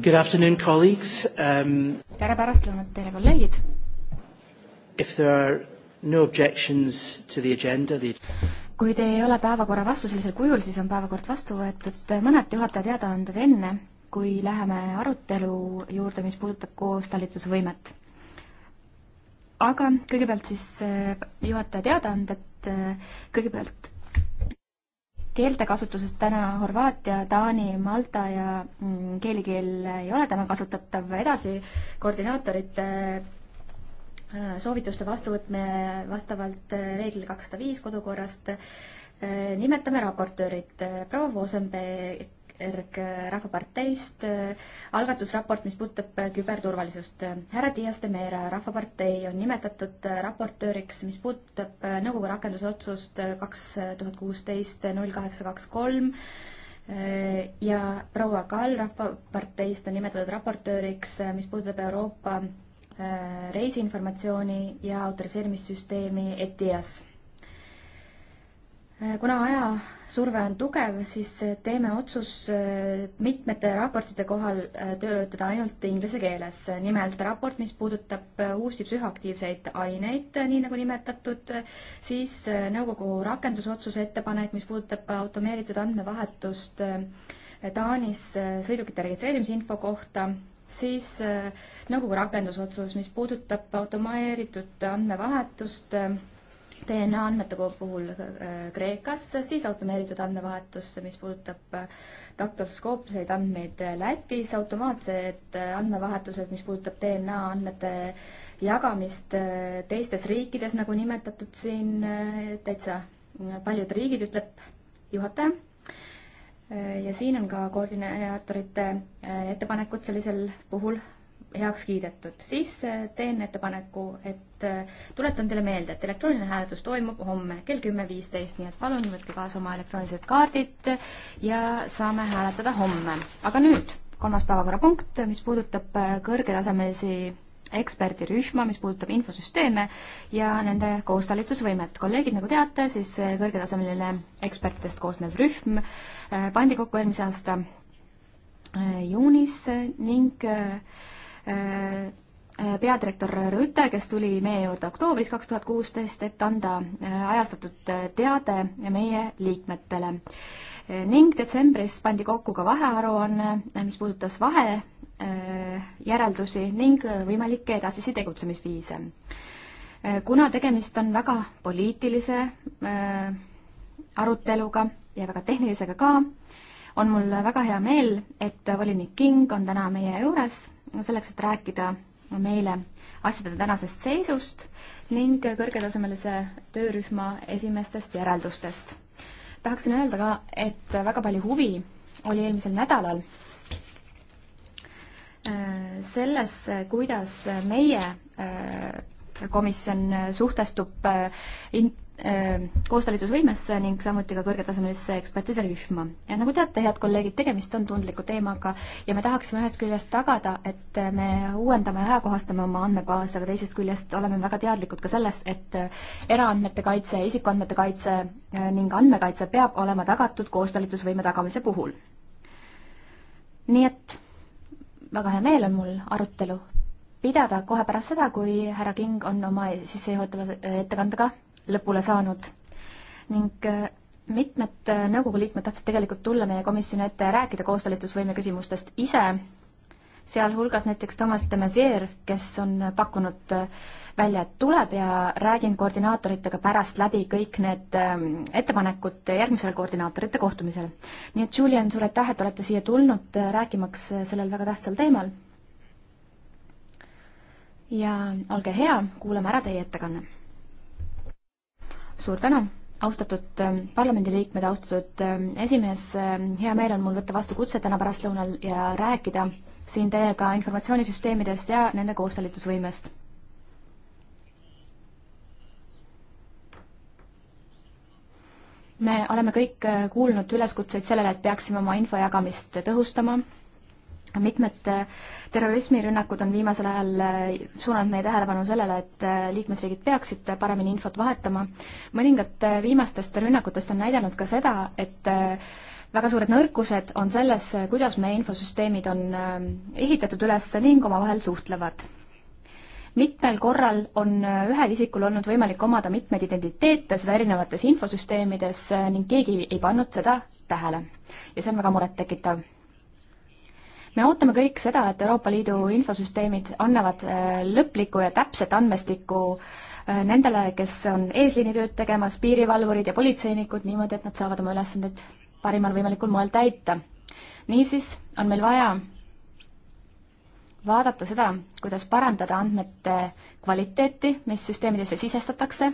Good afternoon, colleagues. Um, tere pärastlõunat teile, kolleegid. If there are no objections to the agenda, the kui te ei ole päevakorra vastu sellisel kujul, siis on päevakord vastu võetud. mõned juhataja teadaanded enne, kui läheme arutelu juurde, mis puudutab koostalitusvõimet. aga kõigepealt siis eh, juhataja teadaanded. Eh, kõigepealt keeltekasutusest täna Horvaatia, Taani, Malta ja mm, keelikeel ei ole täna kasutatav. edasi koordinaatorite äh, soovituste vastuvõtmine vastavalt äh, reeglile kakssada viis kodukorrast. Äh, nimetame raportöörid proua Voosenbeek, Erk äh, Rahvaparteist, äh, algatusraport, mis puudutab äh, küberturvalisust. härra Dias de Meera, Rahvapartei on nimetatud raportööriks, mis puudutab nõukogu rakendusotsust kaks tuhat kuusteist null kaheksa kaks kolm ja proua Kall Rahvaparteist on nimetatud raportööriks, mis puudutab Euroopa reisiinformatsiooni ja autoriseerimissüsteemi ETIAS Äh, kuna ajasurve on tugev, siis äh, teeme otsus äh, mitmete raportite kohal töötada ainult inglise keeles. nimelt raport, mis puudutab uusi psühhoaktiivseid aineid, nii nagu nimetatud, siis nõukogu rakendusotsuse ettepanek, mis puudutab automeeritud andmevahetust Taanis sõidukite registreerimise info kohta, siis nõukogu rakendusotsus, mis puudutab automeeritud andmevahetust DNA andmete puhul äh, Kreekas, siis automeeritud andmevahetus, mis puudutab äh, daktoskoopseid andmeid äh, Lätis, automaatsed andmevahetused, mis puudutab DNA andmete jagamist teistes riikides, nagu nimetatud siin täitsa paljud riigid, ütleb juhataja. ja siin on ka koordinaatorite ettepanekud sellisel puhul heaks kiidetud, siis äh, teen ettepaneku, et äh, tuletan teile meelde, et elektrooniline hääletus toimub homme kell kümme viisteist, nii et palun võtke kaasa oma elektroonilised kaardid ja saame hääletada homme. aga nüüd kolmas päevakorrapunkt, mis puudutab äh, kõrgetasemelisi eksperdirühma, mis puudutab infosüsteeme ja nende koostalitusvõimet. kolleegid, nagu teate, siis kõrgetasemeline ekspertidest koosnev rühm pandi kokku eelmise aasta juunis ning äh, Äh, äh, peadirektor Rüütel, kes tuli meie juurde oktoobris kaks tuhat kuusteist, et anda äh, ajastatud teade meie liikmetele. ning detsembris pandi kokku ka vahearuanne, mis puudutas vahe järeldusi ning võimalikke edasisi tegutsemisviise. kuna tegemist on väga poliitilise aruteluga ja väga tehnilisega ka, on mul väga hea meel, et volinik King on täna meie juures selleks, et rääkida meile asjade tänasest seisust ning kõrgetasemelise töörühma esimestest järeldustest. tahaksin öelda ka, et väga palju huvi oli eelmisel nädalal äh, selles, kuidas meie äh, komisjon suhtestub äh, int-, Äh, koostalitusvõimesse ning samuti ka kõrgetasemelisse ekspertide rühma. ja nagu teate, head kolleegid, tegemist on tundliku teemaga ja me tahaksime ühest küljest tagada, et me uuendame ja ajakohastame oma andmebaase, aga teisest küljest oleme väga teadlikud ka sellest, et äh, eraandmete kaitse, isikuandmete kaitse äh, ning andmekaitse peab olema tagatud koostalitusvõime tagamise puhul. nii et väga hea meel on mul arutelu pidada kohe pärast seda, kui härra King on oma sissejuhatava ettekandega lõpule saanud ning äh, mitmed äh, nõukogu liikmed tahtsid tegelikult tulla meie komisjoni ette ja rääkida koostalitusvõime küsimustest ise, sealhulgas näiteks Toomas de Maizière, kes on pakkunud äh, välja, et tuleb ja räägin koordinaatoritega pärast läbi kõik need ähm, ettepanekud järgmisel koordinaatorite kohtumisel. nii et Julian, suur aitäh, et olete siia tulnud rääkimaks sellel väga tähtsal teemal. ja olge hea, kuulame ära teie ettekanne suur tänu, austatud ähm, parlamendiliikmed, austatud ähm, esimees, ähm, hea meel on mul võtta vastu kutse täna pärastlõunal ja rääkida siin teiega informatsioonisüsteemidest ja nende koostalitusvõimest. me oleme kõik äh, kuulnud üleskutseid sellele, et peaksime oma info jagamist tõhustama mitmed äh, terrorismirünnakud on viimasel ajal äh, suunanud meie tähelepanu sellele, et äh, liikmesriigid peaksid paremini infot vahetama. mõningad viimastest rünnakutest on näidanud ka seda, et väga suured nõrkused on selles, kuidas meie infosüsteemid on ehitatud üles ning omavahel suhtlevad mitmel korral on ühel isikul olnud võimalik omada mitmeid identiteete, seda erinevates infosüsteemides ning keegi ei pannud seda tähele. ja see on väga murettekitav me ootame kõik seda, et Euroopa Liidu infosüsteemid annavad äh, lõpliku ja täpset andmestikku äh, nendele, kes on eesliinitööd tegemas, piirivalvurid ja politseinikud, niimoodi, et nad saavad oma ülesandeid parimal võimalikul moel täita. niisiis on meil vaja vaadata seda, kuidas parandada andmete kvaliteeti, mis süsteemidesse sisestatakse,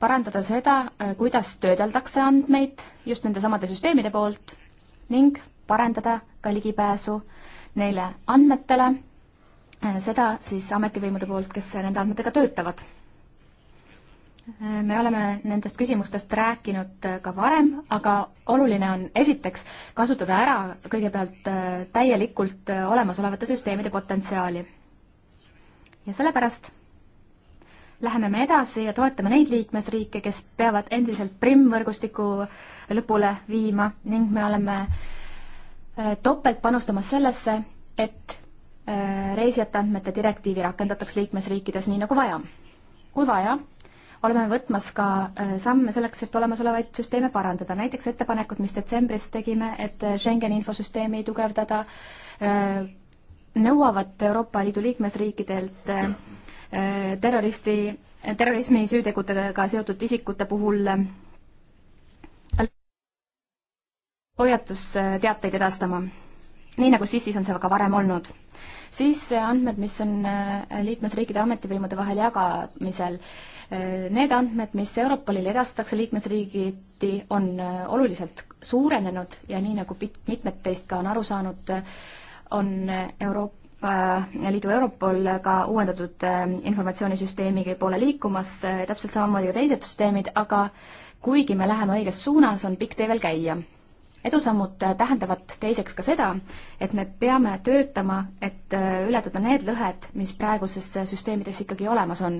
parandada seda, äh, kuidas töödeldakse andmeid just nendesamade süsteemide poolt ning parandada ka ligipääsu neile andmetele, äh, seda siis ametivõimude poolt, kes nende andmetega töötavad. Äh, me oleme nendest küsimustest rääkinud äh, ka varem, aga oluline on esiteks kasutada ära kõigepealt täielikult olemasolevate süsteemide potentsiaali. ja sellepärast läheme me edasi ja toetame neid liikmesriike, kes peavad endiselt PRIM võrgustiku lõpule viima ning me oleme äh, Äh, topelt panustamas sellesse, et äh, reisijate andmete direktiivi rakendataks liikmesriikides nii nagu vaja. kui vaja, oleme võtmas ka äh, samme selleks, et olemasolevaid süsteeme parandada, näiteks ettepanekud, mis detsembris tegime, et Schengeni infosüsteemi tugevdada, nõuavad Euroopa Liidu liikmesriikidelt terroristi, terrorismi süütegudega seotud isikute puhul hoiatusteateid edastama. nii nagu SIS-is on see ka varem olnud. siis eh, andmed, mis on eh, liikmesriikide ametivõimude vahel jagamisel, eh, need andmed, mis Europolile edastatakse liikmesriigiti, on oluliselt suurenenud ja nii nagu mitmed teist ka on aru saanud, on Euroopa Liidu Europol ka uuendatud informatsioonisüsteemi poole liikumas, täpselt samamoodi ka teised süsteemid, aga kuigi me läheme õiges suunas, on pikk tee veel käia edusammud tähendavad teiseks ka seda, et me peame töötama, et äh, ületada need lõhed, mis praeguses süsteemides ikkagi olemas on.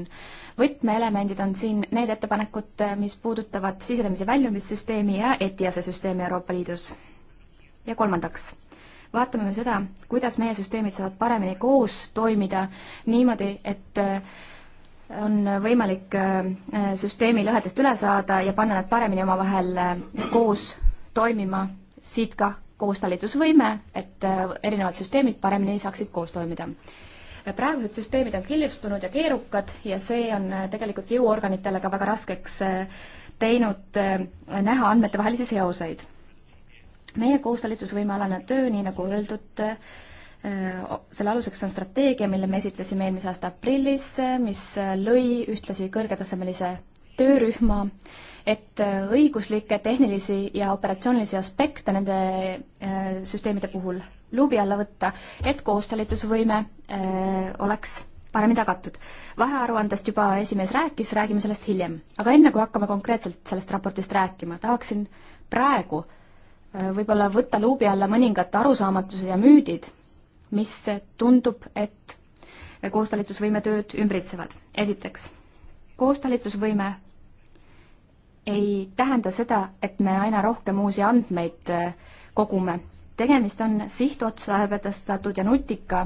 võtmeelemendid on siin need ettepanekud, äh, mis puudutavad sisenemise väljumissüsteemi ja ETIAS-e süsteemi Euroopa Liidus. ja kolmandaks, vaatame me seda, kuidas meie süsteemid saavad paremini koos toimida niimoodi, et äh, on võimalik süsteemi lõhedest üle saada ja panna nad paremini omavahel koos toimima siit ka koostalitusvõime, et äh, erinevad süsteemid paremini saaksid koos toimida. praegused süsteemid on killustunud ja keerukad ja see on äh, tegelikult jõuorganitele ka väga raskeks äh, teinud näha andmetevahelisi seoseid. meie koostalitusvõimealane töö, nii nagu öeldud, selle aluseks on strateegia, mille me esitlesime eelmise aasta aprillis, mis lõi ühtlasi kõrgetasemelise töörühma äh, et äh, õiguslikke, tehnilisi ja operatsioonilisi aspekte nende äh, süsteemide puhul luubi alla võtta, et koostalitusvõime äh, oleks paremini tagatud. vahearuandest juba esimees rääkis, räägime sellest hiljem. aga enne, kui hakkame konkreetselt sellest raportist rääkima, tahaksin praegu võib-olla võtta luubi alla mõningad arusaamatused ja müüdid, mis tundub, et koostalitusvõime tööd ümbritsevad. esiteks, koostalitusvõime ei tähenda seda, et me aina rohkem uusi andmeid äh, kogume. tegemist on sihtotstarbetatud ja nutika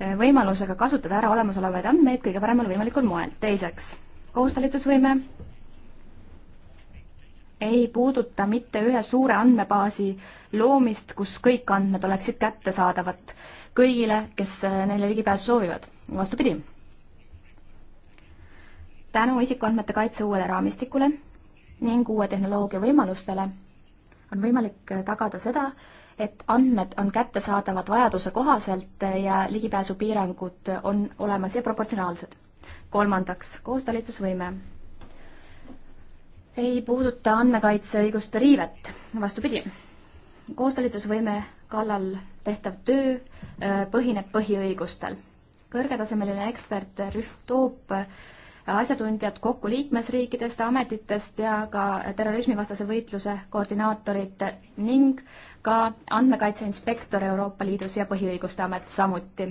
äh, võimalusega kasutada ära olemasolevaid andmeid kõige paremal võimalikul moel. teiseks, koostalitusvõime ei puuduta mitte ühe suure andmebaasi loomist, kus kõik andmed oleksid kättesaadavad kõigile, kes äh, neile ligipääsu soovivad. vastupidi. tänu isikuandmete kaitse uuele raamistikule ning uue tehnoloogia võimalustele on võimalik tagada seda, et andmed on kättesaadavad vajaduse kohaselt ja ligipääsupiirangud on olemas ja proportsionaalsed. kolmandaks, koostalitusvõime. ei puuduta andmekaitseõiguste riivet, vastupidi. koostalitusvõime kallal tehtav töö äh, põhineb põhiõigustel. kõrgetasemeline ekspertrühm toob äh, asjatundjad kokku liikmesriikidest, ametitest ja ka terrorismivastase võitluse koordinaatorid ning ka andmekaitse inspektor Euroopa Liidus ja Põhiõiguste Amet samuti.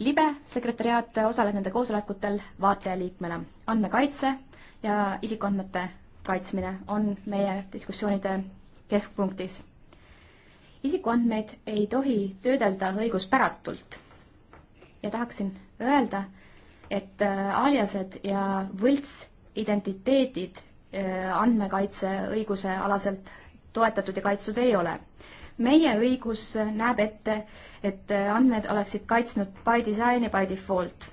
libe sekretäriaat osaleb nende koosolekutel vaatlejaliikmena. andmekaitse ja isikuandmete kaitsmine on meie diskussioonide keskpunktis. isikuandmeid ei tohi töödelda õiguspäratult ja tahaksin öelda, et äh, aliased ja võltsidentiteedid äh, andmekaitse õigusealaselt toetatud ja kaitstud ei ole. meie õigus äh, näeb ette, et andmed oleksid kaitsnud by design ja by default.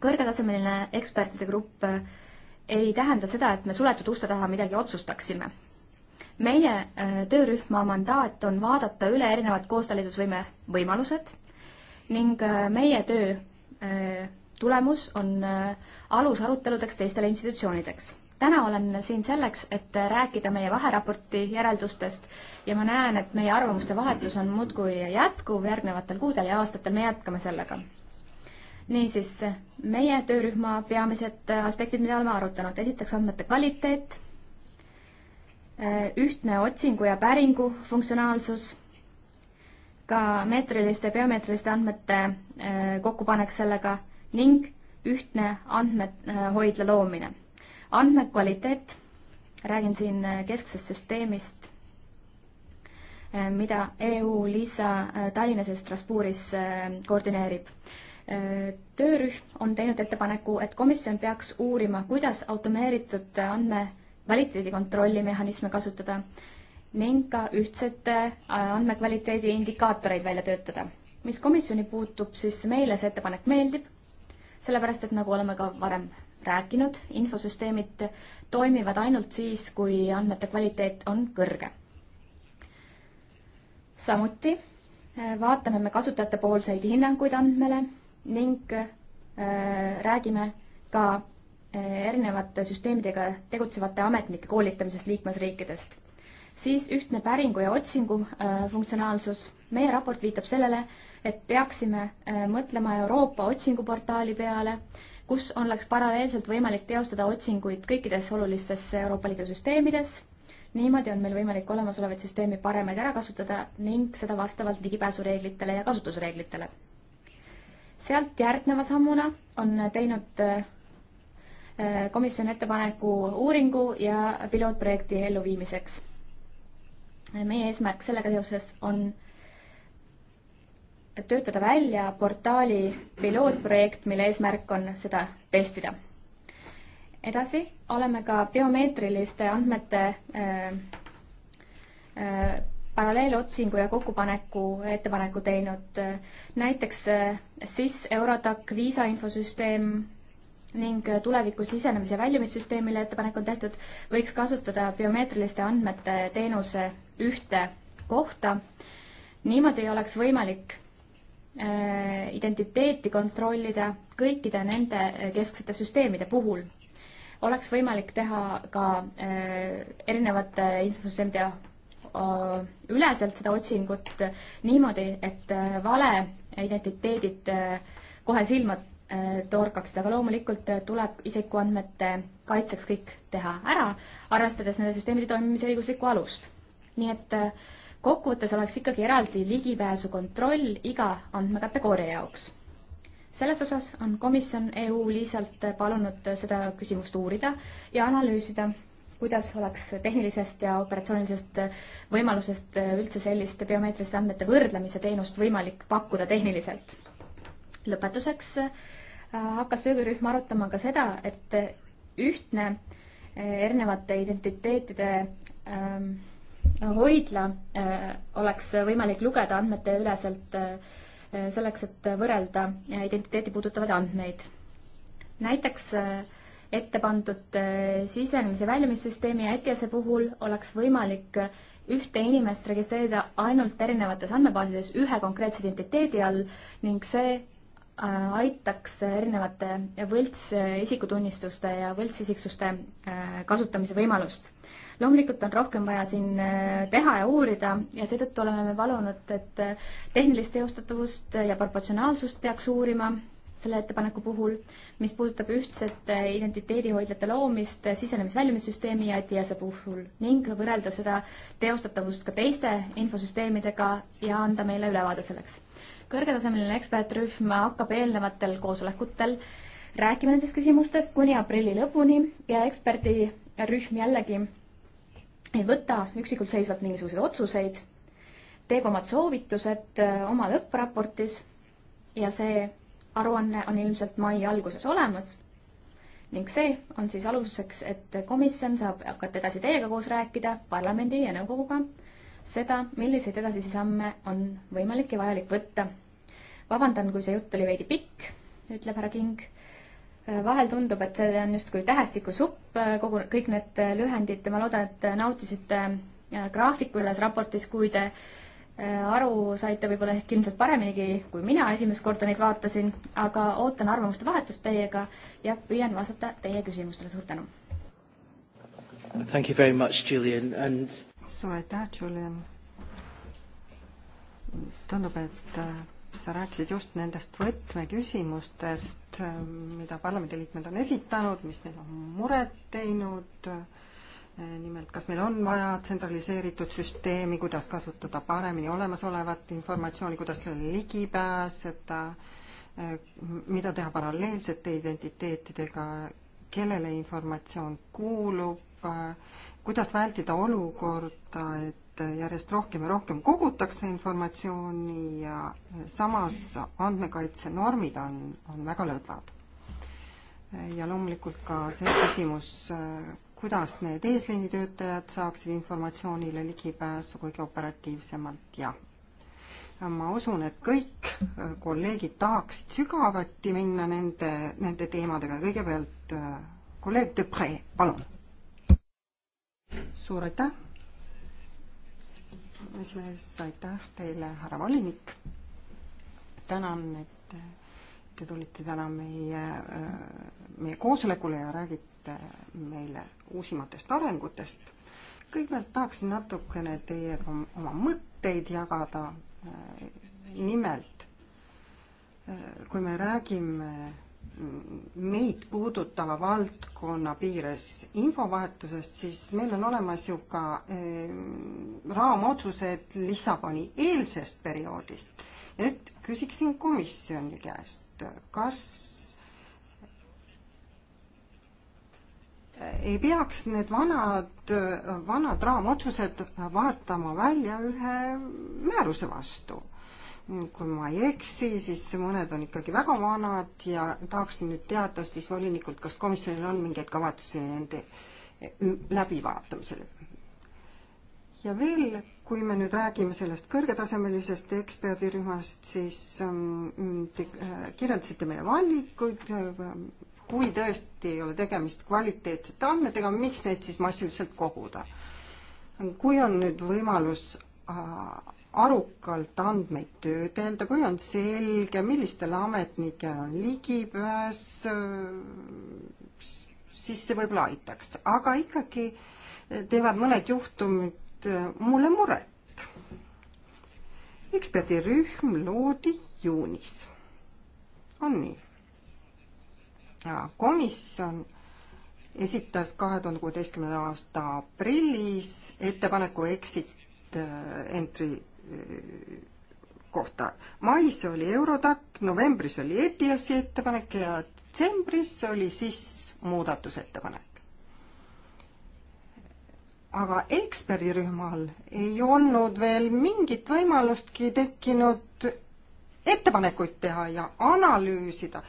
kõrgetasemeline ekspertide grupp ei tähenda seda, et me suletud uste taha midagi otsustaksime. meie töörühma mandaat on vaadata üle erinevad koostalitusvõime võimalused ning meie töö Äh, tulemus on äh, alus aruteludeks teistele institutsioonideks. täna olen siin selleks, et äh, rääkida meie vaheraporti järeldustest ja ma näen, et meie arvamuste vahetus on muudkui jätkuv järgnevatel kuudel ja aastatel, me jätkame sellega niisiis, meie töörühma peamised aspektid, mida oleme arutanud, esiteks andmete kvaliteet, ühtne otsingu ja päringu funktsionaalsus, ka meetriliste ja biomeetriliste andmete äh, kokkupanek sellega ning ühtne andmehoidla äh, loomine. andmekvaliteet, räägin siin äh, kesksest süsteemist, mida EU Liisa Tallinnas ja Strasbourgis koordineerib. töörühm on teinud ettepaneku, et komisjon peaks uurima, kuidas automeeritud andme kvaliteedikontrolli mehhanisme kasutada ning ka ühtsete äh, andmekvaliteedi indikaatoreid välja töötada. mis komisjoni puutub, siis meile see ettepanek meeldib, sellepärast et nagu oleme ka varem rääkinud, infosüsteemid toimivad ainult siis, kui andmete kvaliteet on kõrge. samuti äh, vaatame me kasutajatepoolseid hinnanguid andmele ning äh, räägime ka äh, erinevate süsteemidega tegutsevate ametnike koolitamisest liikmesriikidest siis ühtne päringu ja otsingu äh, funktsionaalsus. meie raport viitab sellele, et peaksime äh, mõtlema Euroopa otsinguportaali peale, kus oleks paralleelselt võimalik teostada otsinguid kõikides olulistes Euroopa Liidu süsteemides. niimoodi on meil võimalik olemasolevaid süsteemi paremaid ära kasutada ning seda vastavalt ligipääsureeglitele ja kasutusreeglitele. sealt järgneva sammuna on teinud äh, komisjon ettepaneku uuringu ja pilootprojekti elluviimiseks meie eesmärk sellega seoses on töötada välja portaali pilootprojekt, mille eesmärk on seda testida. edasi oleme ka biomeetriliste andmete äh, äh, paralleelotsingu ja kokkupaneku ettepaneku teinud äh,. näiteks äh, SIS, Eurodac, viisa infosüsteem ning äh, tuleviku sisenemise ja väljumissüsteemile ettepanek on tehtud, võiks kasutada biomeetriliste andmete teenuse ühte kohta. niimoodi oleks võimalik äh, identiteeti kontrollida kõikide nende äh, kesksete süsteemide puhul. oleks võimalik teha ka äh, erinevate infosüsteemide üleselt seda otsingut niimoodi, et vale identiteedid kohe silma torkaksid, aga loomulikult tuleb isikuandmete kaitseks kõik teha ära, arvestades nende süsteemide toimimise õiguslikku alust nii et äh, kokkuvõttes oleks ikkagi eraldi ligipääsukontroll iga andmekategooria jaoks. selles osas on komisjon EU lihtsalt äh, palunud äh, seda küsimust uurida ja analüüsida, kuidas oleks tehnilisest ja operatsioonilisest võimalusest üldse selliste biomeetriliste andmete võrdlemise teenust võimalik pakkuda tehniliselt. lõpetuseks hakkas töörühm arutama ka seda, et ühtne erinevate identiteetide ähm, hoidla äh, oleks võimalik lugeda andmete üleselt äh, selleks, et võrrelda identiteeti puudutavaid andmeid. näiteks äh, ette pandud sisenemise väljumissüsteemi ja ETIAS-e puhul oleks võimalik ühte inimest registreerida ainult erinevates andmebaasides ühe konkreetse identiteedi all ning see aitaks erinevate võlts isikutunnistuste ja võltsisiksuste kasutamise võimalust loomulikult on rohkem vaja siin äh, teha ja uurida ja seetõttu oleme me palunud, et äh, tehnilist teostatavust ja proportsionaalsust peaks uurima selle ettepaneku puhul, mis puudutab ühtset äh, identiteedihoidlate loomist sisenemis-väljumissüsteemi ja ETIAS-e puhul ning võrrelda seda teostatavust ka teiste infosüsteemidega ja anda meile ülevaade selleks. kõrgetasemeline ekspertrühm hakkab eelnevatel koosolekutel rääkima nendest küsimustest kuni aprilli lõpuni ja eksperdirühm jällegi ei võta üksikult seisvalt mingisuguseid otsuseid, teeb omad soovitused äh, oma lõppraportis ja see aruanne on ilmselt mai alguses olemas. ning see on siis aluseks, et komisjon saab hakata edasi teiega koos rääkida, parlamendi ja nõukoguga, seda, milliseid edasisi samme on võimalik ja vajalik võtta. vabandan, kui see jutt oli veidi pikk, ütleb härra King Äh, vahel tundub, et see on justkui tähestikusupp, äh, kogu, kõik need äh, lühendid, ma loodan, et nautisite graafiku selles raportis, kui te aru saite võib-olla ehk ilmselt pareminigi, kui mina esimest korda neid vaatasin, aga ootan arvamuste vahetust teiega ja püüan vastata teie küsimustele, suur tänu! Thank you very much, Julian, and suur aitäh, Julian! tundub, et sa rääkisid just nendest võtmeküsimustest, mida parlamendiliikmed on esitanud, mis neil on muret teinud, nimelt kas meil on vaja tsentraliseeritud süsteemi, kuidas kasutada paremini olemasolevat informatsiooni, kuidas sellele ligi pääseda, mida teha paralleelsete identiteetidega, kellele informatsioon kuulub, kuidas vältida olukorda, et et järjest rohkem ja rohkem kogutakse informatsiooni ja samas andmekaitsenormid on, on väga lõdvad. ja loomulikult ka see küsimus, kuidas need eesliinitöötajad saaksid informatsioonile ligipääsu kõige operatiivsemalt ja ma usun, et kõik kolleegid tahaksid sügavuti minna nende, nende teemadega. kõigepealt kolleeg Depre, palun. suur aitäh esimees, aitäh teile, härra volinik. tänan, et te tulite täna meie, meie koosolekule ja räägite meile uusimatest arengutest. kõigepealt tahaksin natukene teiega oma mõtteid jagada. nimelt, kui me räägime meid puudutava valdkonna piires infovahetusest, siis meil on olemas ju ka eh, raamotsused Lissaboni eelsest perioodist. ja nüüd küsiksin komisjoni käest, kas ei peaks need vanad, vanad raamotsused vahetama välja ühe määruse vastu Mm, kui ma ei eksi, siis mõned on ikkagi väga vanad ja tahaksin nüüd teada siis volinikult, kas komisjonil on mingeid kavatsusi nende e, läbivaatamisel. ja veel, kui me nüüd räägime sellest kõrgetasemelisest eksperdirühmast, siis mm, te äh, kirjeldasite meile valikuid, äh, kui tõesti ei ole tegemist kvaliteetsete andmetega, miks neid siis massiliselt koguda? kui on nüüd võimalus äh, arukalt andmeid töödelda, kui on selge, millistel ametnikel on ligipääs, siis see võib-olla aitaks, aga ikkagi teevad mõned juhtumid mulle muret. eksperdirühm loodi juunis. on nii? komisjon esitas kahe tuhande kuueteistkümnenda aasta aprillis ettepaneku exit äh, entry kohta. mais oli Eurotac, novembris oli ETS-i ettepanek ja detsembris oli siis muudatusettepanek. aga eksperdirühmal ei olnud veel mingit võimalustki tekkinud ettepanekuid teha ja analüüsida,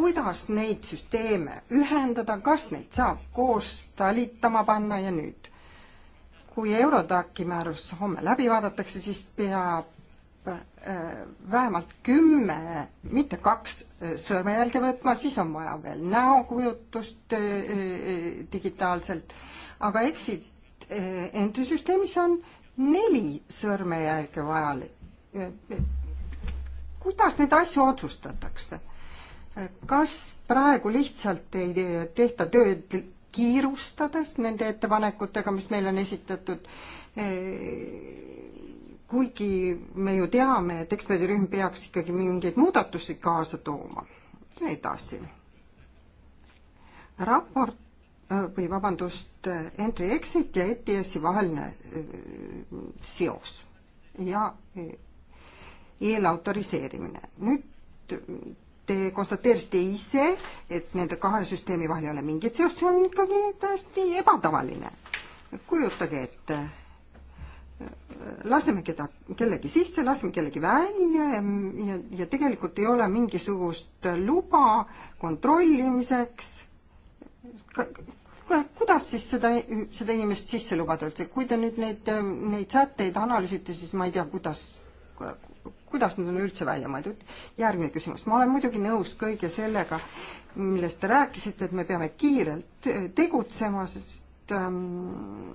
kuidas neid süsteeme ühendada, kas neid saab koos talitama panna ja nüüd kui Eurodaki määrus homme läbi vaadatakse, siis peab äh, vähemalt kümme, mitte kaks äh, sõrmejälge võtma, siis on vaja veel näokujutust äh, digitaalselt, aga eksid NT süsteemis on neli sõrmejälge vajalik. kuidas neid asju otsustatakse? kas praegu lihtsalt ei tehta tööd kiirustades nende ettepanekutega, mis meile on esitatud. Eh, kuigi me ju teame, et eksperdirühm peaks ikkagi mingeid muudatusi kaasa tooma ja edasi. raport eh, või vabandust, eh, entry exit ja ETS-i vaheline seos ja eelautoriseerimine. nüüd te konstateerisite ise, et nende kahe süsteemi vahel ei ole mingit seost, see on ikkagi täiesti ebatavaline. kujutage ette, laseme keda, kellegi sisse, laseme kellegi välja ja, ja, ja tegelikult ei ole mingisugust luba kontrollimiseks Ka, kuidas siis seda, seda inimest sisse lubada üldse, kui te nüüd neid, neid sätteid analüüsite, siis ma ei tea, kuidas, kuidas nad on üldse välja mõeldud? järgmine küsimus, ma olen muidugi nõus kõige sellega, millest te rääkisite, et me peame kiirelt tegutsema, sest ähm,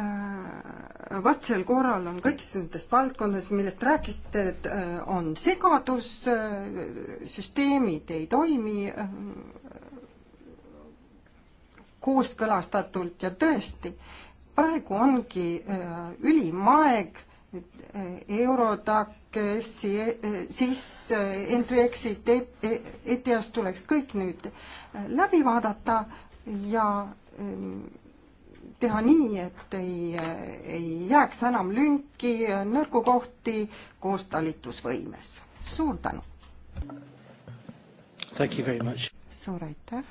äh, vastasel korral on kõikides nendest valdkondades, millest rääkisite, et äh, on segadus, äh, süsteemid ei toimi kooskõlastatult ja tõesti, praegu ongi ülim aeg Eurotac, siis eh, Entrexit, ETS e-, e tuleks kõik nüüd eh, läbi vaadata ja ehm, teha nii, et ei, eh, ei jääks enam lünki, nõrgu kohti koostalitlusvõimes. suur tänu! suur aitäh!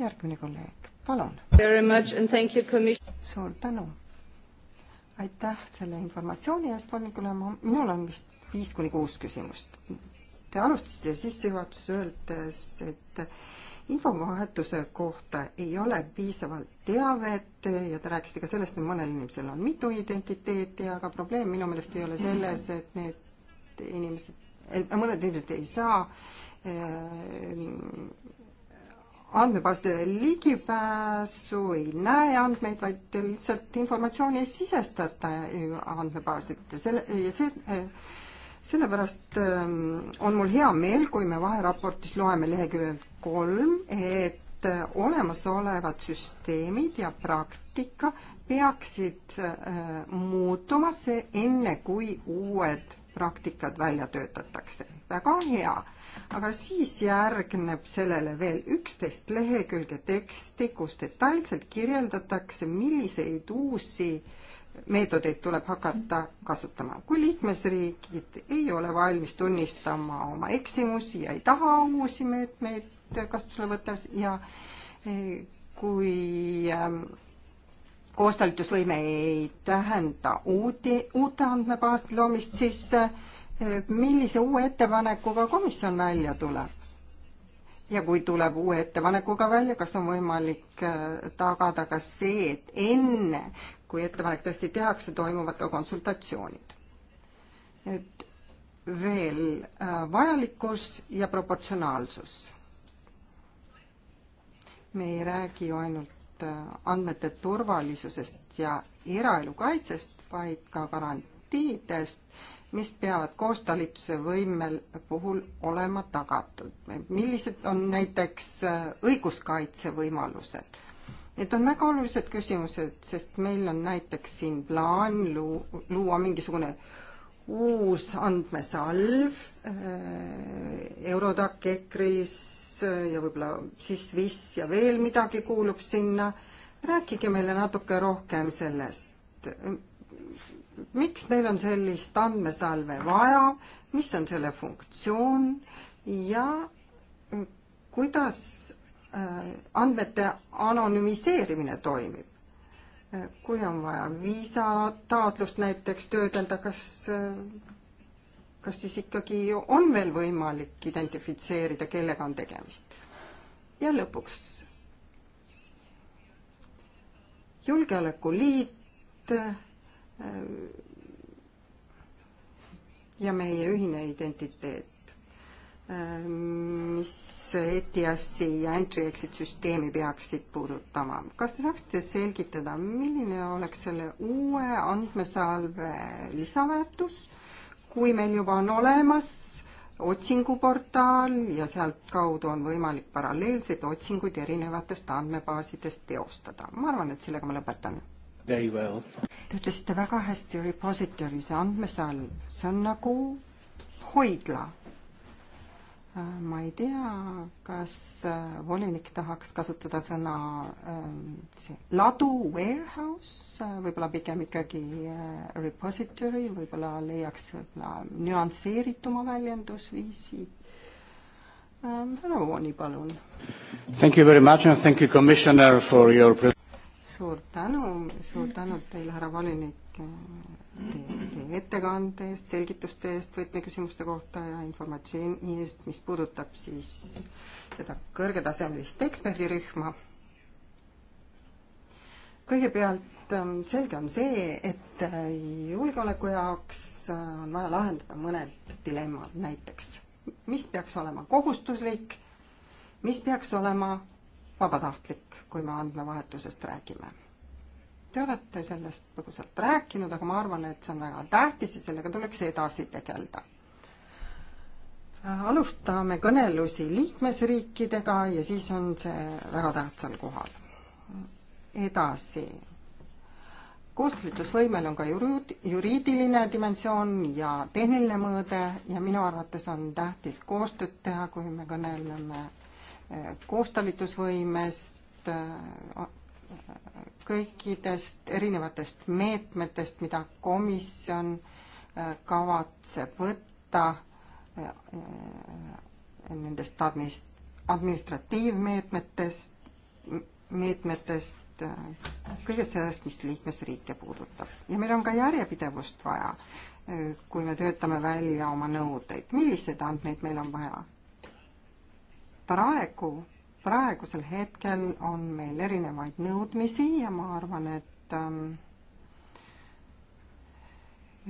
järgmine kolleeg, palun! suur tänu! aitäh selle informatsiooni eest volinikule, ma, minul on vist viis kuni kuus küsimust. Te alustasite sissejuhatuse öeldes, et infovahetuse kohta ei ole piisavalt teavet ja te rääkisite ka sellest, et mõnel inimesel on mitu identiteeti, aga probleem minu meelest ei ole selles, et need inimesed, mõned inimesed ei saa andmebaasidele ligipääsu, ei näe andmeid, vaid lihtsalt informatsiooni ei sisestata andmebaasidesse, selle, ja see sellepärast ähm, on mul hea meel, kui me vaheraportis loeme leheküljel kolm, et olemasolevad süsteemid ja praktika peaksid äh, muutuma see enne, kui uued praktikad välja töötatakse. väga hea, aga siis järgneb sellele veel üksteist lehekülge teksti, kus detailselt kirjeldatakse, milliseid uusi meetodeid tuleb hakata kasutama. kui liikmesriigid ei ole valmis tunnistama oma eksimusi ja ei taha uusi meetmeid kasutusele võtta ja eh, kui ehm, koostalitusvõime ei tähenda uuti, uute andmebaaside loomist, siis eh, millise uue ettepanekuga komisjon välja tuleb? ja kui tuleb uue ettepanekuga välja, kas on võimalik eh, tagada ka see, et enne, kui ettepanek tõesti tehakse, toimuvad ka konsultatsioonid? nüüd veel eh, vajalikkus ja proportsionaalsus. me ei räägi ju ainult ainult äh, andmete turvalisusest ja eraelu kaitsest, vaid ka garantiidest, mis peavad koostalituse võimel puhul olema tagatud. millised on näiteks äh, õiguskaitsevõimalused? Need on väga olulised küsimused, sest meil on näiteks siin plaan luua mingisugune uus andmesalv äh, Eurodac EKRE-s äh, ja võib-olla siis VIS ja veel midagi kuulub sinna. rääkige meile natuke rohkem sellest. miks meil on sellist andmesalve vaja, mis on selle funktsioon ja kuidas äh, andmete anonüümiseerimine toimib? kui on vaja viisataotlust näiteks töödelda, kas, kas siis ikkagi on veel võimalik identifitseerida, kellega on tegemist? ja lõpuks. julgeolekuliit äh, ja meie ühine identiteet Ehm, mis ETIAS-i ja entry-exit süsteemi peaksid puudutama. kas te saaksite selgitada, milline oleks selle uue andmesalve lisaväärtus, kui meil juba on olemas otsinguportaal ja sealtkaudu on võimalik paralleelseid otsinguid erinevatest andmebaasidest teostada. ma arvan, et sellega ma lõpetan. Well. Te ütlesite väga hästi repository, see andmesalv, see on nagu hoidla ma ei tea, kas äh, volinik tahaks kasutada sõna äh, see ladu, warehouse, äh, võib-olla pigem ikkagi repository, võib-olla leiaks võib-olla nüansseerituma väljendusviisi. härra Vooni, palun. Thank you very much and thank you, commissioner, for your suur tänu, suur tänu teile, härra volinik, ettekande eest, selgituste eest võtmeküsimuste kohta ja informatsiooni eest, mis puudutab siis seda kõrgetasemelist eksperdirühma. kõigepealt ähm, selge on see, et äh, julgeoleku jaoks äh, on vaja lahendada mõned dilemmad, näiteks mis peaks olema kohustuslik, mis peaks olema vabatahtlik, kui me andmevahetusest räägime Te olete sellest põgusalt rääkinud, aga ma arvan, et see on väga tähtis ja sellega tuleks edasi tegeleda. alustame kõnelusi liikmesriikidega ja siis on see väga tähtsal kohal. edasi. koostöötlusvõimel on ka juriidiline dimensioon ja tehniline mõõde ja minu arvates on tähtis koostööd teha, kui me kõneleme eh, koostalitusvõimest, eh, kõikidest erinevatest meetmetest, mida komisjon äh, kavatseb võtta äh, äh, nendest admis-, administratiivmeetmetest, meetmetest, kõigest sellest, mis liikmesriike puudutab. ja meil on ka järjepidevust vaja, kui me töötame välja oma nõudeid, milliseid andmeid meil on vaja? praegu praegusel hetkel on meil erinevaid nõudmisi ja ma arvan, et ähm,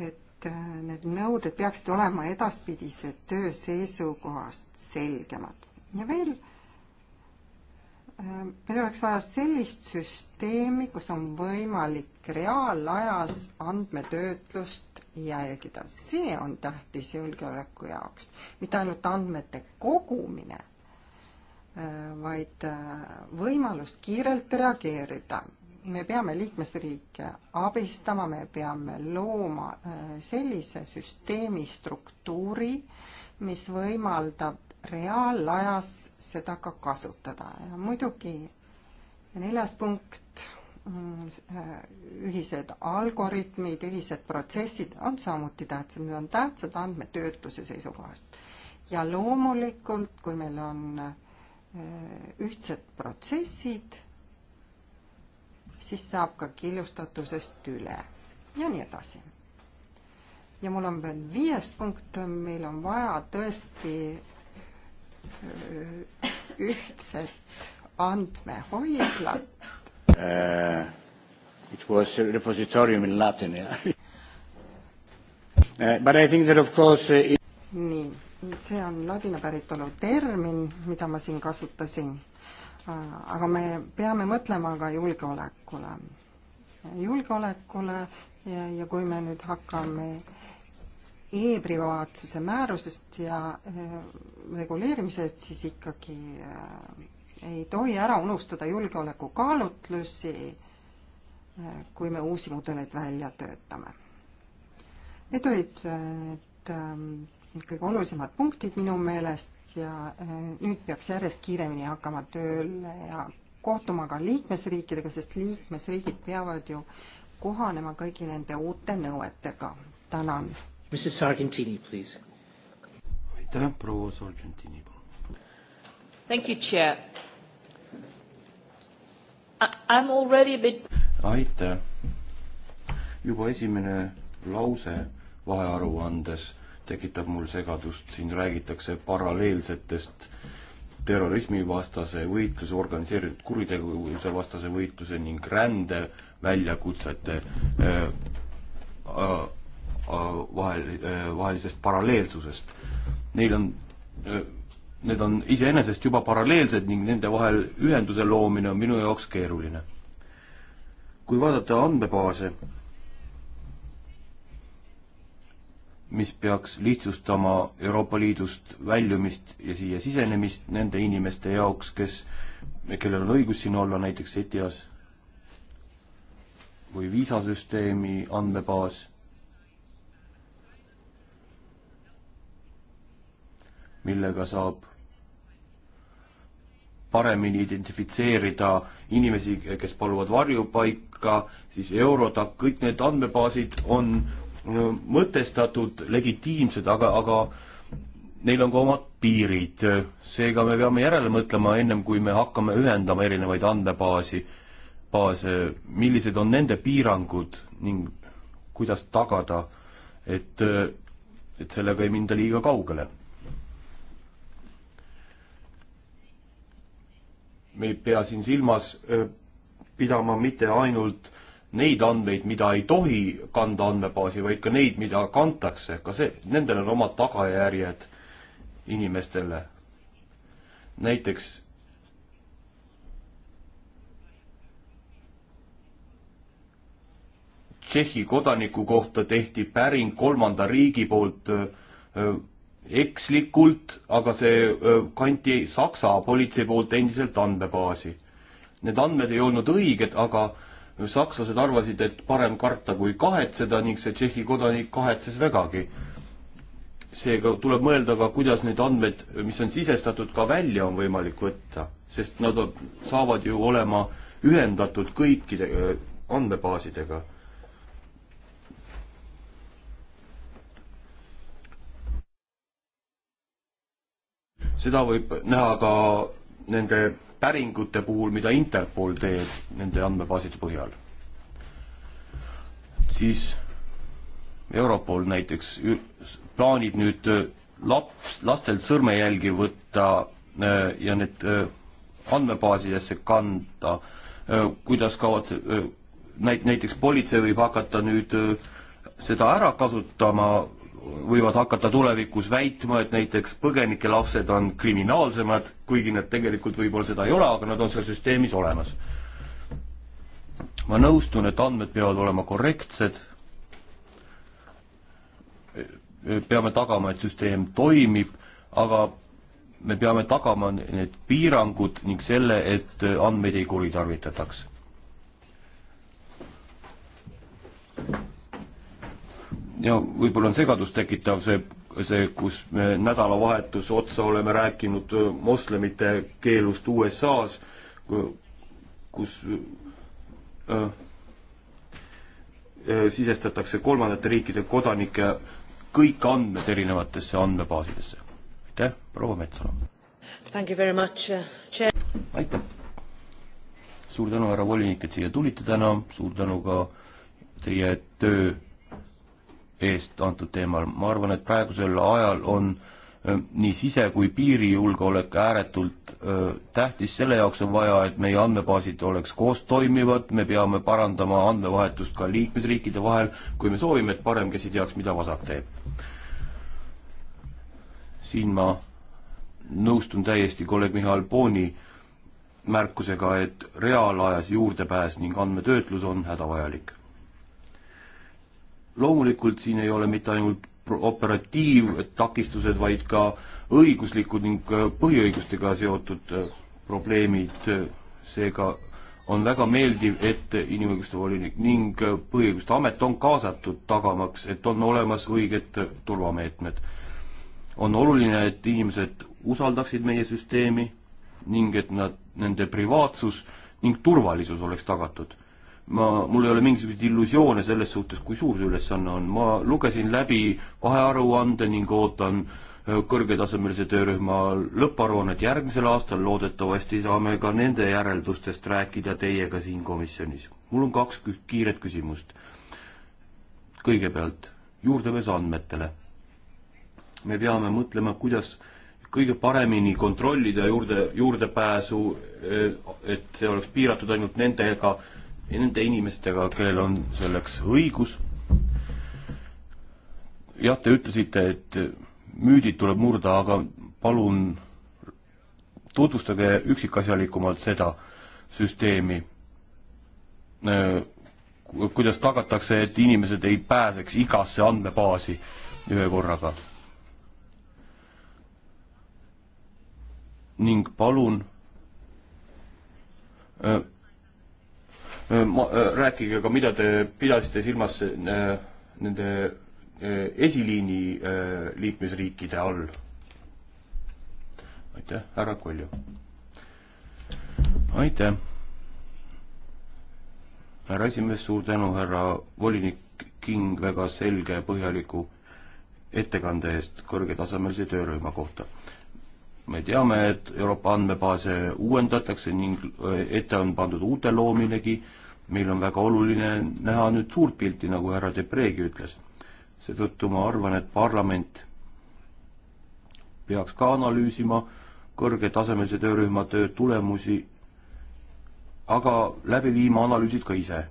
et äh, need nõuded peaksid olema edaspidise töö seisukohast selgemad. ja veel, ähm, meil oleks vaja sellist süsteemi, kus on võimalik reaalajas andmetöötlust jälgida, see on tähtis julgeoleku jaoks. mitte ainult andmete kogumine Äh, vaid äh, võimalust kiirelt reageerida. me peame liikmesriike abistama, me peame looma äh, sellise süsteemi struktuuri, mis võimaldab reaalajas seda ka kasutada ja muidugi neljas punkt, mm, ühised algoritmid, ühised protsessid on samuti tähtsad, need on tähtsad andmetöötluse seisukohast. ja loomulikult, kui meil on äh, Äh, ühtsed protsessid, siis saab ka killustatusest üle ja nii edasi. ja mul on veel viies punkt, meil on vaja tõesti äh, ühtset andmehoidlat uh,. It was a repositorium in Latin yeah. uh, but I think that of course uh, it... nii see on ladina päritolu termin, mida ma siin kasutasin. aga me peame mõtlema ka julgeolekule. julgeolekule ja, ja kui me nüüd hakkame e-privaatsuse määrusest ja eh, reguleerimisest, siis ikkagi eh, ei tohi ära unustada julgeolekukaalutlusi, eh, kui me uusi mudeleid välja töötame. Need olid need ähm, kõige olulisemad punktid minu meelest ja äh, nüüd peaks järjest kiiremini hakkama tööle ja kohtuma ka liikmesriikidega, sest liikmesriigid peavad ju kohanema kõigi nende uute nõuetega. tänan. Mrs Sargentini, please. aitäh, proua Sargentini. Thank you, chair. I am already a bit. aitäh. juba esimene lause vahearuandes tekitab mul segadust, siin räägitakse paralleelsetest terrorismivastase võitluse, organiseeritud kuritegevuse vastase võitluse ning rände väljakutsete äh, äh, vahel äh,, vahelisest paralleelsusest. Neil on, äh, need on iseenesest juba paralleelsed ning nende vahel ühenduse loomine on minu jaoks keeruline. kui vaadata andmebaase, mis peaks lihtsustama Euroopa Liidust väljumist ja siia sisenemist nende inimeste jaoks, kes, kellel on õigus siin olla, näiteks ETIAS või viisasüsteemi andmebaas. millega saab paremini identifitseerida inimesi, kes paluvad varjupaika, siis Eurodac, kõik need andmebaasid on mõtestatud, legitiimsed, aga, aga neil on ka omad piirid. seega me peame järele mõtlema ennem, kui me hakkame ühendama erinevaid andmebaasi, baase, millised on nende piirangud ning kuidas tagada, et, et sellega ei minda liiga kaugele. me ei pea siin silmas äh, pidama mitte ainult äh, neid andmeid, mida ei tohi kanda andmebaasi, vaid ka neid, mida kantakse, ka see, nendel on omad tagajärjed inimestele. näiteks Tšehhi kodaniku kohta tehti päring kolmanda riigi poolt ekslikult, aga see kanti Saksa politsei poolt endiselt andmebaasi. Need andmed ei olnud õiged, aga sakslased arvasid, et parem karta kui kahetseda ning see Tšehhi kodanik kahetses vägagi. seega tuleb mõelda ka, kuidas neid andmeid, mis on sisestatud, ka välja on võimalik võtta, sest nad on, saavad ju olema ühendatud kõikide andmebaasidega. seda võib näha ka nende päringute puhul, mida Interpol teeb nende andmebaaside põhjal, siis Europol näiteks plaanib nüüd äh, laps, lastelt sõrmejälgi võtta äh, ja need äh, andmebaasidesse kanda, kuidas kavatse-, näit-, näiteks politsei võib hakata nüüd seda ära kasutama võivad hakata tulevikus väitma, et näiteks põgenike lapsed on kriminaalsemad, kuigi nad tegelikult võib-olla seda ei ole, aga nad on seal süsteemis olemas. ma nõustun, et andmed peavad olema korrektsed, peame tagama, et süsteem toimib, aga me peame tagama need piirangud ning selle, et andmeid ei kuritarvitataks ja võib-olla on segadust tekitav see, see, kus me nädalavahetuse otsa oleme rääkinud äh, moslemite keelust USA-s, kus äh, äh, sisestatakse kolmandate riikide kodanike kõik andmed erinevatesse andmebaasidesse. aitäh, proua Metsala! Uh, aitäh! suur tänu, härra volinik, et siia tulite täna, suur tänu ka teie töö eest antud teemal. ma arvan, et praegusel ajal on nii sise- kui piirijulgeolek ääretult öö, tähtis, selle jaoks on vaja, et meie andmebaasid oleks koos toimivad, me peame parandama andmevahetust ka liikmesriikide vahel, kui me soovime, et parem, kes ei teaks, mida vasak teeb. siin ma nõustun täiesti kolleeg Mihhail Pooni märkusega, et reaalajas juurdepääs ning andmetöötlus on hädavajalik loomulikult siin ei ole mitte ainult operatiivtakistused, vaid ka õiguslikud ning põhiõigustega seotud äh, probleemid, äh, seega on väga meeldiv, et inimõiguste volinik ning äh, põhiõiguste amet on kaasatud tagamaks, et on olemas õiged turvameetmed. on oluline, et inimesed usaldaksid meie süsteemi ning et nad, nende privaatsus ning turvalisus oleks tagatud ma, mul ei ole mingisuguseid illusioone selles suhtes, kui suur see ülesanne on, ma lugesin läbi vahearuande ning ootan äh, kõrgetasemelise töörühma lõpparuannet järgmisel aastal, loodetavasti saame ka nende järeldustest rääkida teiega siin komisjonis. mul on kaks kiiret küsimust. kõigepealt, juurdepääs andmetele. me peame mõtlema, kuidas kõige paremini kontrollida juurde, juurdepääsu, äh, et see oleks piiratud ainult nendega, nende inimestega, kellel on selleks õigus. jah, te ütlesite, et müüdid tuleb murda, aga palun tutvustage üksikasjalikumalt seda süsteemi. Äh, kuidas tagatakse, et inimesed ei pääseks igasse andmebaasi ühe korraga? ning palun äh, Äh, ma, äh, rääkige ka, mida te pidasite silmas äh, nende esiliini liikmesriikide all. aitäh, härra Kolju. aitäh. härra esimees, suur tänu, härra volinik King väga selge ja põhjaliku ettekande eest kõrgetasemelise töörühma kohta me teame, et Euroopa andmebaase uuendatakse ning äh, ette on pandud uute loomilegi, meil on väga oluline näha nüüd suurt pilti, nagu härra Depreegi ütles. seetõttu ma arvan, et parlament peaks ka analüüsima kõrgetasemelise töörühma töö tulemusi, aga läbi viima analüüsid ka ise.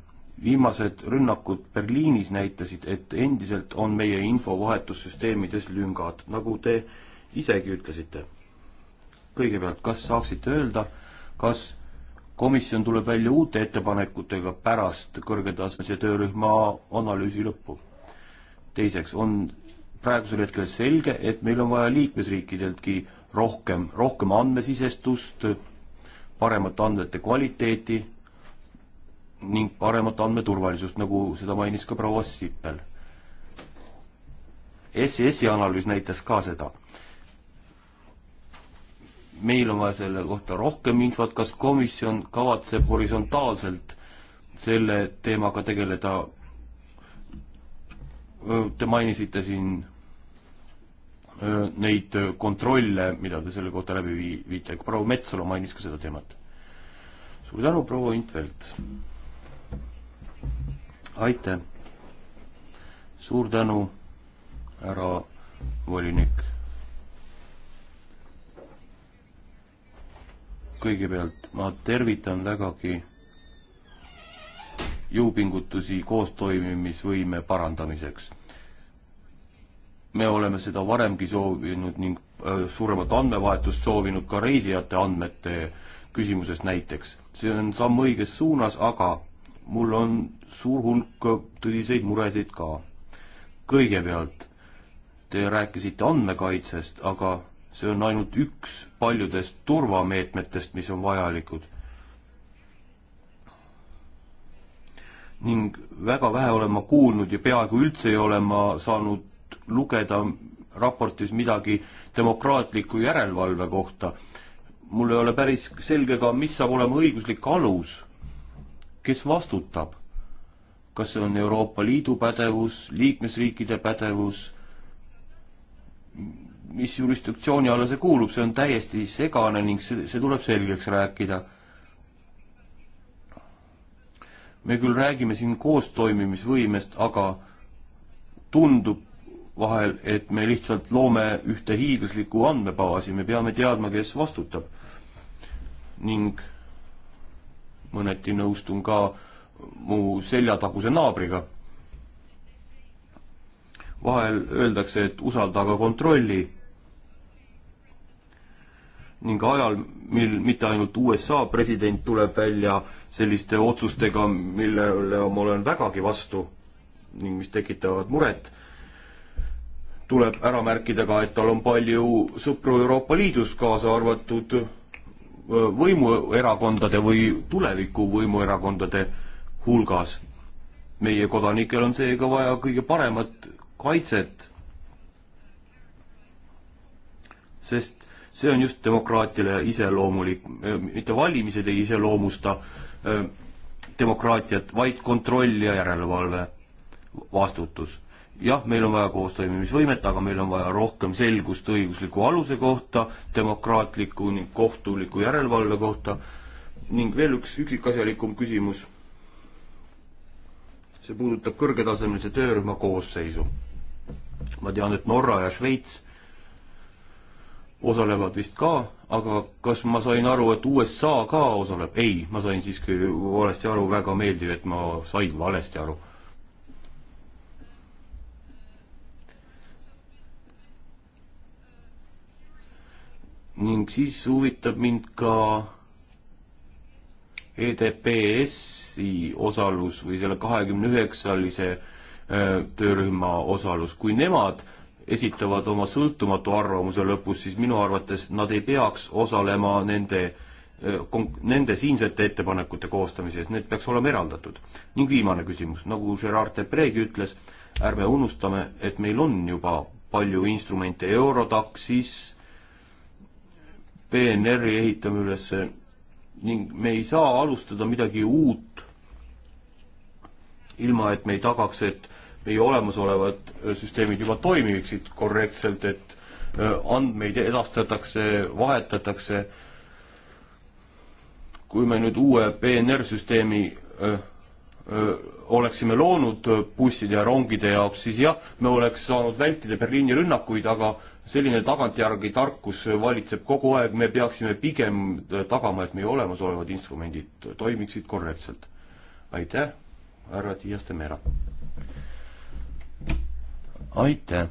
viimased rünnakud Berliinis näitasid, et endiselt on meie infovahetussüsteemides lüngad, nagu te isegi ütlesite kõigepealt, kas saaksite öelda, kas komisjon tuleb välja uute ettepanekutega pärast kõrgetasemelise töörühma analüüsi lõppu? teiseks, on praegusel hetkel selge, et meil on vaja liikmesriikideltki rohkem, rohkem andmesisestust, paremat andmete kvaliteeti ning paremat andmeturvalisust, nagu seda mainis ka proua Sippel. SES-i analüüs näitas ka seda meil on vaja selle kohta rohkem infot, kas komisjon kavatseb horisontaalselt selle teemaga tegeleda? Te mainisite siin neid kontrolle, mida te selle kohta läbi vii-, viite, proua Metsola mainis ka seda teemat. suur tänu, proua Intvelt! aitäh! suur tänu, härra volinik! kõigepealt ma tervitan vägagi jõupingutusi koostoimimisvõime parandamiseks. me oleme seda varemgi soovinud ning äh, suuremat andmevahetust soovinud ka reisijate andmete küsimuses näiteks. see on samm õiges suunas, aga mul on suur hulk tõsiseid muresid ka. kõigepealt, te rääkisite andmekaitsest, aga see on ainult üks paljudest turvameetmetest, mis on vajalikud. ning väga vähe olen ma kuulnud ja peaaegu üldse ei ole ma saanud lugeda raportis midagi demokraatliku järelevalve kohta. mul ei ole päris selge ka, mis saab olema õiguslik alus, kes vastutab kas see on Euroopa Liidu pädevus, liikmesriikide pädevus, mis jurisdiktsiooni alla see kuulub, see on täiesti segane ning see, see tuleb selgeks rääkida. me küll räägime siin koostoimimisvõimest, aga tundub vahel, et me lihtsalt loome ühte hiiglaslikku andmebaasi, me peame teadma, kes vastutab. ning mõneti nõustun ka mu seljataguse naabriga vahel öeldakse, et usalda aga kontrolli ning ajal, mil mitte ainult USA president tuleb välja selliste otsustega, millele ma olen vägagi vastu ning mis tekitavad muret, tuleb ära märkida ka, et tal on palju sõpru Euroopa Liidus, kaasa arvatud võimuerakondade või tuleviku võimuerakondade hulgas. meie kodanikel on seega vaja kõige paremat kaitset, sest see on just demokraatiale iseloomulik, mitte valimised ei iseloomusta demokraatiat, vaid kontroll ja järelevalve vastutus. jah, meil on vaja koostoimimisvõimet, aga meil on vaja rohkem selgust õigusliku aluse kohta, demokraatliku ning kohtuliku järelevalve kohta ning veel üks üksikasjalikum küsimus. see puudutab kõrgetasemelise töörühma koosseisu. ma tean, et Norra ja Šveits osalevad vist ka, aga kas ma sain aru, et USA ka osaleb? ei, ma sain siiski valesti aru, väga meeldiv, et ma sain valesti aru. ning siis huvitab mind ka EDPS-i osalus või selle kahekümne üheksalise äh, töörühma osalus, kui nemad äh, esitavad oma sõltumatu arvamuse lõpus, siis minu arvates nad ei peaks osalema nende, nende siinsete ettepanekute koostamises, need peaks olema eraldatud. ning viimane küsimus, nagu Gerard Depreegi ütles, ärme unustame, et meil on juba palju instrumente, Eurodac, siis PNR-i ehitame üles ning me ei saa alustada midagi uut, ilma et me ei tagaks, et meie olemasolevad äh, süsteemid juba toimiksid korrektselt, et äh, andmeid edastatakse, vahetatakse. kui me nüüd uue PNR-süsteemi äh, oleksime loonud busside ja rongide jaoks, siis jah, me oleks saanud vältida Berliini rünnakuid, aga selline tagantjärgi tarkus valitseb kogu aeg, me peaksime pigem tagama, et meie olemasolevad instrumendid toimiksid korrektselt. aitäh, härra Dias de Mera aitäh,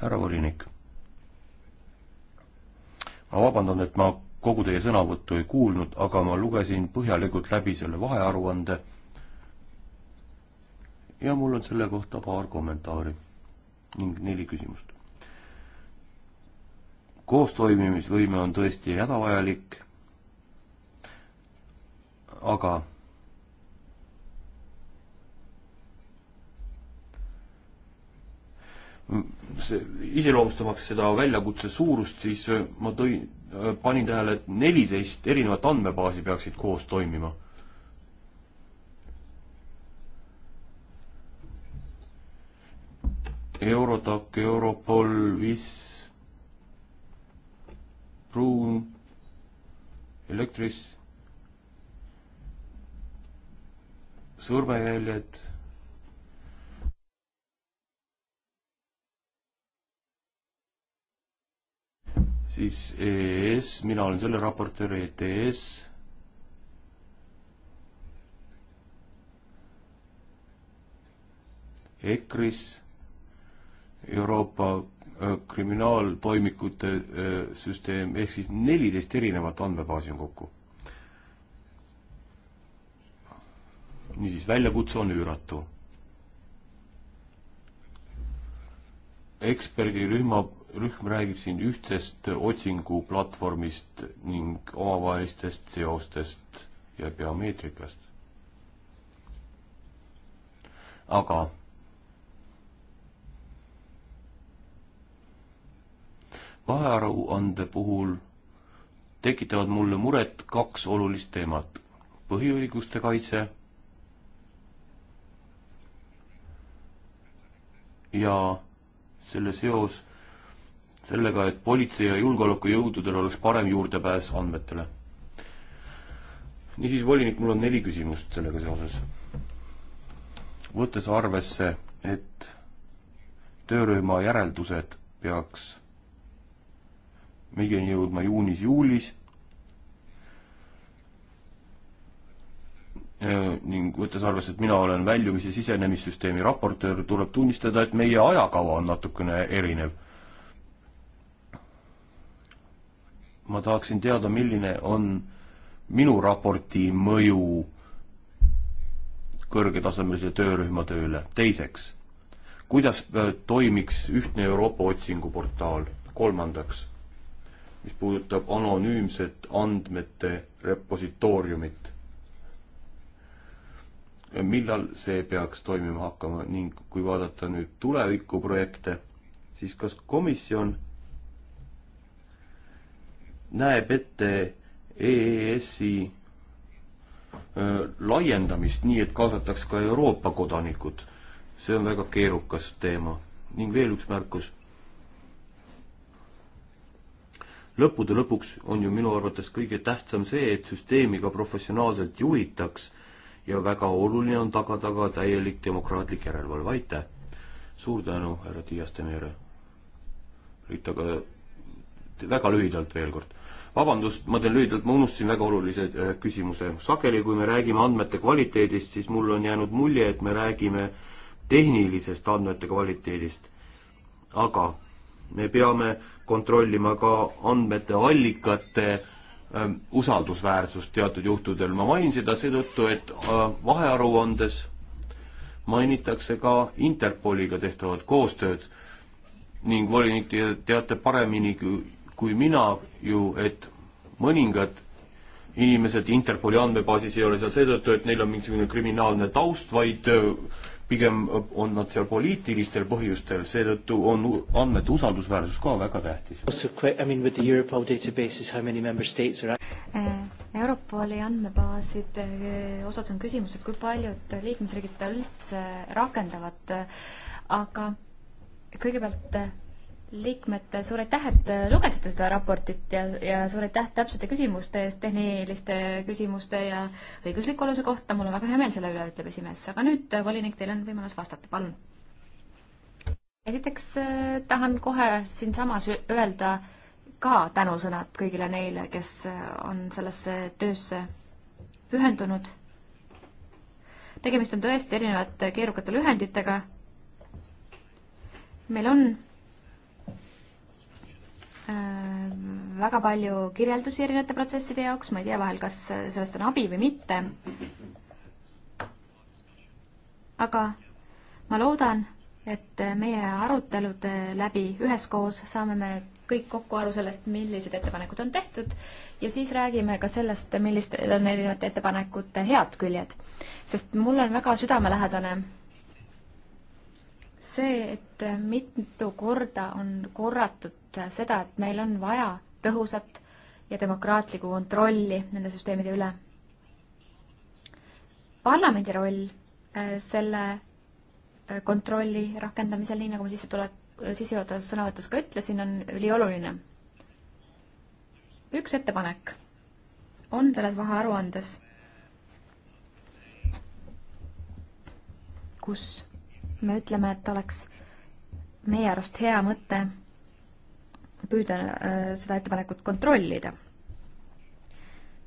härra volinik. ma vabandan, et ma kogu teie sõnavõttu ei kuulnud, aga ma lugesin põhjalikult läbi selle vahearuande. ja mul on selle kohta paar kommentaari ning neli küsimust. koostoimimisvõime on tõesti hädavajalik, aga see, iseloomustamaks seda väljakutse suurust, siis äh, ma tõin, äh, panin tähele, et neliteist erinevat andmebaasi peaksid koos toimima. Eurotac, Europol, WIS, Pruun, Elektris, sõrmejäljed siis EES, mina olen selle raportöör ETS. EKRIS, Euroopa äh, kriminaaltoimikute äh, süsteem, ehk siis neliteist erinevat andmebaasi on kokku. niisiis, väljakutse on üüratu. eksperdirühma rühm räägib siin ühtsest otsinguplatvormist ning omavahelistest seostest ja biomeetrikast. aga vahearuande puhul tekitavad mulle muret kaks olulist teemat. põhiõiguste kaitse ja selle seos sellega, et politsei ja julgeolekujõududel oleks parem juurdepääs andmetele. niisiis, volinik, mul on neli küsimust sellega seoses. võttes arvesse, et töörühma järeldused peaks meieni jõudma juunis-juulis ning võttes arvesse, et mina olen väljumis- ja sisenemissüsteemi raportöör, tuleb tunnistada, et meie ajakava on natukene erinev ma tahaksin teada, milline on minu raporti mõju kõrgetasemelise töörühma tööle. teiseks, kuidas äh, toimiks ühtne Euroopa otsinguportaal? kolmandaks, mis puudutab anonüümset andmete repositooriumit. millal see peaks toimima hakkama ning kui vaadata nüüd tulevikuprojekte, siis kas komisjon näeb ette EES-i laiendamist nii, et kaasataks ka Euroopa kodanikud. see on väga keerukas teema. ning veel üks märkus. lõppude lõpuks on ju minu arvates kõige tähtsam see, et süsteemi ka professionaalselt juhitaks ja väga oluline on tagada ka -taga täielik demokraatlik järelevalve. aitäh! suur tänu, härra Dias de Mere. Rita, aga väga lühidalt veel kord vabandust, ma teen lühidalt, ma unustasin väga olulise äh, küsimuse. sageli, kui me räägime andmete kvaliteedist, siis mul on jäänud mulje, et me räägime tehnilisest andmete kvaliteedist. aga me peame kontrollima ka andmete allikate äh, usaldusväärsust teatud juhtudel. ma mainin seda seetõttu, et äh, vahearuandes mainitakse ka Interpoliga tehtavat koostööd ning volinik teate paremini kui kui mina ju, et mõningad inimesed Interpoli andmebaasis ei ole seal seetõttu, et neil on mingisugune kriminaalne taust, vaid äh, pigem on nad seal poliitilistel põhjustel, seetõttu on andmete usaldusväärsus ka väga tähtis. I mean, are... Äh, Europoli andmebaaside äh, osas on küsimus, et kui paljud liikmesriigid seda üldse rakendavad, aga kõigepealt liikmed, suur aitäh, et lugesite seda raportit ja, ja suur aitäh täpsete küsimuste eest, tehniliste küsimuste ja õigusliku aluse kohta, mul on väga hea meel selle üle, ütleb esimees, aga nüüd, volinik, teil on võimalus vastata, palun. esiteks äh, tahan kohe siinsamas öelda ka tänusõnad kõigile neile, kes äh, on sellesse töösse pühendunud. tegemist on tõesti erinevate keerukate lühenditega meil on Äh, väga palju kirjeldusi erinevate protsesside jaoks, ma ei tea vahel, kas sellest on abi või mitte. aga ma loodan, et meie arutelude läbi üheskoos saame me kõik kokku aru sellest, millised ettepanekud on tehtud ja siis räägime ka sellest, millised on erinevate ettepanekute head küljed. sest mulle on väga südamelähedane see, et mitu korda on korratud näidanud seda, et meil on vaja tõhusat ja demokraatlikku kontrolli nende süsteemide üle. parlamendi roll äh, selle äh, kontrolli rakendamisel, nii nagu ma sissetulek, sissejuhatavas sõnavõtus ka ütlesin, on ülioluline. üks ettepanek on selles vahearuandes, kus me ütleme, et oleks meie arust hea mõte püüda äh, seda ettepanekut kontrollida.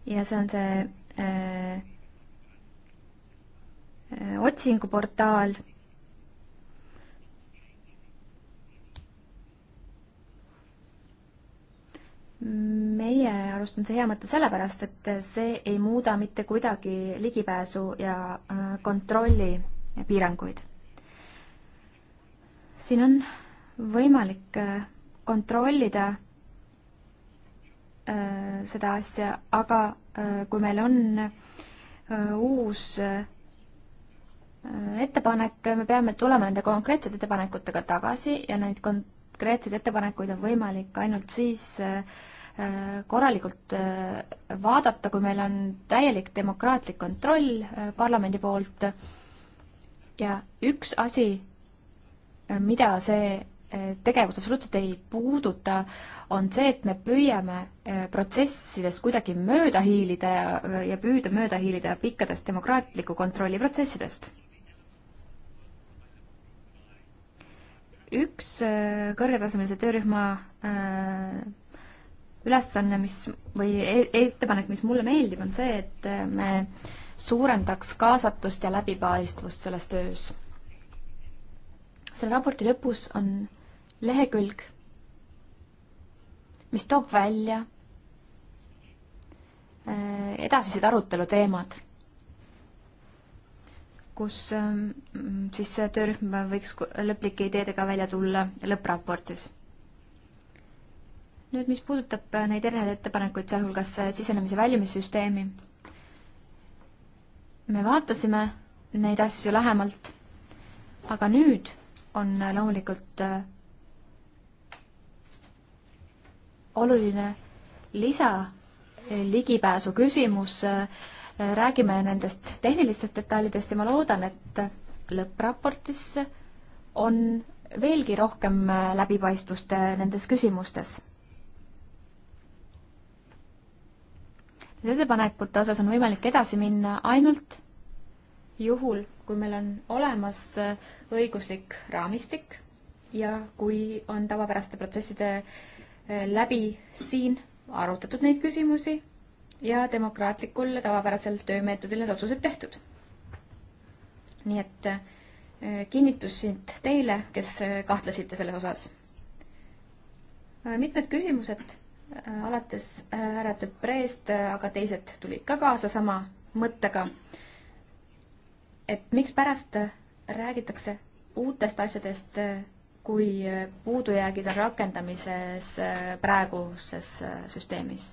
ja see on see äh, äh, otsinguportaal meie arust on see hea mõte sellepärast, et see ei muuda mitte kuidagi ligipääsu ja äh, kontrolli piiranguid. siin on võimalik kontrollida äh, seda asja, aga äh, kui meil on äh, uus ettepanek, me peame tulema nende konkreetsete ettepanekutega tagasi ja neid konkreetseid ettepanekuid on võimalik ainult siis korralikult vaadata, kui meil on täielik demokraatlik kontroll parlamendi poolt. ja üks asi, mida see Äh, tegevus absoluutselt ei puuduta, on see, et me püüame äh, protsessidest kuidagi mööda hiilida ja, ja püüda mööda hiilida pikkadest demokraatliku kontrolli protsessidest. üks äh, kõrgetasemelise töörühma ülesanne, mis või e, ettepanek, mis mulle meeldib, on see, et me suurendaks kaasatust ja läbipaistvust selles töös. selle raporti lõpus on lehekülg, mis toob välja äh, edasised aruteluteemad, kus ähm, siis töörühm võiks lõplike ideedega välja tulla lõppraportis. nüüd, mis puudutab äh, neid erinevaid ettepanekuid, sealhulgas äh, sisenemise väljumissüsteemi, me vaatasime neid asju lähemalt, aga nüüd on loomulikult oluline lisa eh, ligipääsu küsimus. Eh, räägime nendest tehnilistest detailidest ja ma loodan, et lõppraportis on veelgi rohkem eh, läbipaistvust nendes küsimustes. Need ettepanekute osas on võimalik edasi minna ainult juhul, kui meil on olemas õiguslik raamistik ja kui on tavapäraste protsesside äh, Äh, läbi siin arutatud neid küsimusi ja demokraatlikul tavapärasel töömeetodil need otsused tehtud. nii et äh, kinnitus sind teile, kes äh, kahtlesite selles osas. mitmed küsimused alates härra Depreest, aga teised tulid ka kaasa sama mõttega, et mikspärast räägitakse uutest asjadest kui puudujäägid on rakendamises äh, praeguses äh, süsteemis.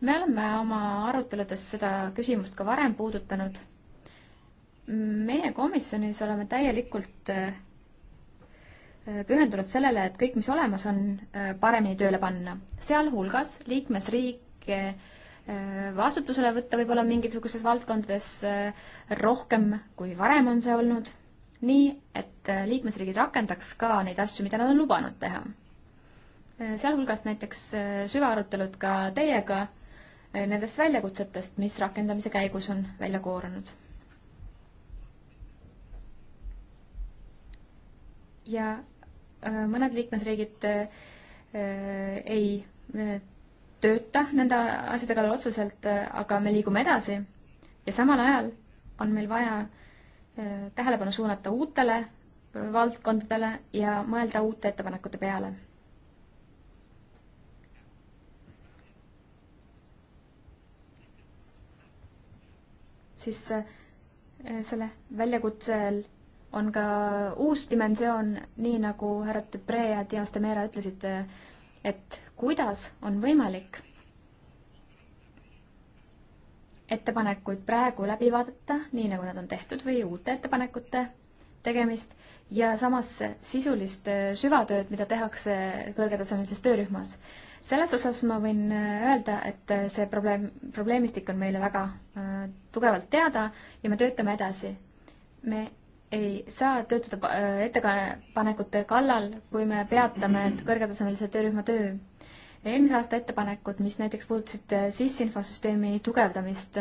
me oleme oma aruteludes seda küsimust ka varem puudutanud. meie komisjonis oleme täielikult äh, pühendunud sellele, et kõik, mis olemas on, paremini tööle panna, sealhulgas liikmesriike vastutusele võtta võib-olla mingisuguses valdkondades rohkem, kui varem on see olnud nii et äh, liikmesriigid rakendaks ka neid asju, mida nad on lubanud teha. Äh, sealhulgas näiteks äh, süvaarutelud ka teiega nendest väljakutsetest, mis rakendamise käigus on välja koorunud. ja mõned liikmesriigid ei tööta nende asjade kallal otseselt, aga me liigume edasi ja samal ajal on meil vaja äh, Äh, tähelepanu suunata uutele äh, valdkondadele ja mõelda uute ettepanekute peale. siis äh, selle väljakutsel on ka uus dimensioon, nii nagu härra Dupree ja Dias de Mera ütlesid, et kuidas on võimalik ettepanekuid praegu läbi vaadata, nii nagu nad on tehtud, või uute ettepanekute tegemist ja samas sisulist äh, süvatööd, mida tehakse kõrgetasemelises töörühmas. selles osas ma võin äh, öelda, et äh, see probleem, probleemistik on meile väga äh, tugevalt teada ja me töötame edasi. me ei saa töötada ettepanekute kallal, kui me peatame kõrgetasemelise töörühma töö eelmise aasta ettepanekud, mis näiteks puudutasid äh, sisseinfosüsteemi tugevdamist.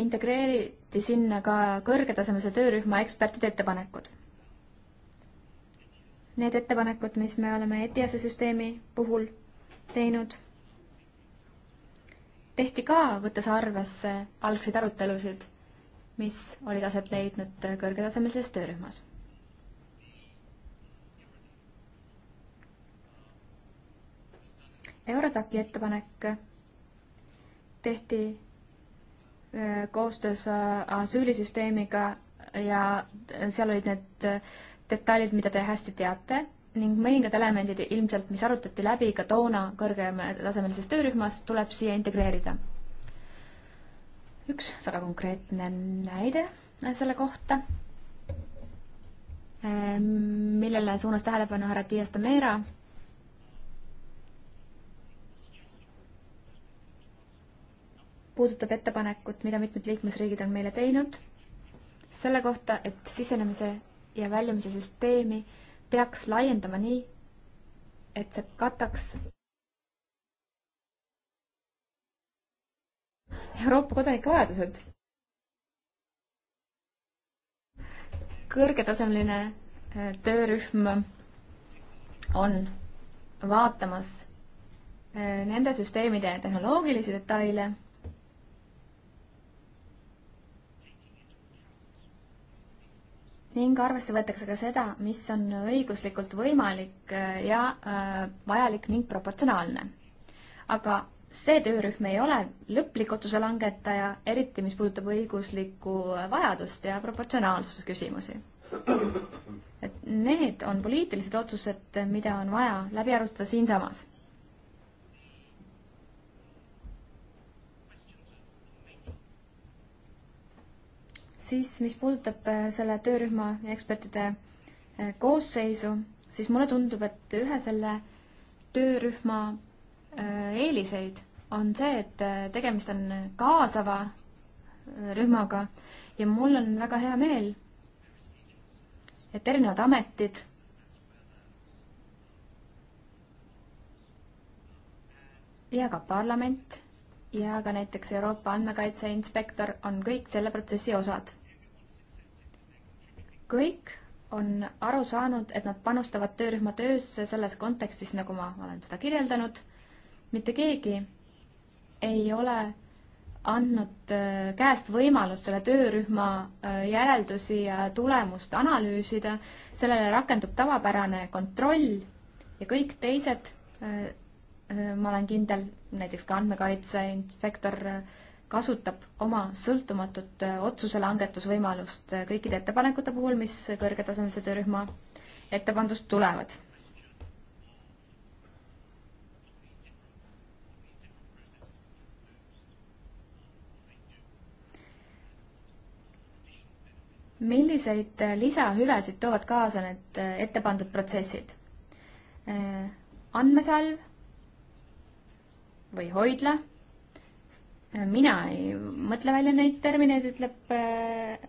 integreeriti sinna ka kõrgetasemelise töörühma ekspertide ettepanekud. Need ettepanekud, mis me oleme ETIAS-e süsteemi puhul teinud, tehti ka, võttes arvesse algseid arutelusid, mis olid aset leidnud kõrgetasemelises töörühmas Eurodaki ettepanek tehti äh, koostöös äh, asüülisüsteemiga ja seal olid need detailid, mida te hästi teate ning mõningad elemendid ilmselt, mis arutati läbi ka toona kõrgetasemelises töörühmas, tuleb siia integreerida. üks väga konkreetne näide selle kohta, äh, millele suunas tähelepanu härra Dias de Meera puudutab ettepanekut, mida mitmed liikmesriigid on meile teinud selle kohta, et sisenemise ja väljumise süsteemi peaks laiendama nii, et see kataks Euroopa kodanike vajadused. kõrgetasemeline äh, töörühm on vaatamas äh, nende süsteemide tehnoloogilisi detaile ning arvesse võetakse ka seda, mis on õiguslikult võimalik äh, ja äh, vajalik ning proportsionaalne. aga see töörühm ei ole lõplik otsuse langetaja, eriti mis puudutab õiguslikku äh, vajadust ja proportsionaalsuse küsimusi. et need on poliitilised otsused, mida on vaja läbi arutada siinsamas siis mis puudutab äh, selle töörühma ekspertide äh, koosseisu, siis mulle tundub, et ühe selle töörühma äh, eeliseid on see, et tegemist on kaasava rühmaga ja mul on väga hea meel, et erinevad ametid ja ka parlament ja ka näiteks Euroopa andmekaitse inspektor on kõik selle protsessi osad kõik on aru saanud, et nad panustavad töörühma töösse selles kontekstis, nagu ma olen seda kirjeldanud. mitte keegi ei ole andnud äh, käest võimalust selle töörühma äh, järeldusi ja tulemust analüüsida, sellele rakendub tavapärane kontroll ja kõik teised, äh, ma olen kindel, näiteks ka andmekaitse inspektor, kasutab oma sõltumatut äh, otsuse langetusvõimalust äh, kõikide ettepanekute puhul, mis kõrgetasemelise töörühma ette pandust tulevad. milliseid äh, lisahüvesid toovad kaasa need ette pandud protsessid? andmesalv või hoidla mina ei mõtle välja neid termineid, ütleb äh,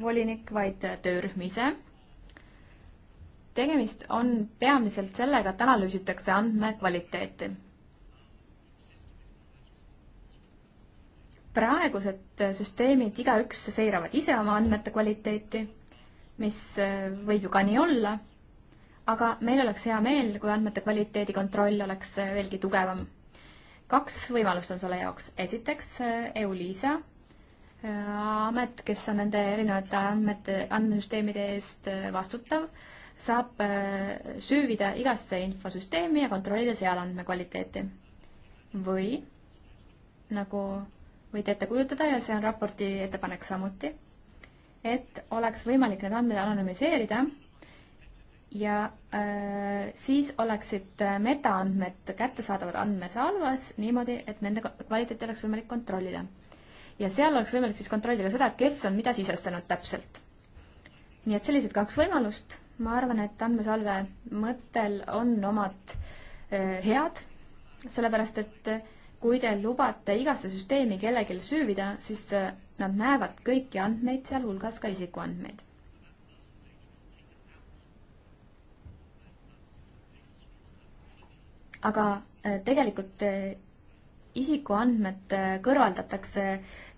volinik, vaid töörühm ise. tegemist on peamiselt sellega, et analüüsitakse andmekvaliteeti. praegused süsteemid, igaüks seiravad ise oma andmete kvaliteeti, mis äh, võib ju ka nii olla, aga meil oleks hea meel, kui andmete kvaliteedi kontroll oleks äh, veelgi tugevam kaks võimalust on selle jaoks. esiteks eh, EULISA eh, amet, kes on nende erinevate andmete, andmesüsteemide eest eh, vastutav, saab süüvida igasse infosüsteemi ja kontrollida seal andmekvaliteeti. või nagu võite ette kujutada ja see on raporti ettepanek samuti, et oleks võimalik need andmed anonüümiseerida ja äh, siis oleksid äh, metaandmed kättesaadavad andmesalvas niimoodi, et nende kvaliteeti oleks võimalik kontrollida. ja seal oleks võimalik siis kontrollida seda, kes on mida sisestanud täpselt. nii et sellised kaks võimalust, ma arvan, et andmesalve mõttel on omad äh, head, sellepärast et äh, kui te lubate igasse süsteemi kellelgi süüvida, siis äh, nad näevad kõiki andmeid, sealhulgas ka isikuandmeid aga äh, tegelikult äh, isikuandmed äh, kõrvaldatakse,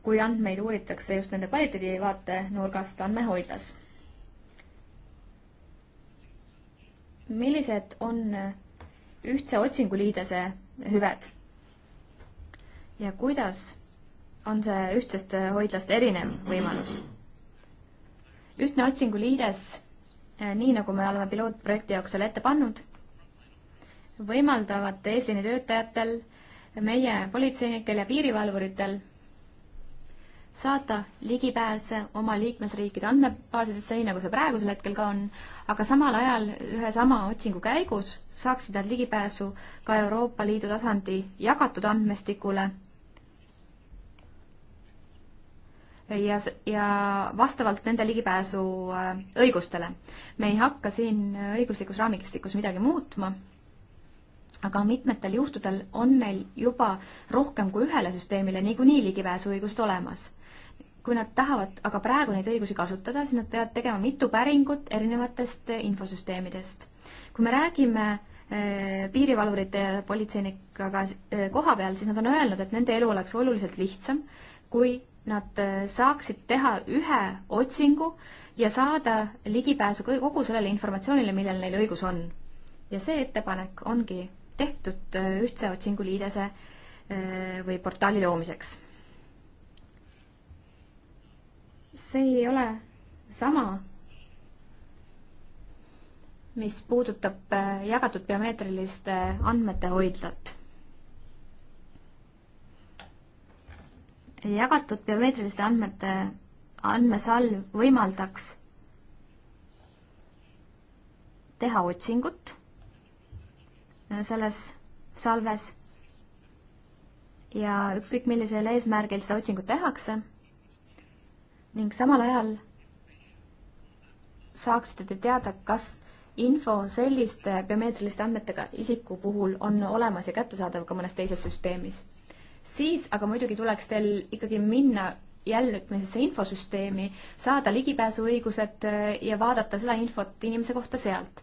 kui andmeid uuritakse just nende kvaliteedi vaatenurgast andmehoidlas. millised on ühtse otsinguliidese hüved? ja kuidas on see ühtsest hoidlast erinev võimalus? ühtne otsinguliides, nii nagu me oleme pilootprojekti jaoks selle ette pannud võimaldavad eesliini töötajatel, meie politseinikel ja piirivalvuritel saada ligipääse oma liikmesriikide andmebaasidesse, nii nagu see praegusel hetkel ka on, aga samal ajal ühe sama otsingu käigus saaksid nad ligipääsu ka Euroopa Liidu tasandi jagatud andmestikule. ja, ja vastavalt nende ligipääsu äh, õigustele. me ei hakka siin õiguslikus raamistikus midagi muutma aga mitmetel juhtudel on neil juba rohkem kui ühele süsteemile niikuinii ligipääsuõigust olemas. kui nad tahavad aga praegu neid õigusi kasutada, siis nad peavad tegema mitu päringut erinevatest infosüsteemidest. kui me räägime äh, piirivalvurite ja politseinikega äh, koha peal, siis nad on öelnud, et nende elu oleks oluliselt lihtsam, kui nad äh, saaksid teha ühe otsingu ja saada ligipääsu kogu sellele informatsioonile, millel neil õigus on. ja see ettepanek ongi tehtud äh, ühtse otsinguliidese äh, või portaali loomiseks. see ei ole sama, mis puudutab äh, jagatud biomeetriliste andmete hoidlat. jagatud biomeetriliste andmete andmesalv võimaldaks teha otsingut Äh, selles salves ja ükskõik millisel eesmärgil seda otsingut tehakse ning samal ajal saaksite te teada, kas info selliste biomeetriliste andmetega isiku puhul on olemas ja kättesaadav ka mõnes teises süsteemis. siis aga muidugi tuleks teil ikkagi minna jälgimisesse infosüsteemi, saada ligipääsuõigused äh, ja vaadata seda infot inimese kohta sealt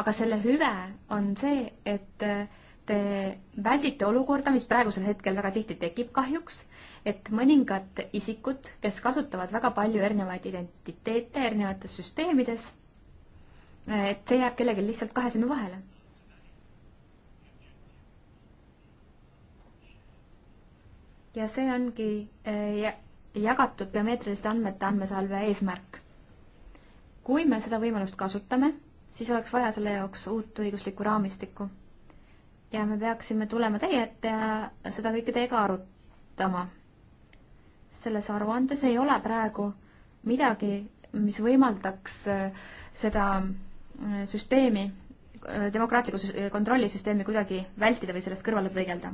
aga selle hüve on see, et äh, te väldite olukorda, mis praegusel hetkel väga tihti tekib kahjuks, et mõningad isikud, kes kasutavad väga palju erinevaid identiteete erinevates süsteemides, äh, et see jääb kellelgi lihtsalt kahe silma vahele ja see ongi äh, jagatud biomeetriliste andmete andmesalve eesmärk. kui me seda võimalust kasutame, siis oleks vaja selle jaoks uut õiguslikku raamistikku. ja me peaksime tulema teie ette ja seda kõike teiega arutama. selles aruandes ei ole praegu midagi, mis võimaldaks äh, seda äh, süsteemi, äh, demokraatliku kontrollisüsteemi kuidagi vältida või sellest kõrvale põigelda.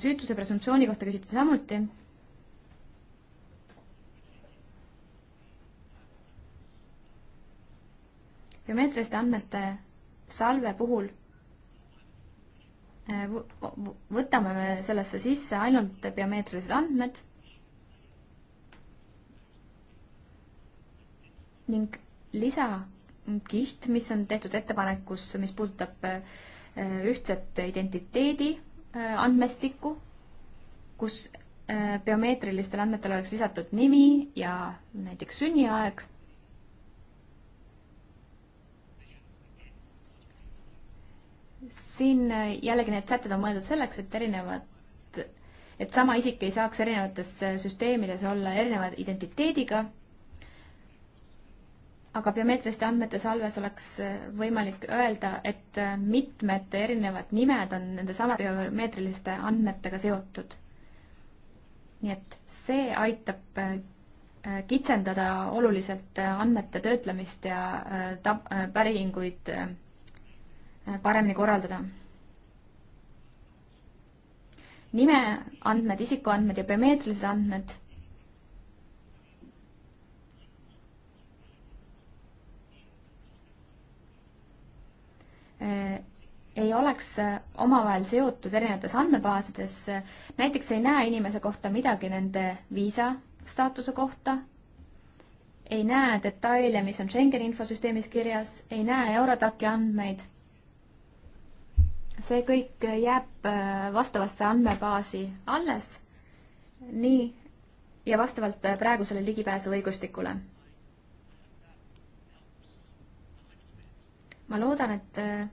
süütuse presumptsiooni kohta küsiti samuti biomeetriliste andmete salve puhul eh, võtame me sellesse sisse ainult biomeetrilised andmed ning lisakiht, mis on tehtud ettepanekus, mis puudutab eh, ühtset identiteedi eh, andmestikku, kus biomeetrilistel andmetel oleks lisatud nimi ja näiteks sünniaeg siin äh, jällegi need sätted on mõeldud selleks, et erinevad, et sama isik ei saaks erinevates äh, süsteemides olla erineva identiteediga, aga biomeetriliste andmete salves oleks äh, võimalik öelda, et mitmed erinevad nimed on nende sama biomeetriliste andmetega seotud. nii et see aitab kitsendada oluliselt andmete töötlemist ja tab-, päringuid paremini korraldada. nimeandmed, isikuandmed ja biomeetrilised andmed äh, ei oleks äh, omavahel seotud erinevates andmebaasides, näiteks ei näe inimese kohta midagi nende viisa staatuse kohta, ei näe detaile, mis on Schengeni infosüsteemis kirjas, ei näe Eurotaki andmeid see kõik jääb äh, vastavasse andmebaasi alles, nii, ja vastavalt äh, praegusele ligipääsuõigustikule. ma loodan, et äh,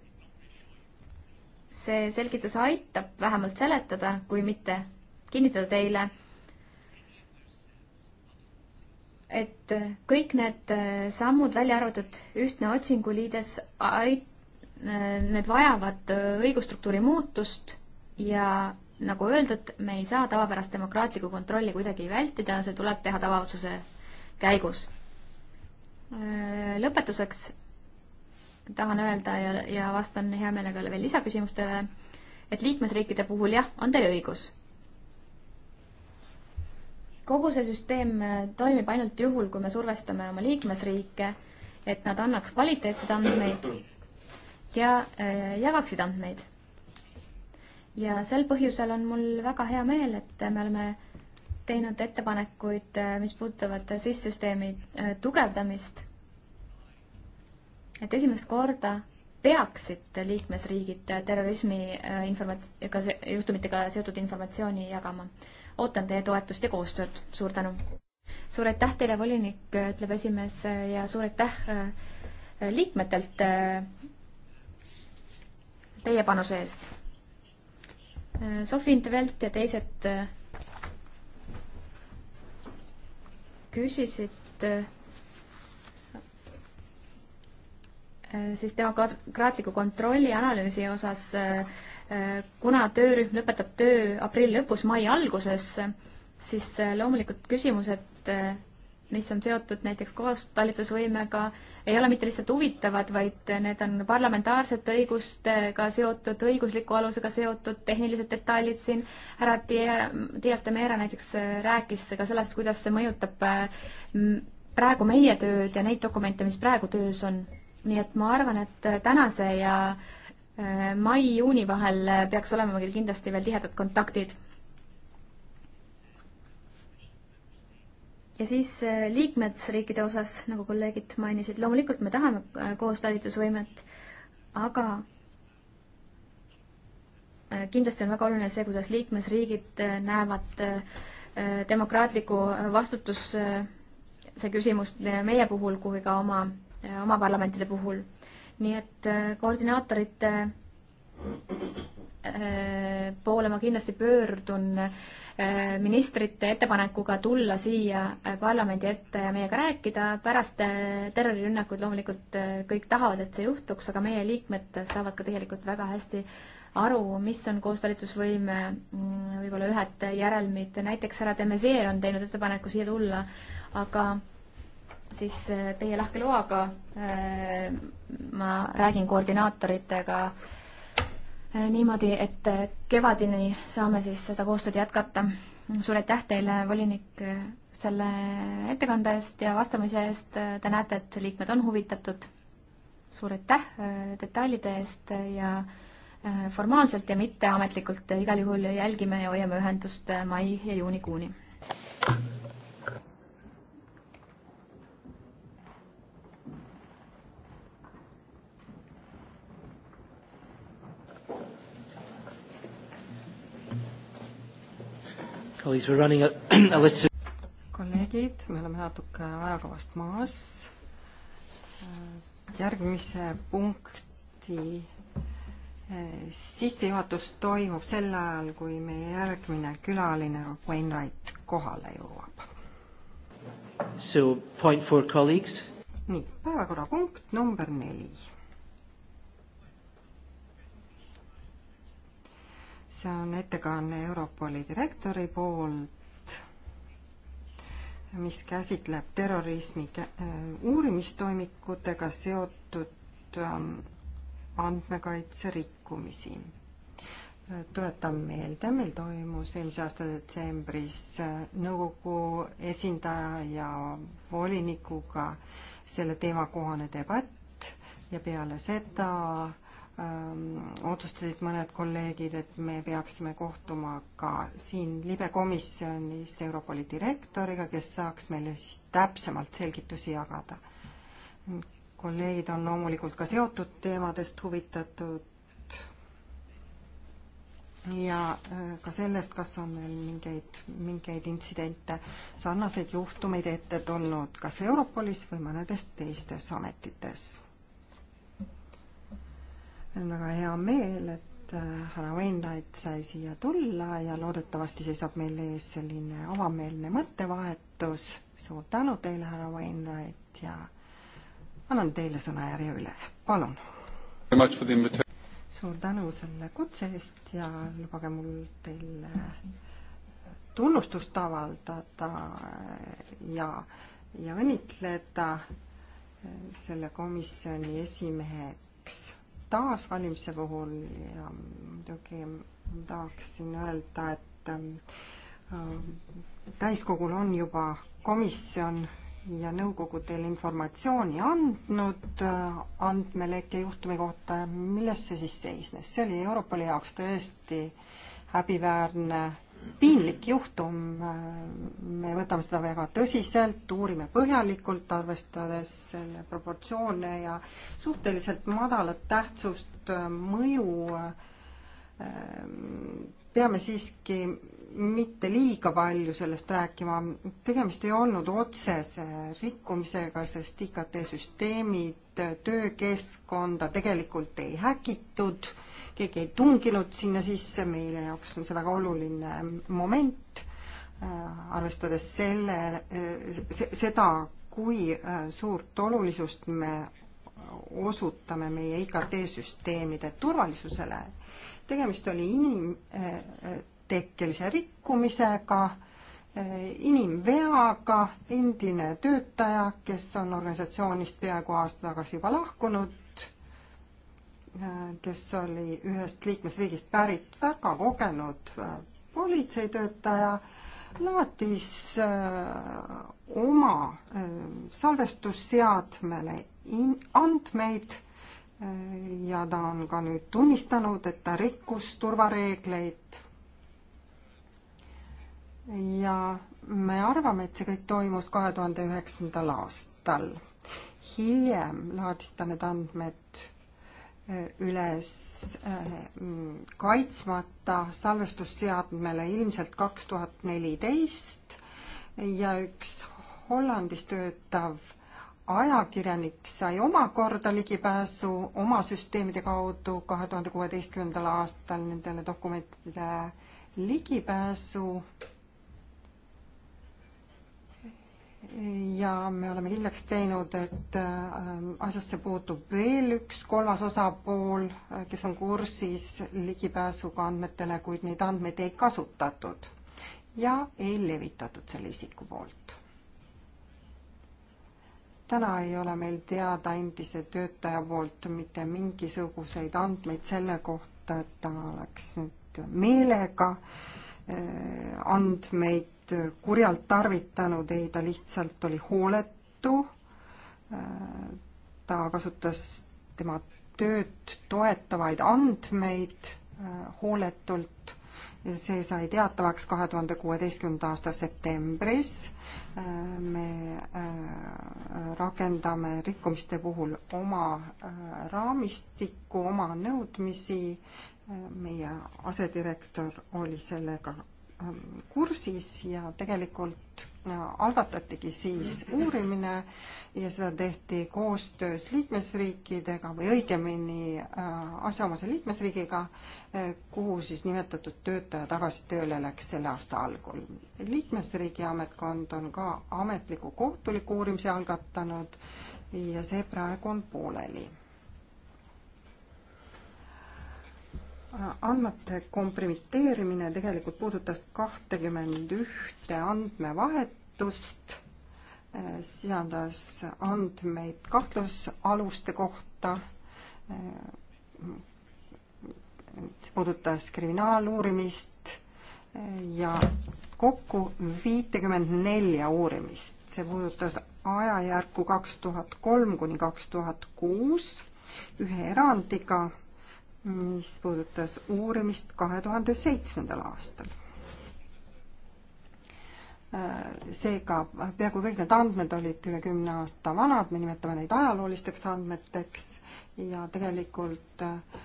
see selgitus aitab vähemalt seletada, kui mitte kinnitada teile, et kõik need sammud, välja arvatud ühtne otsinguliides, ait-, Äh, need vajavad äh, õigusstruktuuri muutust ja nagu öeldud, me ei saa tavapärast demokraatlikku kontrolli kuidagi vältida, see tuleb teha tavaotsuse käigus. Äh, lõpetuseks tahan öelda ja, ja vastan hea meelega veel lisaküsimustele, et liikmesriikide puhul jah, on teil õigus. kogu see süsteem toimib ainult juhul, kui me survestame oma liikmesriike, et nad annaks kvaliteetseid andmeid ja äh, jagaksid andmeid. ja sel põhjusel on mul väga hea meel, et me oleme teinud ettepanekuid, äh, mis puudutavad SIS-süsteemi äh, tugevdamist. et esimest korda peaksid liikmesriigid terrorismi informatsiga, juhtumitega seotud informatsiooni jagama. ootan teie toetust ja koostööd, suur tänu! suur aitäh teile, volinik, ütleb esimees ja suur aitäh liikmetelt teie panuse eest. Sofi Intervelt ja teised äh, küsisid äh, siis demokraatliku kontrolli analüüsi osas, äh, kuna töörühm lõpetab töö aprilli lõpus, mai alguses, siis loomulikult küsimused mis on seotud näiteks koostalitusvõimega, ei ole mitte lihtsalt huvitavad, vaid need on parlamentaarsete õigustega seotud, õigusliku alusega seotud, tehnilised detailid siin. härra Dias de Meera näiteks äh, rääkis ka sellest, kuidas see mõjutab äh, praegu meie tööd ja neid dokumente, mis praegu töös on. nii et ma arvan, et äh, tänase ja mai-juuni vahel peaks olema meil kindlasti veel tihedad kontaktid ja siis äh, liikmesriikide osas, nagu kolleegid mainisid, loomulikult me tahame äh, koostalitusvõimet, aga äh, kindlasti on väga oluline see, kuidas liikmesriigid näevad demokraatliku vastutus see küsimus meie puhul kui ka oma, oma parlamentide puhul. nii et koordinaatorite poole ma kindlasti pöördun äh, Äh, ministrite ettepanekuga tulla siia äh, parlamendi ette ja meiega rääkida. pärast äh, terrorirünnakuid loomulikult kõik tahavad, et see juhtuks, aga meie liikmed saavad ka tegelikult väga hästi aru, mis on koostalitusvõime mm, võib-olla ühed järelmid. näiteks härra Demezier on teinud ettepaneku siia tulla, aga siis teie lahke loaga ma räägin koordinaatoritega äh, Äh, niimoodi, et äh, kevadini saame siis seda koostööd jätkata. suur aitäh teile, volinik, äh, selle ettekande eest ja vastamise eest. Te näete, et liikmed on huvitatud. suur aitäh detailide eest ja formaalselt ja mitteametlikult igal juhul jälgime ja hoiame ühendust mai ja juunikuuni. kolleegid, me oleme natuke ajakavast maas. järgmise punkti eh, sissejuhatus toimub sel ajal, kui meie järgmine külaline Wainwright kohale jõuab. So point for colleagues. nii, päevakorrapunkt number neli see on ettekanne Europoli direktori poolt, mis käsitleb terrorismi äh, uurimistoimikutega seotud ähm, andmekaitse rikkumisi. tuletan meelde, meil toimus eelmise aasta detsembris äh, nõukogu esindaja ja volinikuga selle teemakohane debatt ja peale seda Ähm, otsustasid mõned kolleegid, et me peaksime kohtuma ka siin libekomisjonis Europoli direktoriga, kes saaks meile siis täpsemalt selgitusi jagada. kolleegid on loomulikult ka seotud teemadest huvitatud ja äh, ka sellest, kas on veel mingeid, mingeid intsidente, sarnaseid juhtumeid ette tulnud kas Europolis või mõnedes teistes ametites meil on väga hea meel, et äh, härra Wainwright sai siia tulla ja loodetavasti seisab meil ees selline avameelne mõttevahetus. suur tänu teile, härra Wainwright ja annan teile sõnajärje üle, palun. suur tänu selle kutse eest ja lubage mul teile tunnustust avaldada ja, ja õnnitleda selle komisjoni esimeheks taasvalimise puhul ja muidugi tahaksin öelda, et äh, täiskogul on juba komisjon ja nõukogu teile informatsiooni andnud äh, andmeleke juhtumi kohta, milles see siis seisnes? see oli Europoli jaoks tõesti häbiväärne piinlik juhtum, me võtame seda väga tõsiselt, uurime põhjalikult, arvestades selle proportsioone ja suhteliselt madalat tähtsust mõju peame siiski mitte liiga palju sellest rääkima, tegemist ei olnud otsese rikkumisega, sest IKT-süsteemid, töökeskkonda tegelikult ei häkitud keegi ei tunginud sinna sisse, meie jaoks on see väga oluline moment, äh, arvestades selle, äh, seda, kui äh, suurt olulisust me osutame meie IKT-süsteemide turvalisusele. tegemist oli inimtekkelise rikkumisega, inimveaga, endine töötaja, kes on organisatsioonist peaaegu aasta tagasi juba lahkunud, Äh, kes oli ühest liikmesriigist pärit, väga kogenud äh, politseitöötaja, laatis äh, oma salvestusseadmele in-, andmeid ja ta on ka nüüd tunnistanud, et ta rikkus turvareegleid. ja me arvame, et see kõik toimus kahe tuhande üheksandal aastal. hiljem laadis ta need andmed üles äh, kaitsmata salvestusseadmele ilmselt kaks tuhat neliteist ja üks Hollandis töötav ajakirjanik sai omakorda ligipääsu oma süsteemide kaudu kahe tuhande kuueteistkümnendal aastal nendele dokumentidele ligipääsu ja me oleme kindlaks teinud, et äh, asjasse puutub veel üks kolmas osapool, äh, kes on kursis ligipääsuga andmetele, kuid neid andmeid ei kasutatud ja ei levitatud selle isiku poolt. täna ei ole meil teada endise töötaja poolt mitte mingisuguseid andmeid selle kohta, et ta oleks nüüd meelega äh, andmeid neid kurjalt tarvitanud, ei, ta lihtsalt oli hooletu, ta kasutas tema tööd toetavaid andmeid äh, hooletult ja see sai teatavaks kahe tuhande kuueteistkümnenda aasta septembris. Äh, me äh, rakendame rikkumiste puhul oma raamistikku, oma nõudmisi meie asedirektor oli sellega kursis ja tegelikult äh, algatatigi siis uurimine ja seda tehti koostöös liikmesriikidega või õigemini äh, asjaomase liikmesriigiga, äh, kuhu siis nimetatud töötaja tagasi tööle läks selle aasta algul. liikmesriigi ametkond on ka ametliku kohtuliku uurimise algatanud ja see praegu on pooleli andmete kompromiteerimine tegelikult puudutas kahtekümmend ühte andmevahetust, sisaldas andmeid kahtlusaluste kohta, see puudutas kriminaaluurimist ja kokku viitekümmend nelja uurimist. see puudutas ajajärku kaks tuhat kolm kuni kaks tuhat kuus ühe erandiga mis puudutas uurimist kahe tuhande seitsmendal aastal. seega peaaegu kõik need andmed olid üle kümne aasta vanad, me nimetame neid ajaloolisteks andmeteks ja tegelikult äh,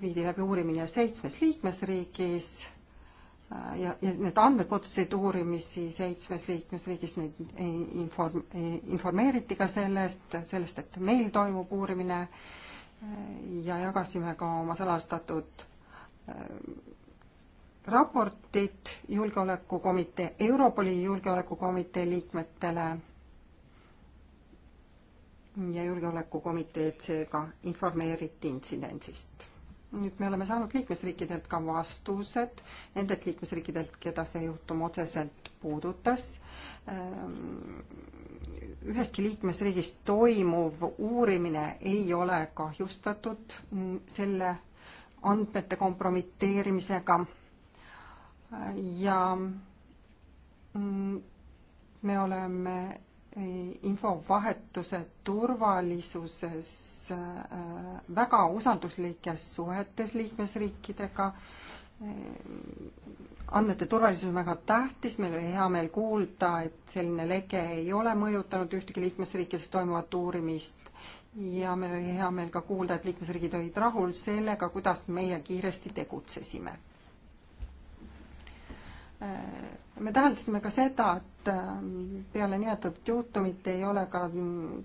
viidi läbi uurimine seitsmes liikmesriigis äh, ja, ja need andmed puudutasid uurimisi seitsmes liikmesriigis, neid inform-, informeeriti ka sellest, sellest, et meil toimub uurimine ja jagasime ka oma salastatud äh, raportit julgeolekukomitee, Europoli julgeolekukomitee liikmetele ja julgeolekukomiteed seega informeeriti intsidentsist. nüüd me oleme saanud liikmesriikidelt ka vastused, nendelt liikmesriikidelt, keda see juhtum otseselt puudutas ähm, üheski liikmesriigis toimuv uurimine ei ole kahjustatud mm, selle andmete kompromiteerimisega ja mm, me oleme äh, infovahetuse turvalisuses äh, väga usalduslikes suhetes liikmesriikidega äh, andmete turvalisus on väga tähtis, meil oli hea meel kuulda, et selline lege ei ole mõjutanud ühtegi liikmesriikides toimuvat uurimist ja meil oli hea meel ka kuulda, et liikmesriigid olid rahul sellega, kuidas meie kiiresti tegutsesime äh, me täheldasime ka seda, et ähm, peale nimetatud juhtumit ei ole ka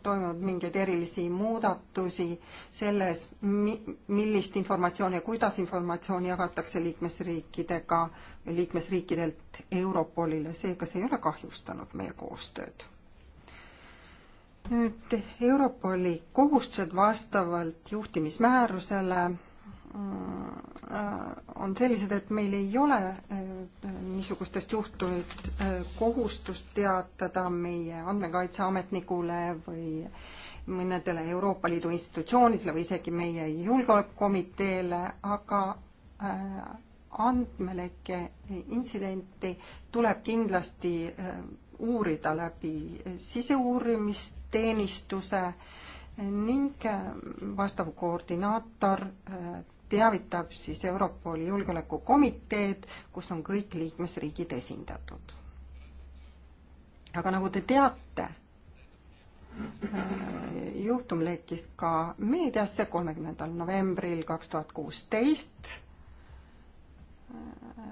toimunud mingeid erilisi muudatusi selles, millist informatsiooni ja kuidas informatsiooni jagatakse liikmesriikidega, liikmesriikidelt Europolile, seega see ei ole kahjustanud meie koostööd. nüüd Europoli kohustused vastavalt juhtimismäärusele mm, äh, on sellised, et meil ei ole niisugustest juhtumit äh, kohustust teatada meie andmekaitseametnikule või mõnedele Euroopa Liidu institutsioonidele või isegi meie julgeolekukomiteele, aga äh, andmeleke intsidenti tuleb kindlasti äh, uurida läbi siseuurimisteenistuse ning vastav koordinaator teavitab siis Europoli Julgeolekukomiteed, kus on kõik liikmesriigid esindatud. aga nagu te teate, äh, juhtum lekkis ka meediasse kolmekümnendal novembril kaks tuhat kuusteist. Äh,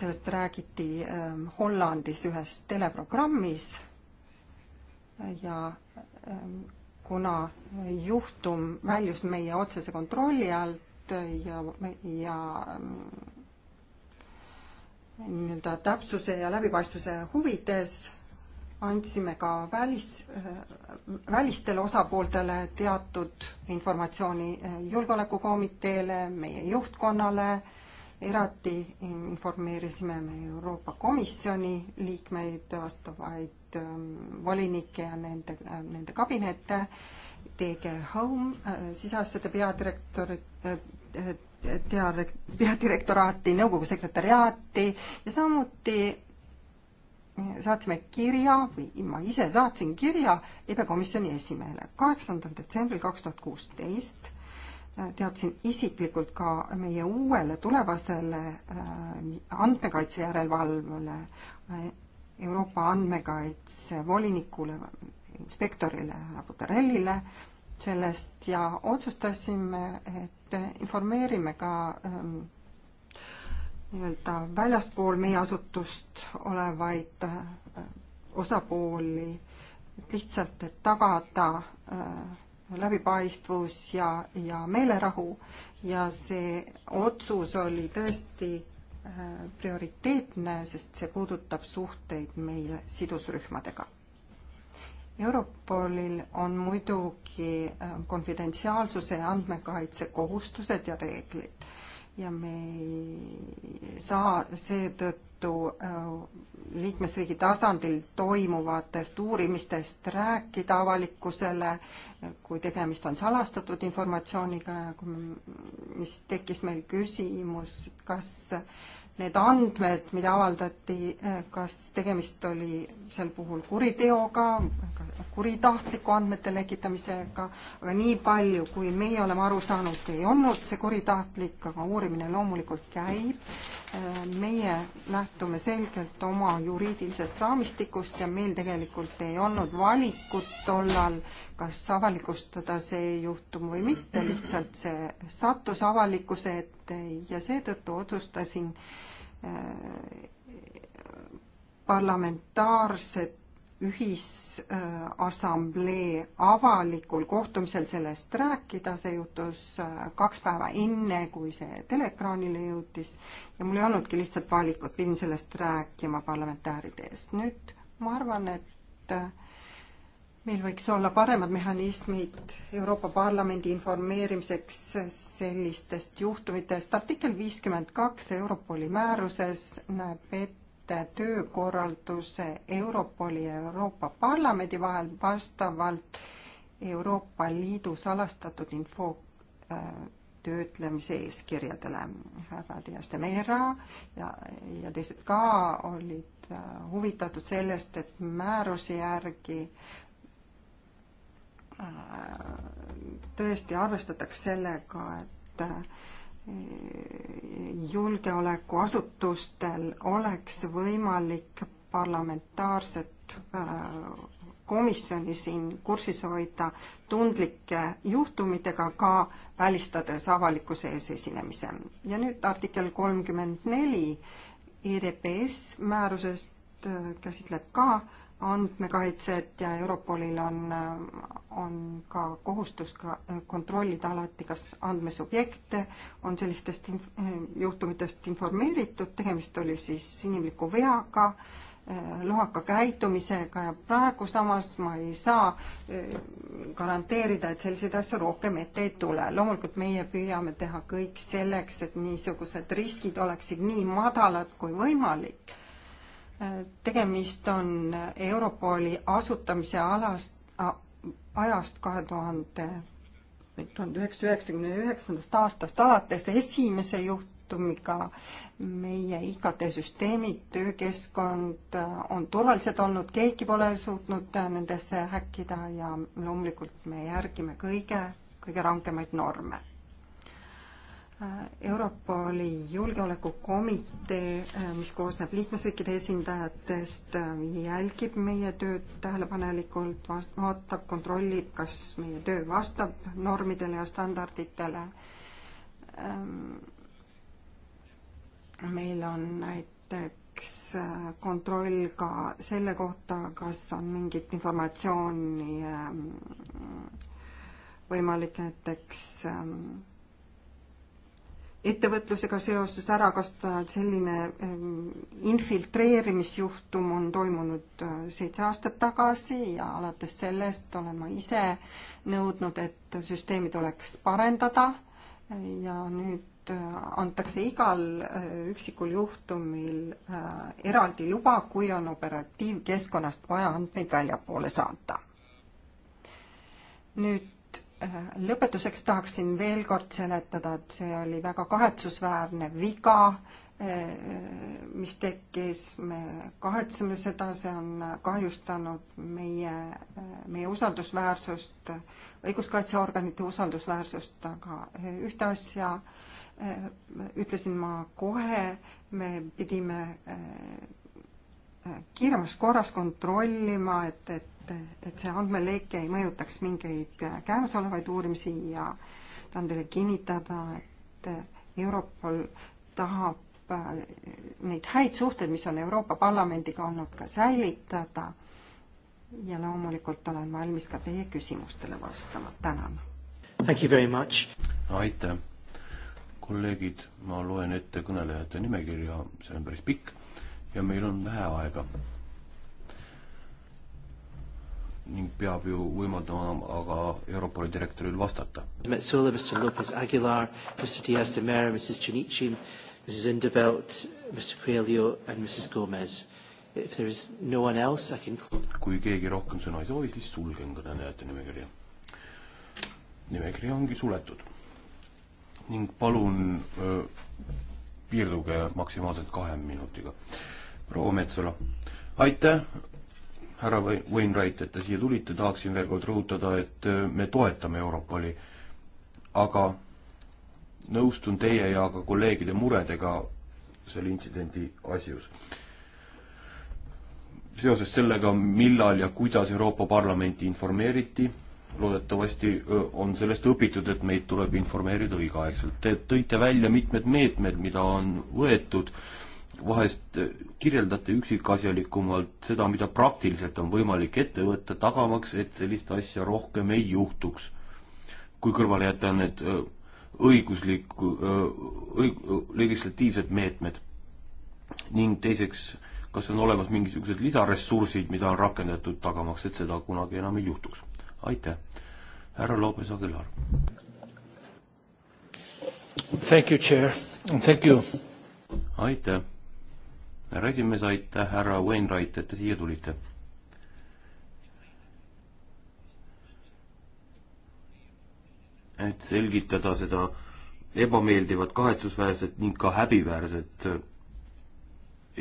sellest räägiti ähm, Hollandis ühes teleprogrammis ja ähm, kuna juhtum väljus meie otsese kontrolli alt ja, ja mm, nii-öelda täpsuse ja läbipaistvuse huvides andsime ka välis, välistele osapooltele teatud informatsiooni Julgeolekukomiteele, meie juhtkonnale, eraldi informeerisime me Euroopa Komisjoni liikmeid, vastavaid neid ähm, volinikke ja nende, äh, nende kabinette, TG Home, äh, siseasjade peadirektor, äh, peadirektoraati, nõukogu sekretäriaati ja samuti saatsime kirja või ma ise saatsin kirja EBE komisjoni esimehele kaheksandal detsembril kaks tuhat kuusteist teadsin isiklikult ka meie uuele tulevasele andmekaitse järelevalvele Euroopa andmekaitsevoolinikule, inspektorile härra Butarellile sellest ja otsustasime, et informeerime ka ähm, nii-öelda väljaspool meie asutust olevaid äh, osapooli, et lihtsalt, et tagada äh, läbipaistvus ja, ja meelerahu ja see otsus oli tõesti prioriteetne, sest see puudutab suhteid meie sidusrühmadega. Europolil on muidugi äh, konfidentsiaalsuse ja andmekaitse kohustused ja reeglid ja me ei saa seetõttu Liidu äh, liikmesriigi tasandil toimuvatest uurimistest rääkida avalikkusele, kui tegemist on salastatud informatsiooniga ja kui, mis tekkis meil küsimus, kas äh, need andmed, mida avaldati, eh, kas tegemist oli sel puhul kuriteoga, kuritahtliku andmete lekitamisega, aga nii palju, kui meie oleme aru saanud, ei olnud see kuritahtlik, aga uurimine loomulikult käib. Eh, meie lähtume selgelt oma juriidilisest raamistikust ja meil tegelikult ei olnud valikut tollal, kas avalikustada see juhtum või mitte, lihtsalt see sattus avalikkuse ette ja seetõttu otsustasin äh, parlamentaarset ühisassamblee avalikul kohtumisel sellest rääkida, see juhtus äh, kaks päeva enne, kui see teleekraanile jõudis ja mul ei olnudki lihtsalt valikut, pidin sellest rääkima parlamentääride ees. nüüd ma arvan, et äh, meil võiks olla paremad mehhanismid Euroopa Parlamendi informeerimiseks sellistest juhtumitest. artikkel viiskümmend kaks Europoli määruses näeb ette töökorralduse Europoli ja Euroopa Parlamendi vahel vastavalt Euroopa Liidu salastatud info äh, töötlemise eeskirjadele. härra Dias de Meira ja, ja teised ka olid äh, huvitatud sellest, et määruse järgi Äh, tõesti arvestataks sellega, et äh, julgeolekuasutustel oleks võimalik parlamentaarset äh, komisjoni siin kursis hoida tundlike juhtumitega ka välistades avalikkuse ees esinemise. ja nüüd artikkel kolmkümmend neli EDPS määrusest käsitleb ka äh, andmekaitset ja Europolil on, on ka kohustus ka kontrollida alati, kas andmesubjekte on sellistest inf-, juhtumitest informeeritud, tegemist oli siis inimliku veaga, lohaka käitumisega ja praegu samas ma ei saa eh, garanteerida, et selliseid asju rohkem ette ei tule. loomulikult meie püüame teha kõik selleks, et niisugused riskid oleksid nii madalad kui võimalik tegemist on Europoli asutamise alast, ajast kahe tuhande, tuhande üheksasaja üheksakümne üheksandast aastast alates esimese juhtumiga. meie IKT-süsteemid, töökeskkond on turvalised olnud, keegi pole suutnud nendesse häkkida ja loomulikult me järgime kõige, kõige rangemaid norme Äh, Europoli julgeolekukomitee, äh, mis koosneb liikmesriikide esindajatest, äh, jälgib meie tööd tähelepanelikult, vaatab, kontrollib, kas meie töö vastab normidele ja standarditele. Ähm, meil on näiteks kontroll ka selle kohta, kas on mingit informatsiooni ähm, võimalik näiteks ähm, ettevõtlusega seoses ära kasutada, et selline ähm, infiltreerimisjuhtum on toimunud äh, seitse aastat tagasi ja alates sellest olen ma ise nõudnud, et süsteemi tuleks parendada ja nüüd äh, antakse igal äh, üksikul juhtumil eraldi luba, kui on operatiivkeskkonnast vaja andmeid väljapoole saata. nüüd Äh, lõpetuseks tahaksin veel kord seletada, et see oli väga kahetsusväärne viga, äh, mis tekkis, me kahetseme seda, see on kahjustanud meie, äh, meie usaldusväärsust, õiguskaitseorganite usaldusväärsust, aga ühte asja ütlesin ma kohe, me pidime kiiremas korras kontrollima, et, et, et see andmeleeke ei mõjutaks mingeid käimasolevaid uurimisi ja tahan teile kinnitada, et Europol tahab äh, neid häid suhteid, mis on Euroopa Parlamendiga olnud, ka säilitada. ja loomulikult olen valmis ka teie küsimustele vastama, tänan. Thank you very much. aitäh. kolleegid, ma loen ette kõnelejate nimekirja, see on päris pikk ja meil on vähe aega. ning peab ju võimaldama aga Europoli direktoril vastata. Metsola, Mr Lopez Aguilar, Mr Diaz de Mera, Mrs Tšinitši, Mrs Indebelt, Mr Coelho and Mrs Gomez. If there is no one else, I can kui keegi rohkem sõna ei soovi, siis sulgen kõnelejate nimekirja. nimekiri ongi suletud ning palun öö, piirduge maksimaalselt kahe minutiga proua Metsola. aitäh, härra Wainwright, et te siia tulite, tahaksin veel kord rõhutada, et äh, me toetame Europoli, aga nõustun teie ja ka kolleegide muredega selle intsidendi asjus. seoses sellega, millal ja kuidas Euroopa Parlamenti informeeriti, loodetavasti on sellest õpitud, et meid tuleb informeerida õigeaegselt. Te tõite välja mitmed meetmed, mida on võetud vahest äh, kirjeldate üksikasjalikumalt seda, mida praktiliselt on võimalik ette võtta, tagamaks, et sellist asja rohkem ei juhtuks. kui kõrvale jätta need äh, õigusliku, äh, õig-, legislatiivsed meetmed. ning teiseks, kas on olemas mingisugused lisaressursid, mida on rakendatud tagamaks, et seda kunagi enam ei juhtuks? aitäh, härra Lopez Aguilar. Thank you, chair, and thank you aitäh, härra esimees, aitäh, härra Wainwright, et te siia tulite. et selgitada seda ebameeldivat, kahetsusväärset ning ka häbiväärset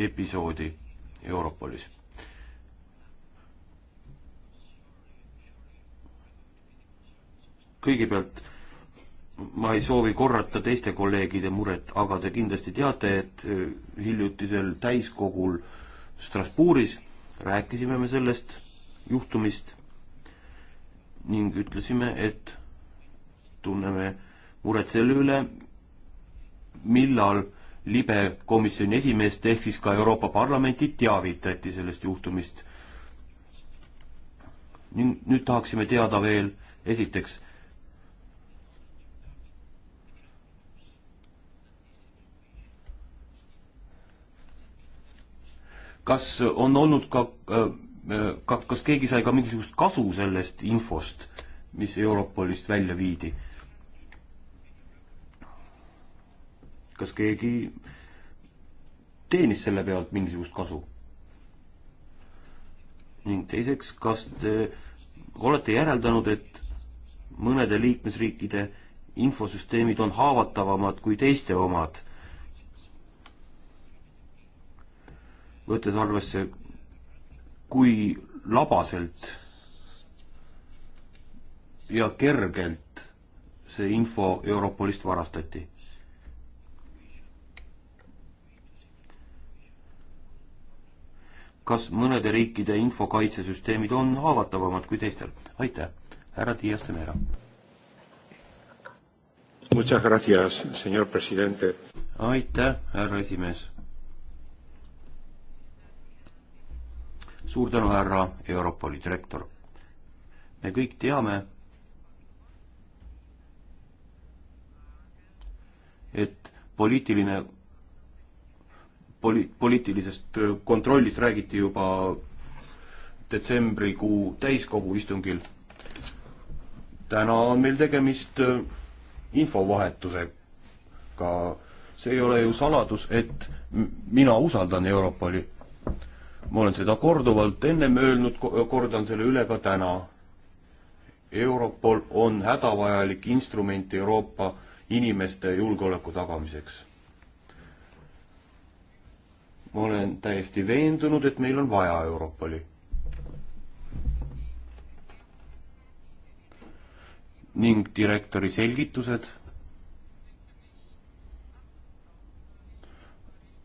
episoodi Europolis. kõigepealt ma ei soovi korrata teiste kolleegide muret, aga te kindlasti teate, et äh, hiljutisel täiskogul Strasbourgis rääkisime me sellest juhtumist ning ütlesime, et tunneme muret selle üle, millal libe komisjoni esimeest ehk siis ka Euroopa Parlamenti teavitati sellest juhtumist. ning nüüd tahaksime teada veel, esiteks kas on olnud ka, äh, ka, kas keegi sai ka mingisugust kasu sellest infost, mis Europolist välja viidi? kas keegi teenis selle pealt mingisugust kasu? ning teiseks, kas te olete järeldanud, et mõnede liikmesriikide infosüsteemid on haavatavamad kui teiste omad võttes arvesse, kui labaselt ja kergelt see info Europolist varastati. kas mõnede riikide infokaitsesüsteemid on haavatavamad kui teistel? aitäh, härra Dias de Mera. aitäh, härra esimees suur tänu, härra Europoli direktor. me kõik teame, et poliitiline, poli-, poliitilisest kontrollist räägiti juba detsembrikuu täiskogu istungil. täna on meil tegemist infovahetusega. see ei ole ju saladus, et mina usaldan Europoli ma olen seda korduvalt ennem öelnud, kordan selle üle ka täna. Europol on hädavajalik instrument Euroopa inimeste julgeoleku tagamiseks. ma olen täiesti veendunud, et meil on vaja Europoli. ning direktori selgitused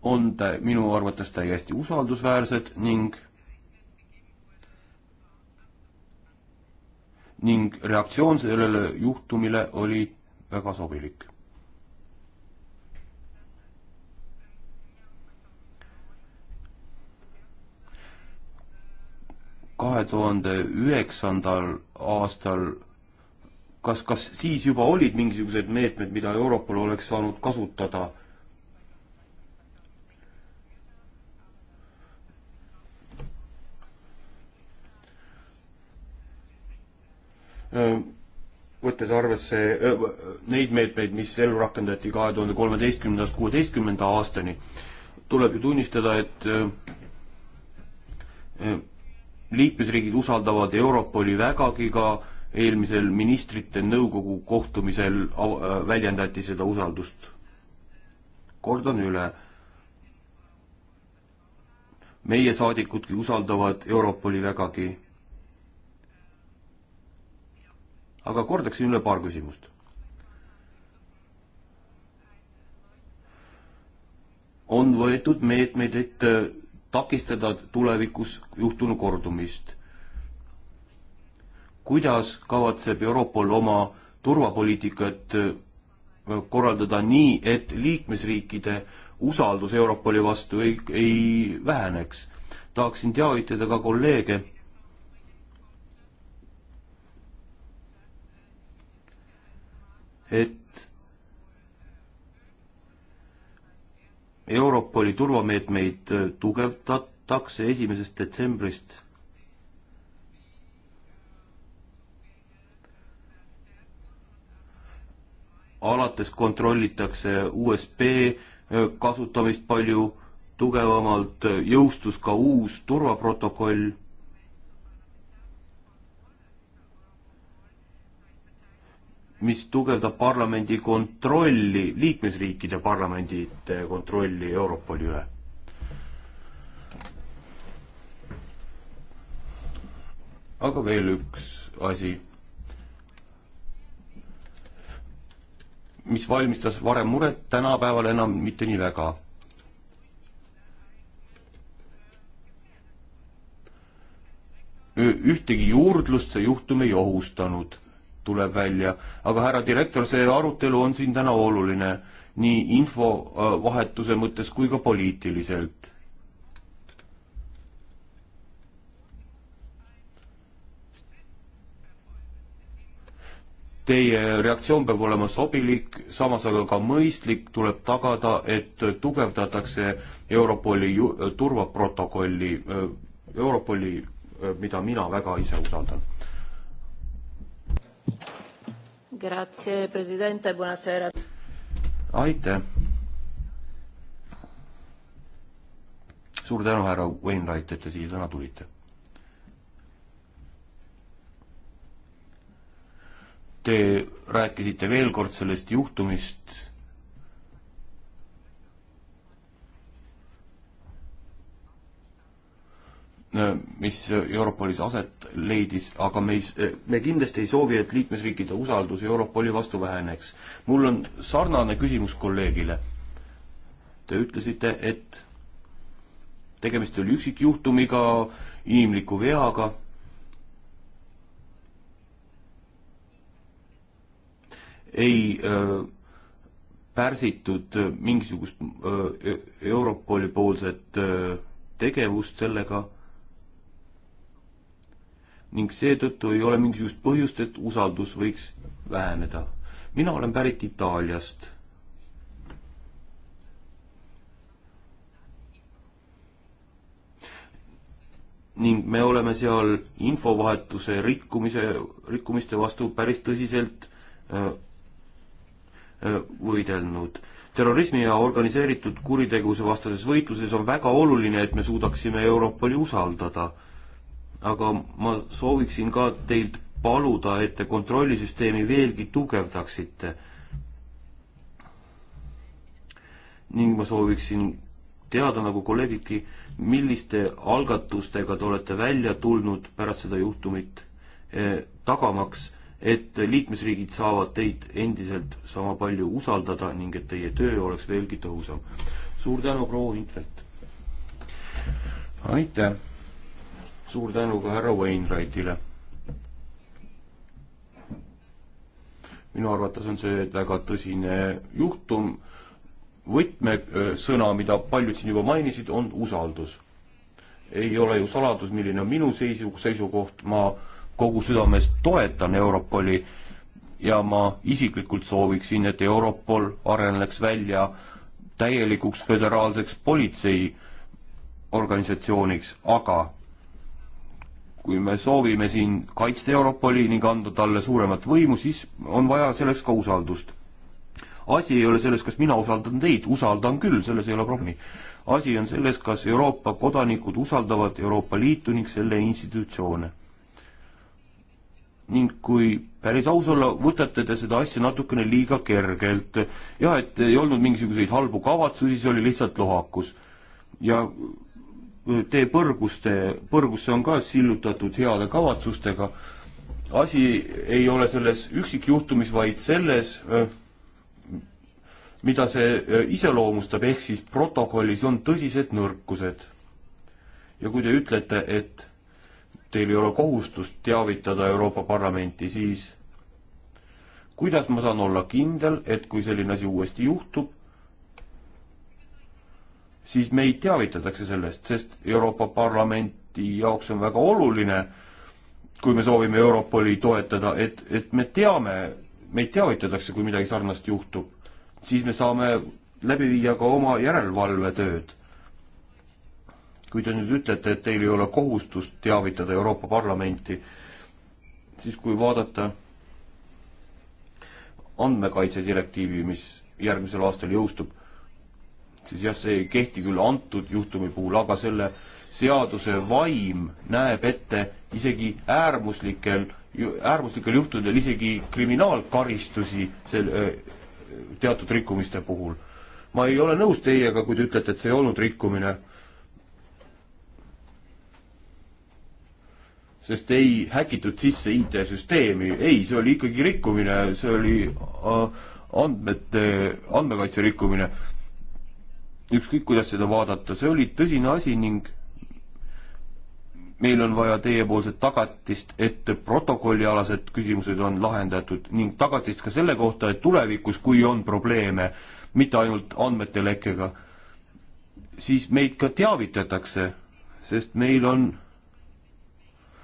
on ta minu arvates täiesti usaldusväärsed ning ning reaktsioon sellele juhtumile oli väga sobilik. kahe tuhande üheksandal aastal kas, kas siis juba olid mingisugused meetmed, mida Europol oleks saanud kasutada võttes arvesse neid meetmeid, mis ellu rakendati kahe tuhande kolmeteistkümnendast kuueteistkümnenda aastani, tuleb ju tunnistada, et liikmesriigid usaldavad Europoli vägagi ka eelmisel ministrite nõukogu kohtumisel väljendati seda usaldust. kordan üle. meie saadikudki usaldavad Europoli vägagi aga kordaksin üle paar küsimust. on võetud meetmeid, et äh, takistada tulevikus juhtunu kordumist. kuidas kavatseb Europol oma turvapoliitikat äh, korraldada nii, et liikmesriikide usaldus Europoli vastu ei, ei väheneks. tahaksin teavitada ka kolleege et Europoli turvameetmeid äh, tugevdatakse esimesest detsembrist. alates kontrollitakse USB äh, kasutamist palju tugevamalt, äh, jõustus ka uus turvaprotokoll mis tugevdab parlamendi kontrolli, liikmesriikide parlamendite kontrolli Europoli üle. aga veel üks asi, mis valmistas varem muret, tänapäeval enam mitte nii väga ühtegi juurdlust see juhtum ei ohustanud tuleb välja. aga härra direktor, see arutelu on siin täna oluline nii infovahetuse äh, mõttes kui ka poliitiliselt. Teie reaktsioon peab olema sobilik, samas aga ka mõistlik, tuleb tagada, et tugevdatakse Europoli äh, turvaprotokolli, äh, Europoli, mida mina väga ise usaldan Grazie, president, buonasera. aitäh. suur tänu, härra Wainwright, et te siia täna tulite. Te rääkisite veel kord sellest juhtumist Äh, mis Europolis aset leidis, aga me ei, äh, me kindlasti ei soovi, et liikmesriikide usaldus Europoli vastu väheneks. mul on sarnane küsimus kolleegile. Te ütlesite, et tegemist oli üksikjuhtumiga, inimliku veaga. ei öö, äh, pärsitud mingisugust Europoli poolset öö, tegevust sellega ning seetõttu ei ole mingisugust põhjust, et usaldus võiks väheneda. mina olen pärit Itaaliast. ning me oleme seal infovahetuse rikkumise, rikkumiste vastu päris tõsiselt öö, äh, öö, äh, võidelnud terrorismi ja organiseeritud kuritegevuse vastases võitluses on väga oluline, et me suudaksime Europoli usaldada aga ma sooviksin ka teilt paluda, et te kontrollisüsteemi veelgi tugevdaksite. ning ma sooviksin teada, nagu kolleegidki, milliste algatustega te olete välja tulnud pärast seda juhtumit eh,, tagamaks, et liikmesriigid saavad teid endiselt sama palju usaldada ning et teie töö oleks veelgi tõhusam. suur tänu, proua Intvelt! aitäh! suur tänu ka härra Wainwrightile. minu arvates on see väga tõsine juhtum. võtmesõna, mida paljud siin juba mainisid, on usaldus. ei ole ju saladus, milline on minu seisu, seisukoht, ma kogu südamest toetan Europoli ja ma isiklikult sooviksin, et Europol areneks välja täielikuks föderaalseks politseiorganisatsiooniks, aga kui me soovime siin kaitsta Europoli ning anda talle suuremat võimu, siis on vaja selleks ka usaldust. asi ei ole selles, kas mina usaldan teid, usaldan küll, selles ei ole probleemi. asi on selles, kas Euroopa kodanikud usaldavad Euroopa Liitu ning selle institutsioone. ning kui päris aus olla, võtate te seda asja natukene liiga kergelt. jah, et ei olnud mingisuguseid halbu kavatsusi, see oli lihtsalt lohakus. ja tee põrguste, põrgusse on ka sillutatud heade kavatsustega. asi ei ole selles üksikjuhtumis, vaid selles, äh, mida see äh, iseloomustab, ehk siis protokollis on tõsised nõrkused. ja kui te ütlete, et teil ei ole kohustust teavitada Euroopa Parlamenti, siis kuidas ma saan olla kindel, et kui selline asi uuesti juhtub, siis meid teavitatakse sellest, sest Euroopa Parlamenti jaoks on väga oluline, kui me soovime Europoli toetada, et, et me teame, meid teavitatakse, kui midagi sarnast juhtub, siis me saame läbi viia ka oma järelevalvetööd. kui te nüüd ütlete, et teil ei ole kohustust teavitada Euroopa Parlamenti, siis kui vaadata andmekaitse direktiivi, mis järgmisel aastal jõustub siis jah, see ei kehti küll antud juhtumi puhul, aga selle seaduse vaim näeb ette isegi äärmuslikel, äärmuslikel juhtudel isegi kriminaalkaristusi selle, teatud rikkumiste puhul. ma ei ole nõus teiega, kui te ütlete, et see ei olnud rikkumine. sest ei häkitud sisse IT-süsteemi, ei, see oli ikkagi rikkumine, see oli äh, andmete, andmekaitse rikkumine ükskõik, kuidas seda vaadata, see oli tõsine asi ning meil on vaja teiepoolset tagatist, et protokollialased küsimused on lahendatud ning tagatist ka selle kohta, et tulevikus, kui on probleeme, mitte ainult andmete lekkega, siis meid ka teavitatakse, sest meil on,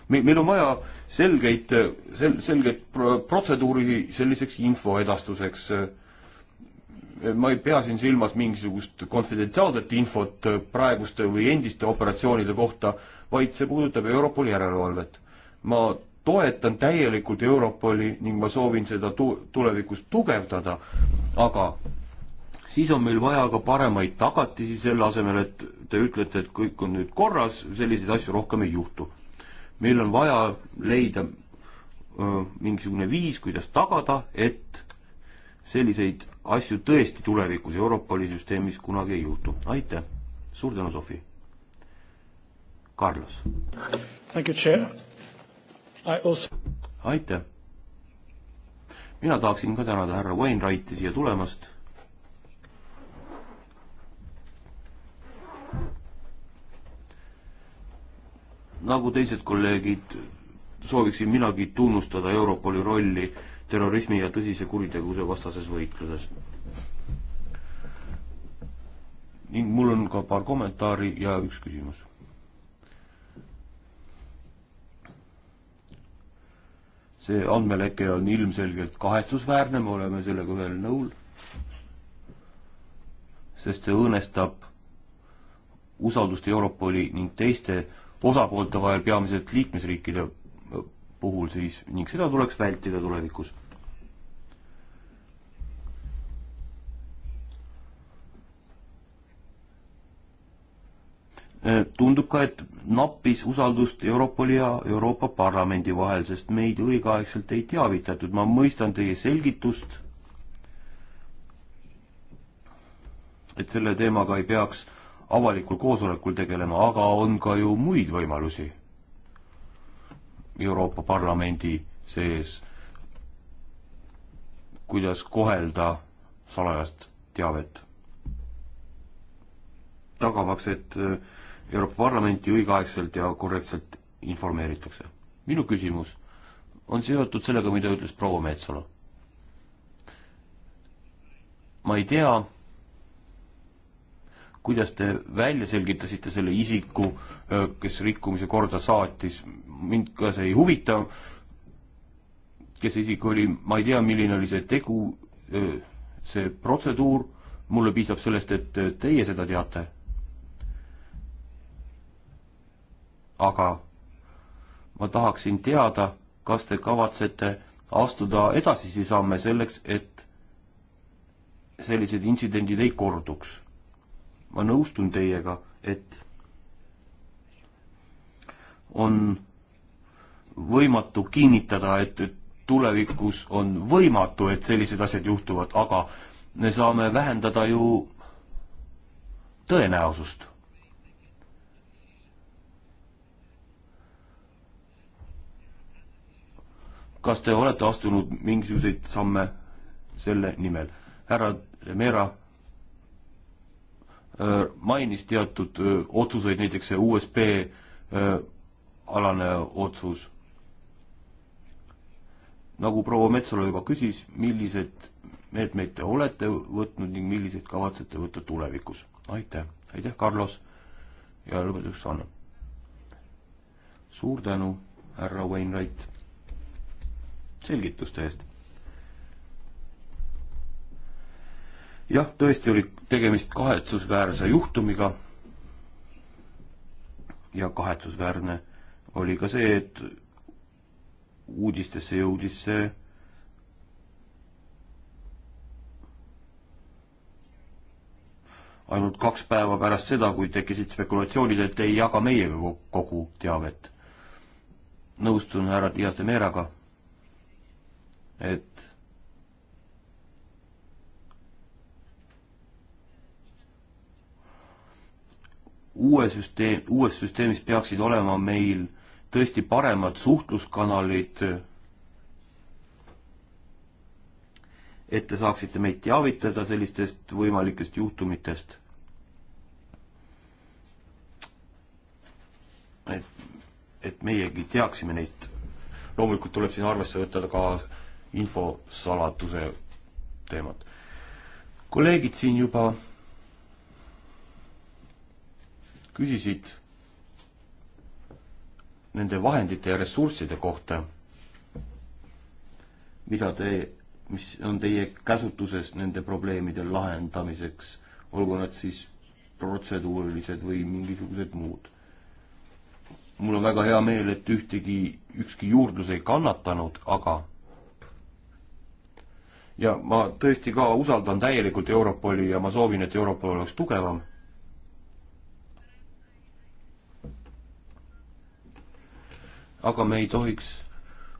meil, meil on vaja selgeid, sel-, selget protseduuri selliseks info edastuseks ma ei pea siin silmas mingisugust konfidentsiaalset infot äh, praeguste või endiste operatsioonide kohta, vaid see puudutab Europoli järelevalvet. ma toetan täielikult Europoli ning ma soovin seda tu-, tulevikus tugevdada, aga siis on meil vaja ka paremaid tagatisi, selle asemel, et te ütlete, et kõik on nüüd korras, selliseid asju rohkem ei juhtu. meil on vaja leida öö, äh, mingisugune viis, kuidas tagada, et selliseid asju tõesti tulevikus Euroopa Liidu süsteemis kunagi ei juhtu. aitäh, suur tänu, Sofi. Carlos. Also... aitäh. mina tahaksin ka tänada härra Wainwrighti siia tulemast. nagu teised kolleegid, sooviksin minagi tunnustada Europoli rolli terrorismi ja tõsise kuritegevuse vastases võitluses. ning mul on ka paar kommentaari ja üks küsimus. see andmeleke on ilmselgelt kahetsusväärne, me oleme sellega ühel nõul, sest see õõnestab usaldust Europoli ning teiste osapoolte vahel, peamiselt liikmesriikide puhul siis, ning seda tuleks vältida tulevikus. Äh, tundub ka, et nappis usaldust Europoli ja Euroopa Parlamendi vahel, sest meid õigeaegselt ei teavitatud, ma mõistan teie selgitust, et selle teemaga ei peaks avalikul koosolekul tegelema, aga on ka ju muid võimalusi Euroopa Parlamendi sees, kuidas kohelda salajast teavet. tagamaks, et äh, Euroopa Parlamenti õigeaegselt ja korrektselt informeeritakse. minu küsimus on seotud sellega, mida ütles proua Metsalu. ma ei tea, kuidas te välja selgitasite selle isiku, kes rikkumise korda saatis, mind ka see ei huvita, kes see isik oli, ma ei tea, milline oli see tegu, see protseduur, mulle piisab sellest, et teie seda teate aga ma tahaksin teada, kas te kavatsete astuda edasisi samme selleks, et sellised intsidendid ei korduks. ma nõustun teiega, et on võimatu kinnitada, et tulevikus on võimatu, et sellised asjad juhtuvad, aga me saame vähendada ju tõenäosust kas te olete astunud mingisuguseid samme selle nimel? härra Mera äh, mainis teatud äh, otsuseid, näiteks see USB äh, alane otsus. nagu proua Metsalu juba küsis, millised meetmeid te olete võtnud ning milliseid kavatsete võtta tulevikus? aitäh, aitäh, Carlos. ja lõpetuseks Anne. suur tänu, härra Wainwright selgituste eest. jah, tõesti oli tegemist kahetsusväärse juhtumiga. ja kahetsusväärne oli ka see, et uudistesse jõudis see ainult kaks päeva pärast seda, kui tekkisid spekulatsioonid, et ei jaga meiega kogu teavet. nõustun härra Dias de Meraga et uue süsteem, uues süsteemis peaksid olema meil tõesti paremad suhtluskanalid, et te saaksite meid teavitada sellistest võimalikest juhtumitest. et, et meiegi teaksime neist. loomulikult tuleb siin arvesse võtta ka infosalatuse teemat. kolleegid siin juba küsisid nende vahendite ja ressursside kohta, mida te, mis on teie käsutuses nende probleemide lahendamiseks, olgu nad siis protseduurilised või mingisugused muud. mul on väga hea meel, et ühtegi, ükski juurdlus ei kannatanud, aga ja ma tõesti ka usaldan täielikult Europoli ja ma soovin, et Europol oleks tugevam. aga me ei tohiks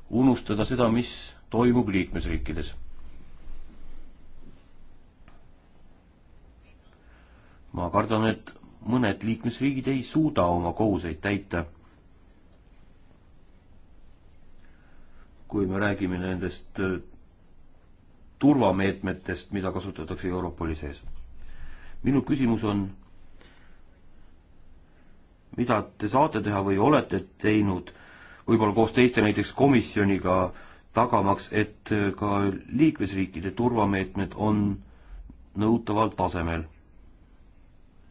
unustada seda, mis toimub liikmesriikides. ma kardan, et mõned liikmesriigid ei suuda oma kohuseid täita. kui me räägime nendest äh, turvameetmetest, mida kasutatakse Europoli sees. minu küsimus on, mida te saate teha või olete teinud, võib-olla koos teiste näiteks komisjoniga, tagamaks, et ka liikmesriikide turvameetmed on nõutaval tasemel.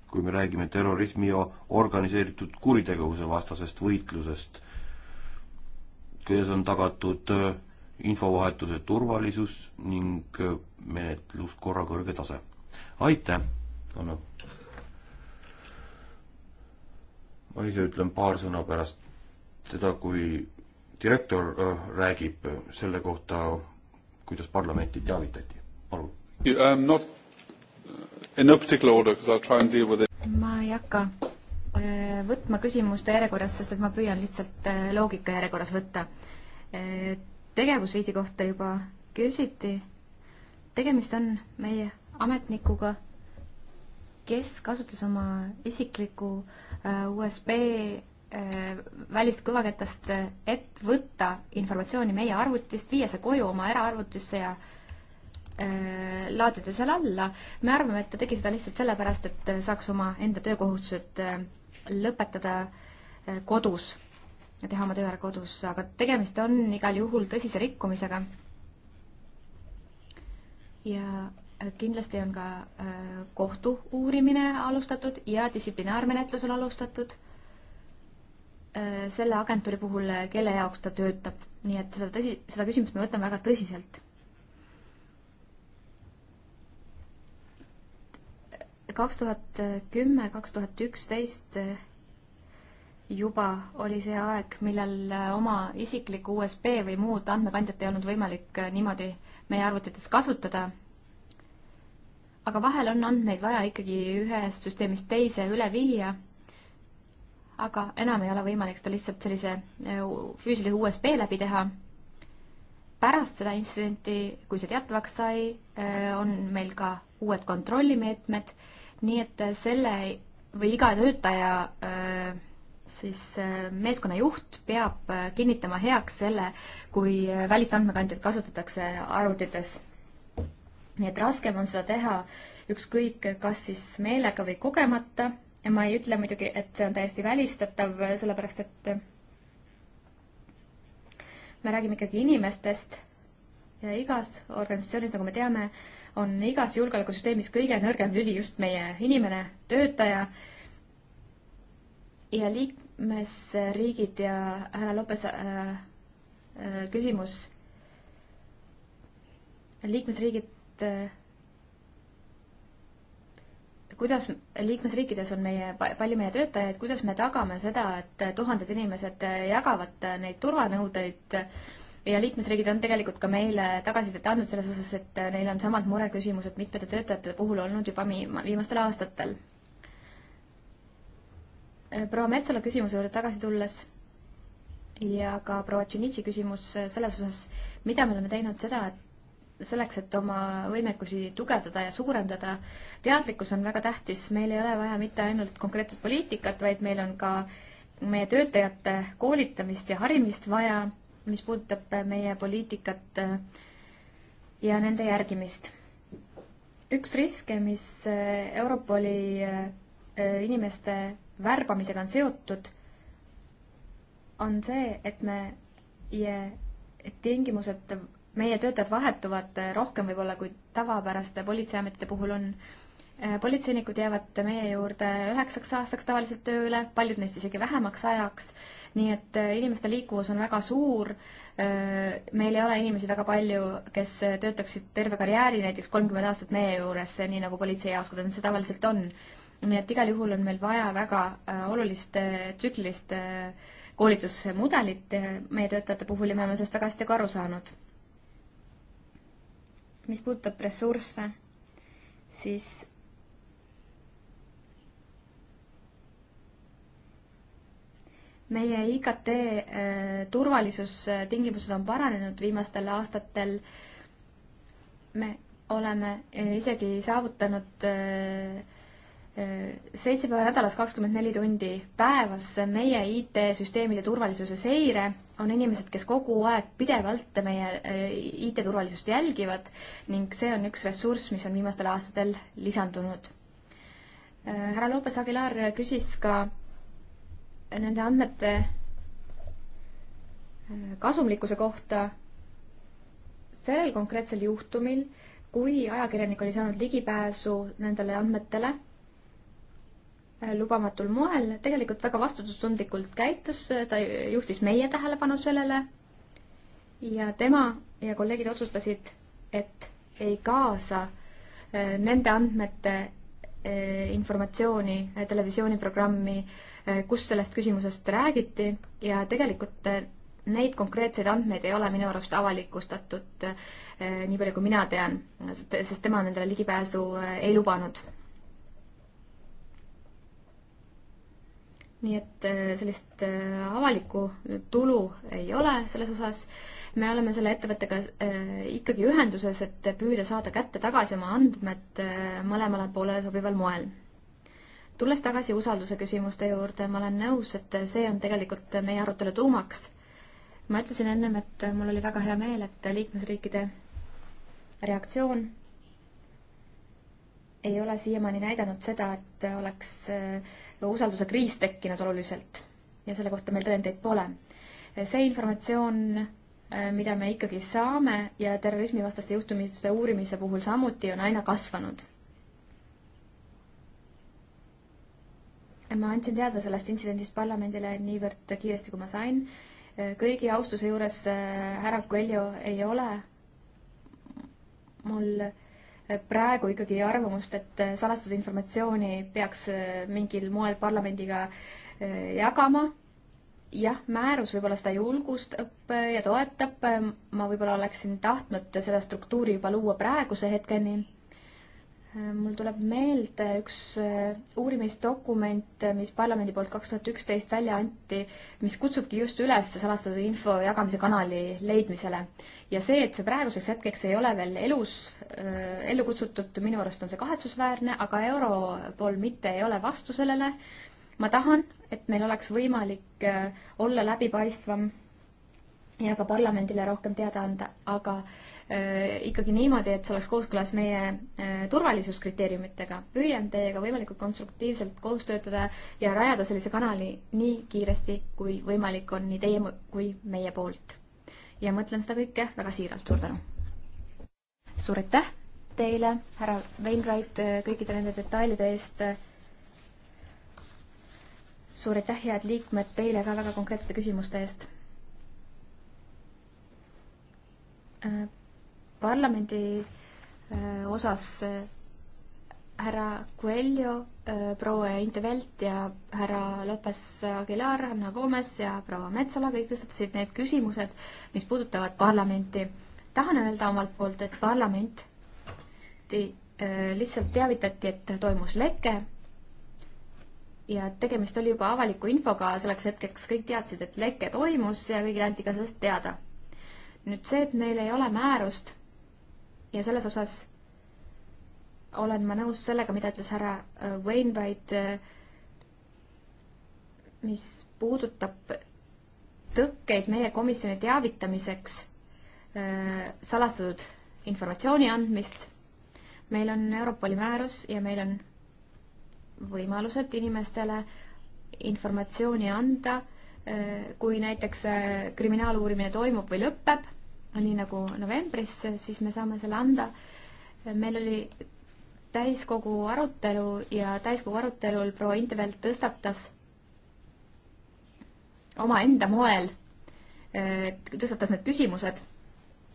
kui me räägime terrorismi ja organiseeritud kuritegevuse vastasest võitlusest, kuidas on tagatud äh, infovahetuse turvalisus ning menetluskorra kõrge tase. aitäh, Anno! ma ise ütlen paar sõna pärast seda, kui direktor äh, räägib selle kohta, kuidas parlamenti teavitati. palun! Um, uh, ma ei hakka äh, võtma küsimuste järjekorras, sest et ma püüan lihtsalt äh, loogika järjekorras võtta tegevusviisi kohta juba küsiti. tegemist on meie ametnikuga, kes kasutas oma isiklikku äh, USB äh, välist kõvaketast, äh, et võtta informatsiooni meie arvutist, viia see koju oma eraarvutisse ja laadida seal alla. me arvame, et ta tegi seda lihtsalt sellepärast, et saaks oma enda töökohustused lõpetada kodus teha oma töö ära kodus, aga tegemist on igal juhul tõsise rikkumisega. ja äh, kindlasti on ka äh, kohtu uurimine alustatud ja distsiplinaarmenetlus on alustatud äh, selle agentuuri puhul, kelle jaoks ta töötab. nii et seda tõsi, seda küsimust me võtame väga tõsiselt. kaks tuhat kümme, kaks tuhat üksteist juba oli see aeg, millal äh, oma isiklikku USB või muud andmekandjat ei olnud võimalik äh, niimoodi meie arvutites kasutada. aga vahel on andmeid vaja ikkagi ühest süsteemist teise üle viia. aga enam ei ole võimalik seda lihtsalt sellise äh, füüsilise USB läbi teha. pärast seda intsidenti, kui see teatavaks sai, on meil ka uued kontrollimeetmed, nii et selle või iga töötaja öö, siis äh, meeskonna juht peab äh, kinnitama heaks selle, kui äh, välistandmekandjat kasutatakse arvutites. nii et raskem on seda teha ükskõik, kas siis meelega või kogemata ja ma ei ütle muidugi, et see on täiesti välistatav, sellepärast et me räägime ikkagi inimestest ja igas organisatsioonis, nagu me teame, on igas julgeolekusüsteemis kõige nõrgem lüli just meie inimene, töötaja ja liikmesriigid ja härra Lopes äh, äh, küsimus. liikmesriigid äh, kuidas liikmesriikides on meie, palju meie töötajaid, kuidas me tagame seda, et tuhanded inimesed jagavad neid turvanõudeid ja liikmesriigid on tegelikult ka meile tagasisidet andnud selles osas, et neil on samad mureküsimused mitmete töötajate puhul olnud juba viimastel aastatel Äh, proua Metsala küsimuse juurde tagasi tulles ja ka proua Tšinitši küsimus äh, selles osas, mida me oleme teinud seda, et selleks, et oma võimekusi tugevdada ja suurendada, teadlikkus on väga tähtis, meil ei ole vaja mitte ainult konkreetset poliitikat, vaid meil on ka meie töötajate koolitamist ja harimist vaja, mis puudutab äh, meie poliitikat ja nende järgimist. üks riske, mis Europoli inimeste värbamisega on seotud, on see, et me ja et tingimused, meie töötajad vahetuvad rohkem võib-olla kui tavapäraste politseiametite puhul on. Äh, politseinikud jäävad meie juurde üheksaks aastaks tavaliselt tööle, paljud neist isegi vähemaks ajaks. nii et äh, inimeste liikuvus on väga suur. Äh, meil ei ole inimesi väga palju, kes töötaksid terve karjääri, näiteks kolmkümmend aastat meie juures, nii nagu politseijaoskondades see tavaliselt on nii et igal juhul on meil vaja väga äh, olulist äh, tsüklilist äh, koolitusmudelit meie töötajate puhul ja me oleme sellest väga hästi ka aru saanud. mis puudutab ressursse, siis meie IKT turvalisustingimused on paranenud viimastel aastatel. me oleme isegi saavutanud äh, seitse päeva nädalas, kakskümmend neli tundi päevas meie IT-süsteemide turvalisuse seire, on inimesed, kes kogu aeg pidevalt meie eh, IT-turvalisust jälgivad ning see on üks ressurss, mis on viimastel aastatel lisandunud. Eh, härra Lopez Aguilar küsis ka nende andmete eh, kasumlikkuse kohta sellel konkreetsel juhtumil, kui ajakirjanik oli saanud ligipääsu nendele andmetele Äh, lubamatul moel, tegelikult väga vastutustundlikult käitus, äh, ta juhtis meie tähelepanu sellele ja tema ja kolleegid otsustasid, et ei kaasa äh, nende andmete informatsiooni televisiooniprogrammi, kus sellest küsimusest räägiti ja tegelikult neid konkreetseid andmeid ei ole minu arust avalikustatud, nii palju kui mina tean, sest tema nendele ligipääsu ei lubanud nii et äh, sellist äh, avalikku tulu ei ole selles osas. me oleme selle ettevõttega äh, ikkagi ühenduses, et püüda saada kätte tagasi oma andmed mõlemale poolele sobival moel. tulles tagasi usalduse küsimuste juurde, ma olen nõus, et see on tegelikult meie arutelu tuumaks. ma ütlesin ennem, et mul oli väga hea meel, et liikmesriikide reaktsioon ei ole siiamaani näidanud seda, et oleks äh, usalduse kriis tekkinud oluliselt ja selle kohta meil tõendeid pole. see informatsioon, äh, mida me ikkagi saame ja terrorismivastaste juhtumite uurimise puhul samuti, on aina kasvanud. ma andsin teada sellest intsidendist parlamendile niivõrd kiiresti, kui ma sain. Äh, kõigi austuse juures äh, härra Coelho ei ole mul äh, praegu ikkagi arvamust, et äh, salastatud informatsiooni peaks äh, mingil moel parlamendiga äh, jagama. jah, määrus võib-olla seda julgustab ja toetab, ma võib-olla oleksin tahtnud seda struktuuri juba luua praeguse hetkeni mul tuleb meelde üks äh, uurimisdokument, mis parlamendi poolt kaks tuhat üksteist välja anti, mis kutsubki just üles salastatud info jagamise kanali leidmisele. ja see, et see praeguseks hetkeks ei ole veel elus äh, ellu kutsutud, minu arust on see kahetsusväärne, aga Europol mitte ei ole vastu sellele. ma tahan, et meil oleks võimalik äh, olla läbipaistvam ja ka parlamendile rohkem teada anda, aga äh, Äh, ikkagi niimoodi, et see oleks kooskõlas meie äh, turvalisuskriteeriumitega. püüan teiega võimalikult konstruktiivselt koos töötada ja rajada sellise kanali nii kiiresti, kui võimalik on nii teie kui meie poolt. ja mõtlen seda kõike väga siiralt, suur tänu! suur aitäh teile, härra Veinrait, äh, kõikide nende detailide eest suur aitäh, head liikmed, teile ka väga konkreetsete küsimuste eest parlamendi äh, osas äh, härra Coelho, äh, proua Intevelt ja härra Lopes Aguilar, Anna Gomes ja proua Metsala, kõik tõstatasid need küsimused, mis puudutavad parlamenti. tahan öelda omalt poolt, et parlament lihtsalt teavitati, et toimus leke ja tegemist oli juba avaliku infoga, selleks hetkeks kõik teadsid, et leke toimus ja kõigile anti ka sellest teada. nüüd see, et meil ei ole määrust ja selles osas olen ma nõus sellega, mida ütles härra äh, Wainwright, äh, mis puudutab tõkkeid meie komisjoni teavitamiseks äh, salastatud informatsiooni andmist. meil on Europoli määrus ja meil on võimalused inimestele informatsiooni anda, kui näiteks kriminaaluurimine toimub või lõpeb nii nagu novembris, siis me saame selle anda. meil oli täiskogu arutelu ja täiskogu arutelul proua Intervelt tõstatas omaenda moel, tõstatas need küsimused.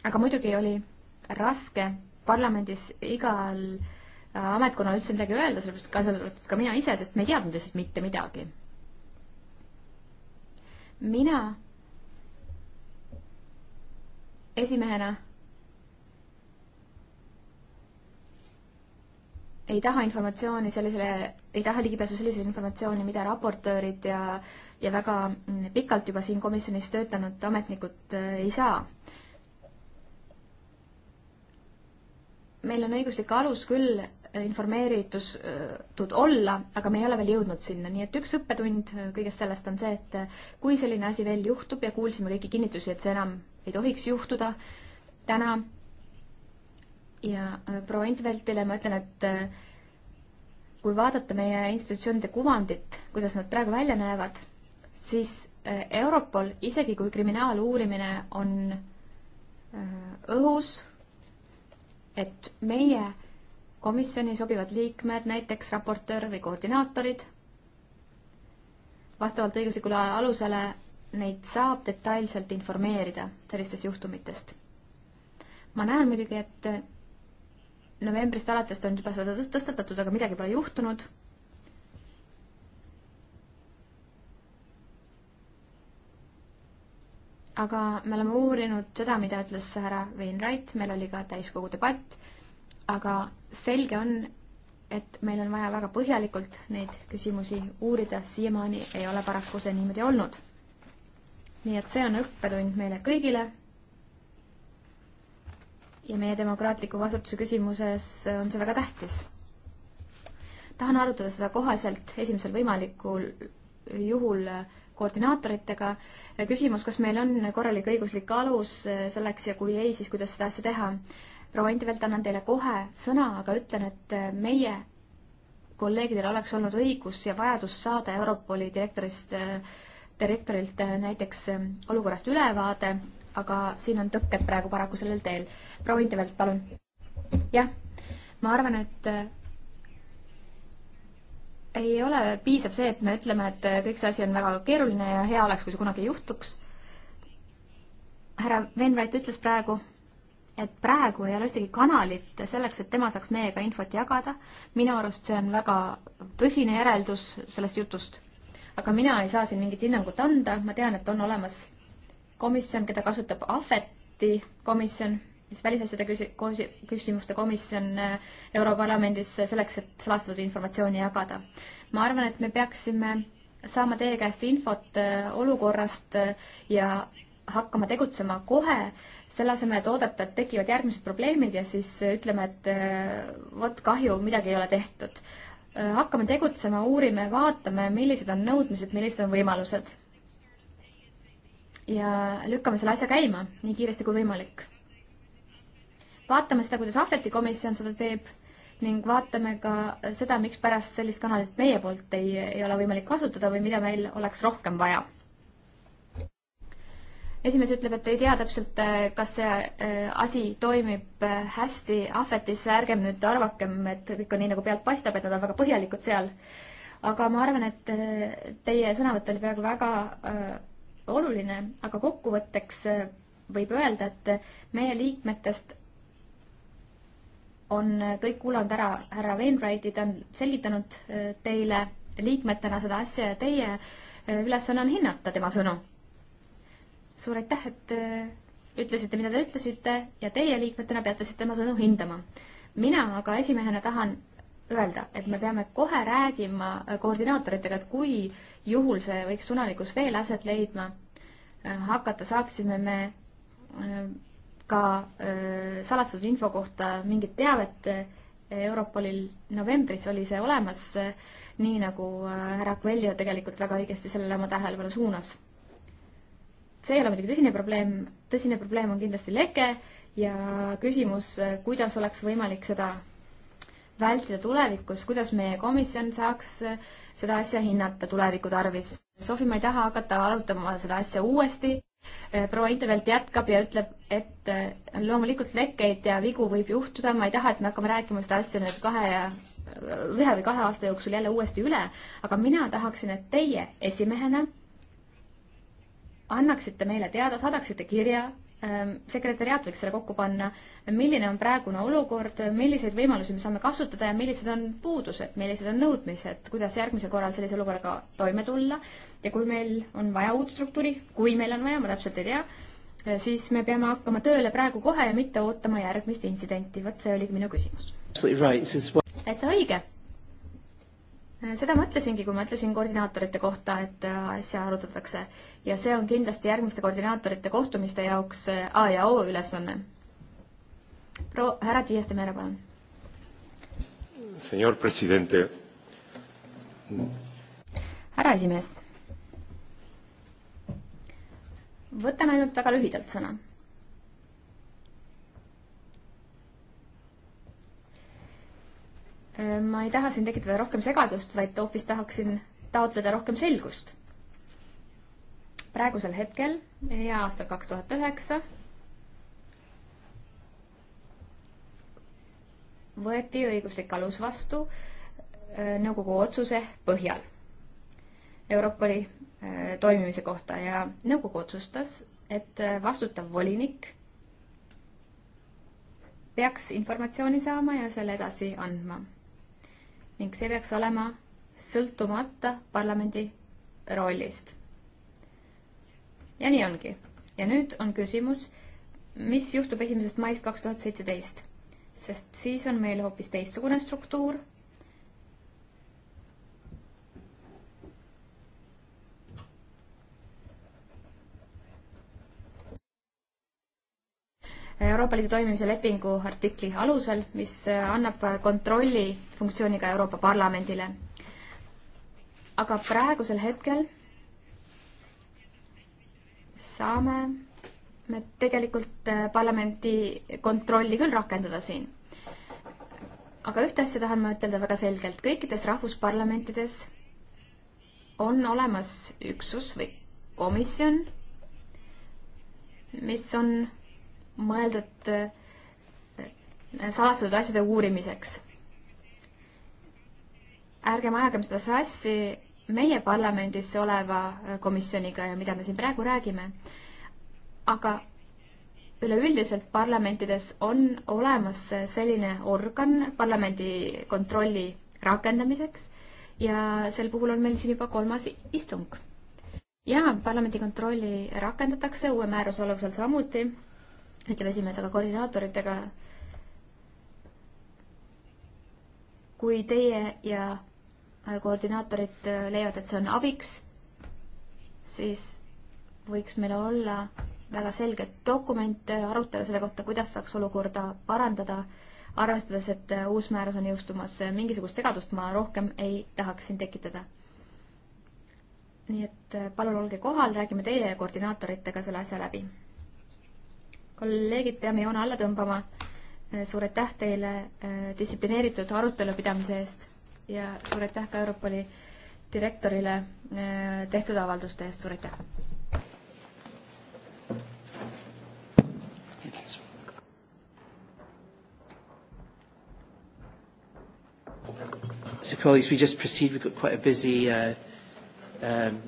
aga muidugi oli raske parlamendis igal ametkonnal üldse midagi öelda, sellepärast ka seal ka mina ise, sest me ei teadnud lihtsalt mitte midagi. mina esimehena ei taha informatsiooni sellisele, ei taha ligipääsu sellisele informatsiooni, mida raportöörid ja, ja väga mm, pikalt juba siin komisjonis töötanud ametnikud äh, ei saa. meil on õiguslik alus küll äh, informeeritud äh, olla, aga me ei ole veel jõudnud sinna, nii et üks õppetund kõigest sellest on see, et kui selline asi veel juhtub ja kuulsime kõiki kinnitusi, et see enam ei tohiks juhtuda täna. ja äh, proua Intveltile ma ütlen, et äh, kui vaadata meie institutsioonide kuvandit, kuidas nad praegu välja näevad, siis äh, Europol, isegi kui kriminaaluurimine on õhus, et meie komisjoni sobivad liikmed, näiteks raportöör või koordinaatorid, vastavalt õiguslikule alusele neid saab detailselt informeerida sellistest juhtumitest. ma näen muidugi, et novembrist alates on juba seda tõstatatud, aga midagi pole juhtunud. aga me oleme uurinud seda, mida ütles härra Wainwright, meil oli ka täiskogu debatt, aga selge on, et meil on vaja väga põhjalikult neid küsimusi uurida, siiamaani ei ole paraku see niimoodi olnud nii et see on õppetund meile kõigile. ja meie demokraatliku vastutuse küsimuses on see väga tähtis. tahan arutada seda koheselt esimesel võimalikul juhul koordinaatoritega. küsimus, kas meil on korralik õiguslik alus selleks ja kui ei, siis kuidas seda asja teha. proua Antivelt, annan teile kohe sõna, aga ütlen, et meie kolleegidel oleks olnud õigus ja vajadus saada Europoli direktorist äh, direktorilt äh, näiteks äh, olukorrast ülevaade, aga siin on tõkked praegu paraku sellel teel. proua Intevelt, palun. jah, ma arvan, et äh, ei ole piisav see, et me ütleme, et kõik see asi on väga keeruline ja hea oleks, kui see kunagi juhtuks. härra Wainwright ütles praegu, et praegu ei ole ühtegi kanalit selleks, et tema saaks meiega infot jagada. minu arust see on väga tõsine järeldus sellest jutust aga mina ei saa siin mingit hinnangut anda, ma tean, et on olemas komisjon, keda kasutab Ahveti komisjon, siis välisasjade küsi-, küsimuste komisjon eh, Europarlamendis selleks, et salastatud informatsiooni jagada. ma arvan, et me peaksime saama teie käest infot eh, olukorrast eh, ja hakkama tegutsema kohe, selle asemel, et oodata, et tekivad järgmised probleemid ja siis ütleme, et vot kahju, midagi ei ole tehtud. Äh, hakkame tegutsema, uurime, vaatame, millised on nõudmised, millised on võimalused. ja lükkame selle asja käima nii kiiresti kui võimalik. vaatame seda, kuidas Ahveti komisjon seda teeb ning vaatame ka seda, mikspärast sellist kanalit meie poolt ei, ei ole võimalik kasutada või mida meil oleks rohkem vaja esimees ütleb, et ei tea täpselt, äh, kas see äh, asi toimib äh, hästi ahvetis, ärgem nüüd arvakem, et kõik on nii, nagu pealt paistab, et nad on väga põhjalikud seal. aga ma arvan, et teie sõnavõtt oli praegu väga oluline, aga kokkuvõtteks võib öelda, et meie liikmetest on kõik kuulanud ära härra Wainwrighti, ta on selgitanud teile liikmetena seda asja ja teie ülesanne on hinnata tema sõnu suur aitäh, et äh, ütlesite, mida te ütlesite ja teie liikmetena peate siis tema sõnu hindama. mina aga esimehena tahan öelda, et me peame kohe räägima äh, koordinaatoritega, et kui juhul see võiks tulevikus veel aset leidma, äh, hakata saaksime me ka salastatud info kohta mingit teavet. Europolil novembris oli see olemas, nii nagu härra Coelho tegelikult väga õigesti sellele oma tähelepanu suunas see ei ole muidugi tõsine probleem, tõsine probleem on kindlasti leke ja küsimus, kuidas oleks võimalik seda vältida tulevikus, kuidas meie komisjon saaks seda asja hinnata tuleviku tarvis. Sofi, ma ei taha hakata arutama seda asja uuesti. proua Intervelt jätkab ja ütleb, et äh, loomulikult lekkeid ja vigu võib juhtuda, ma ei taha, et me hakkame rääkima seda asja nüüd kahe ja ühe või kahe aasta jooksul jälle uuesti üle, aga mina tahaksin, et teie esimehena annaksite meile teada, saadaksite kirja, ähm, sekretäriaat võiks selle kokku panna, milline on praegune olukord, milliseid võimalusi me saame kasutada ja millised on puudused, millised on nõudmised, kuidas järgmisel korral sellise olukorraga toime tulla ja kui meil on vaja uut struktuuri, kui meil on vaja, ma täpselt ei tea, äh, siis me peame hakkama tööle praegu kohe ja mitte ootama järgmist intsidenti, vot see oligi minu küsimus. täitsa õige seda ma ütlesingi, kui ma ütlesin koordinaatorite kohta, et äh, asja arutatakse ja see on kindlasti järgmiste koordinaatorite kohtumiste jaoks äh, A ja O ülesanne. proua, härra Tiias Temera, palun. Senor presidente. härra esimees. võtan ainult väga lühidalt sõna ma ei taha siin tekitada rohkem segadust, vaid hoopis tahaksin taotleda rohkem selgust. praegusel hetkel ja aastal kaks tuhat üheksa võeti õiguslik alus vastu äh, nõukogu otsuse põhjal Europoli äh, toimimise kohta ja nõukogu otsustas, et äh, vastutav volinik peaks informatsiooni saama ja selle edasi andma ning see peaks olema sõltumata parlamendi rollist. ja nii ongi. ja nüüd on küsimus, mis juhtub esimesest maist kaks tuhat seitseteist, sest siis on meil hoopis teistsugune struktuur Euroopa Liidu toimimise lepingu artikli alusel, mis äh, annab kontrolli funktsiooni ka Euroopa Parlamendile. aga praegusel hetkel saame me tegelikult äh, parlamendi kontrolli küll rakendada siin. aga ühte asja tahan ma ütelda väga selgelt, kõikides rahvusparlamentides on olemas üksus või komisjon, mis on mõeldud äh, salastatud asjade uurimiseks. ärgem ajagem seda sassi meie parlamendis oleva äh, komisjoniga ja mida me siin praegu räägime. aga üleüldiselt parlamentides on olemas äh, selline organ parlamendi kontrolli rakendamiseks ja sel puhul on meil siin juba kolmas istung. ja parlamendi kontrolli rakendatakse uue määruse alusel samuti ütleb esimees, aga koordinaatoritega. kui teie ja äh, koordinaatorid äh, leiavad, et see on abiks, siis võiks meil olla väga selge dokument, äh, arutelu selle kohta, kuidas saaks olukorda parandada, arvestades, et uus määrus on jõustumas. mingisugust segadust ma rohkem ei tahaks siin tekitada. nii et palun olge kohal, räägime teie koordinaatoritega selle asja läbi kolleegid, peame joone alla tõmbama. suur aitäh teile äh, distsiplineeritud arutelu pidamise eest ja suur aitäh ka Europoli direktorile äh, tehtud avalduste eest, suur aitäh! So colleagues, we just proceed, we've got quite a busy uh, um...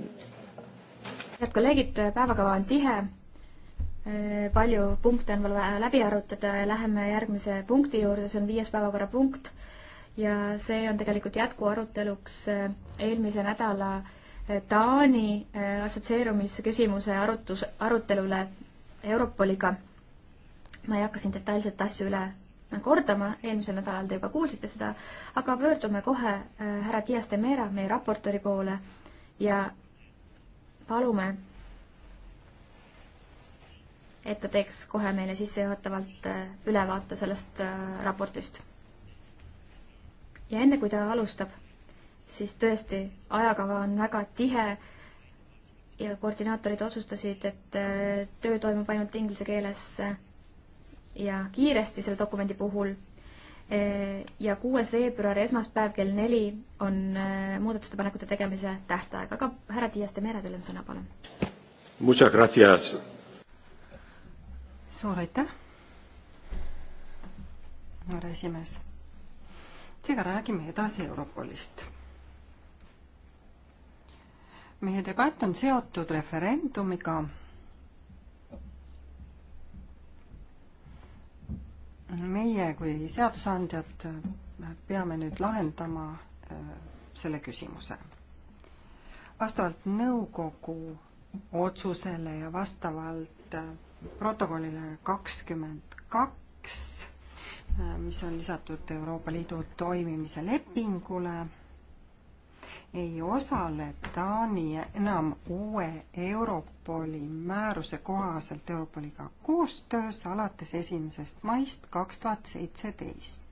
head kolleegid, päevakava on tihe Äh, palju punkte on veel vaja läbi arutada ja äh, läheme järgmise punkti juurde, see on viies päevakorrapunkt ja see on tegelikult jätkuaruteluks äh, eelmise nädala Taani assotsieerumisküsimuse arutus, arutelule Europoliga. ma ei hakka siin detailselt asju üle kordama, eelmisel nädalal te juba kuulsite seda, aga pöördume kohe härra Dias de Mera, meie raportööri poole ja palume et ta teeks kohe meile sissejuhatavalt äh, ülevaate sellest äh, raportist. ja enne, kui ta alustab, siis tõesti, ajakava on väga tihe ja koordinaatorid otsustasid, et äh, töö toimub ainult inglise keeles ja kiiresti selle dokumendi puhul. ja kuues veebruar, esmaspäev kell neli on muudatusettepanekute tegemise tähtaeg, aga härra Dias de Mera, teil on sõna, palun. Muchas gracias suur aitäh, härra esimees. seega räägime edasi Europolist. meie debatt on seotud referendumiga meie kui seadusandjad peame nüüd lahendama äh, selle küsimuse. vastavalt nõukogu otsusele ja vastavalt äh, protokollile kakskümmend kaks, äh, mis on lisatud Euroopa Liidu toimimise lepingule, ei osale Taani enam uue Europoli määruse kohaselt Europoliga koostöös alates esimesest maist kaks tuhat seitseteist.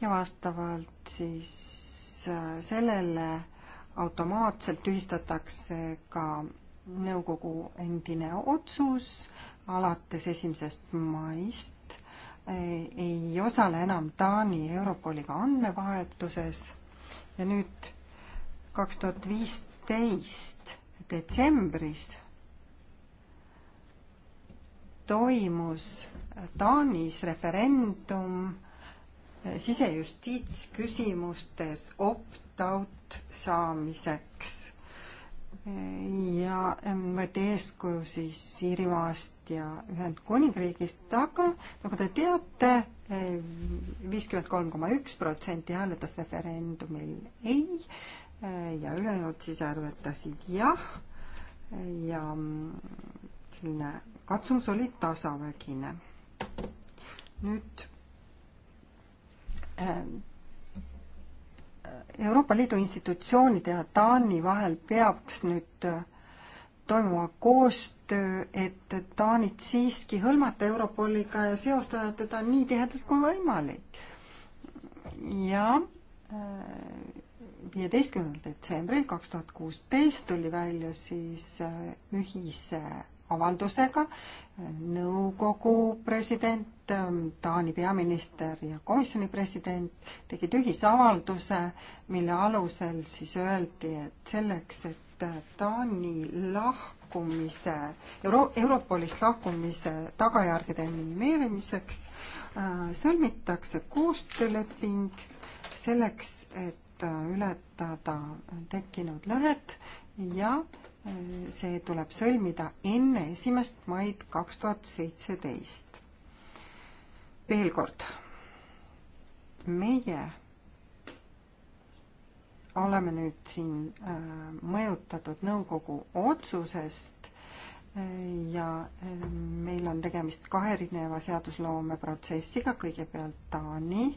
ja vastavalt siis äh, sellele automaatselt tühistatakse ka nõukogu endine otsus alates esimesest maist ei osale enam Taani Europoliga andmevahetuses ja nüüd kaks tuhat viisteist detsembris toimus Taanis referendum sisejustiitsküsimustes opt-out saamiseks ja võeti eeskuju siis Iirimaast ja Ühendkuningriigist, aga nagu te teate, viiskümmend kolm koma üks protsenti hääletas referendumil ei e, ja ülejäänud siis hääletasid jah ja selline katsumus oli tasavägine. nüüd Euroopa Liidu institutsioonide ja Taani vahel peaks nüüd äh, toimuma koostöö, et Taanit siiski hõlmata Europoliga ja seostada teda nii tihedalt kui võimalik. ja äh, viieteistkümnendal detsembril kaks tuhat kuusteist tuli välja siis äh, ühise avaldusega. nõukogu president, Taani peaminister ja komisjoni president tegid ühisavalduse, mille alusel siis öeldi, et selleks, et Taani lahkumise, Euro-, Europolist lahkumise tagajärgede minimeerimiseks äh, sõlmitakse koostööleping selleks, et äh, ületada tekkinud lõhed ja see tuleb sõlmida enne esimest maid kaks tuhat seitseteist. veel kord, meie oleme nüüd siin äh, mõjutatud nõukogu otsusest äh, ja äh, meil on tegemist kahe erineva seadusloomeprotsessiga, kõigepealt Taani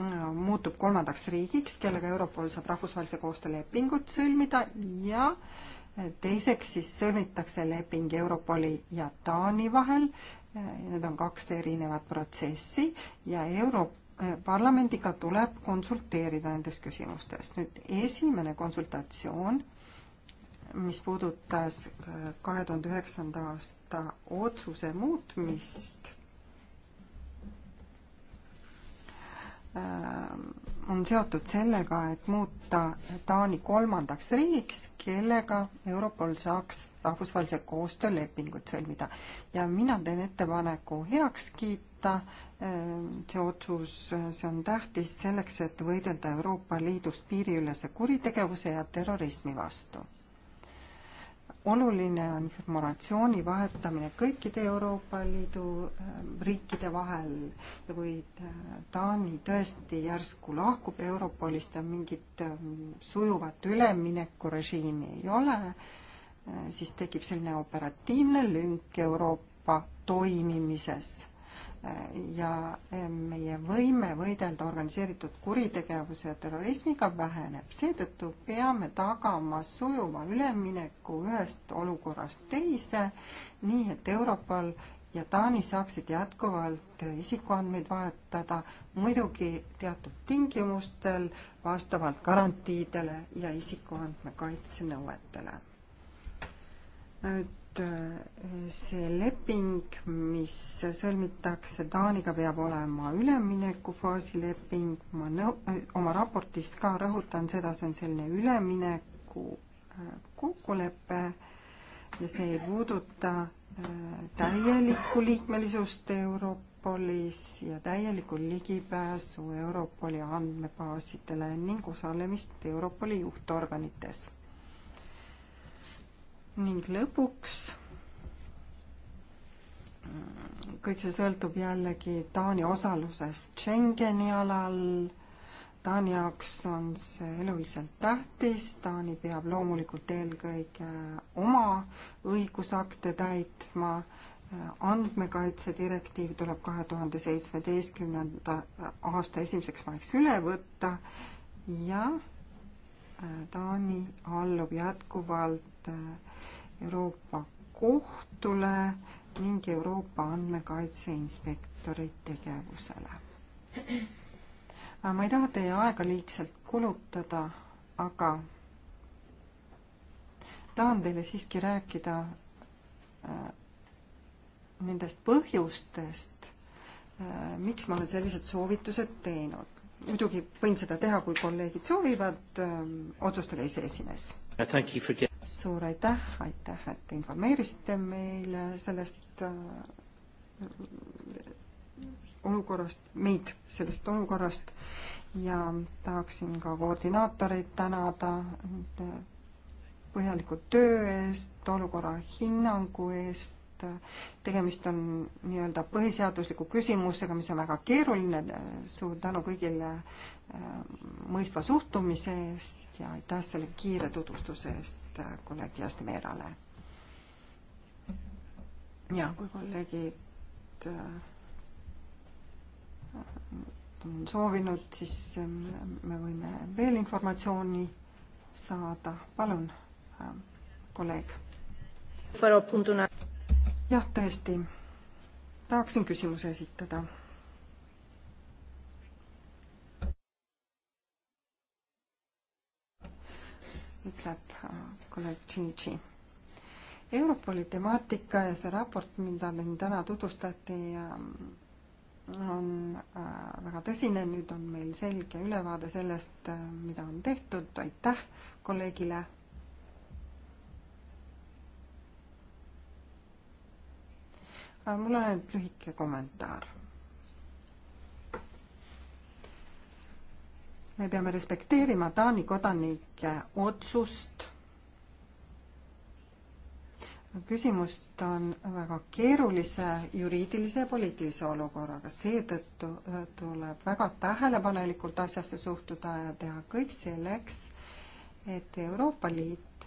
Äh, muutub kolmandaks riigiks, kellega Europol saab rahvusvahelise koostöö lepingut sõlmida ja äh, teiseks siis sõlmitakse leping Europoli ja Taani vahel. Äh, need on kaks erinevat protsessi ja Europarlamendiga tuleb konsulteerida nendes küsimustes. nüüd esimene konsultatsioon, mis puudutas kahe tuhande üheksanda aasta otsuse muutmist Äh, on seotud sellega, et muuta Taani kolmandaks riigiks, kellega Europol saaks rahvusvahelise koostöö lepingut sõlmida. ja mina teen ettepaneku heaks kiita äh, see otsus, see on tähtis selleks, et võidelda Euroopa Liidus piiriülese kuritegevuse ja terrorismi vastu oluline on informatsiooni vahetamine kõikide Euroopa Liidu äh, riikide vahel ja kui äh, Taani tõesti järsku lahkub Europolist ja mingit ähm, sujuvat üleminekurežiimi ei ole, äh, siis tekib selline operatiivne lünk Euroopa toimimises ja eh, meie võime võidelda organiseeritud kuritegevuse ja terrorismiga väheneb. seetõttu peame tagama sujuva ülemineku ühest olukorrast teise, nii et Europol ja Taani saaksid jätkuvalt isikuandmeid vahetada, muidugi teatud tingimustel, vastavalt garantiidele ja isikuandmekaitse nõuetele. nüüd Äh, see leping, mis sõlmitakse Taaniga, peab olema üleminekufaasi leping, ma nõu-, äh, oma raportis ka rõhutan seda, see on selline ülemineku äh, kokkulepe ja see ei puuduta täielikku liikmelisust Europolis ja täielikku ligipääsu Europoli andmebaasidele ning osalemist Europoli juhtorganites ning lõpuks mm, kõik see sõltub jällegi Taani osalusest Schengeni alal. Taani jaoks on see eluliselt tähtis, Taani peab loomulikult eelkõige oma õigusakte täitma. andmekaitse direktiiv tuleb kahe tuhande seitsmeteistkümnenda aasta esimeseks maiks üle võtta ja äh, Taani allub jätkuvalt äh, Euroopa Kohtule ning Euroopa Andmekaitse Inspektori tegevusele. ma ei taha teie aega liigselt kulutada, aga tahan teile siiski rääkida äh, nendest põhjustest, äh, miks ma olen sellised soovitused teinud. muidugi võin seda teha, kui kolleegid soovivad, äh, otsustage ise esimees suur aitäh, aitäh, et informeerisite meile sellest äh, olukorrast, meid sellest olukorrast ja tahaksin ka koordinaatoreid tänada põhjaliku töö eest, olukorra hinnangu eest, tegemist on nii-öelda põhiseadusliku küsimusega, mis on väga keeruline, suur tänu kõigile mõistva suhtumise eest ja aitäh selle kiire tutvustuse eest äh, kolleeg Jasmerale. ja kui kolleegid äh, on soovinud, siis äh, me võime veel informatsiooni saada. palun, kolleeg. jah, tõesti. tahaksin küsimuse esitada ütleb äh, kolleeg Tšintši. Europoli temaatika ja see raport, mida siin täna tutvustati, ähm, on äh, väga tõsine, nüüd on meil selge ülevaade sellest, äh, mida on tehtud, aitäh kolleegile. mul on ainult lühike kommentaar me peame respekteerima Taani kodanike otsust. küsimust on väga keerulise juriidilise ja poliitilise olukorraga, seetõttu äh, tuleb väga tähelepanelikult asjasse suhtuda ja teha kõik selleks, et Euroopa Liit,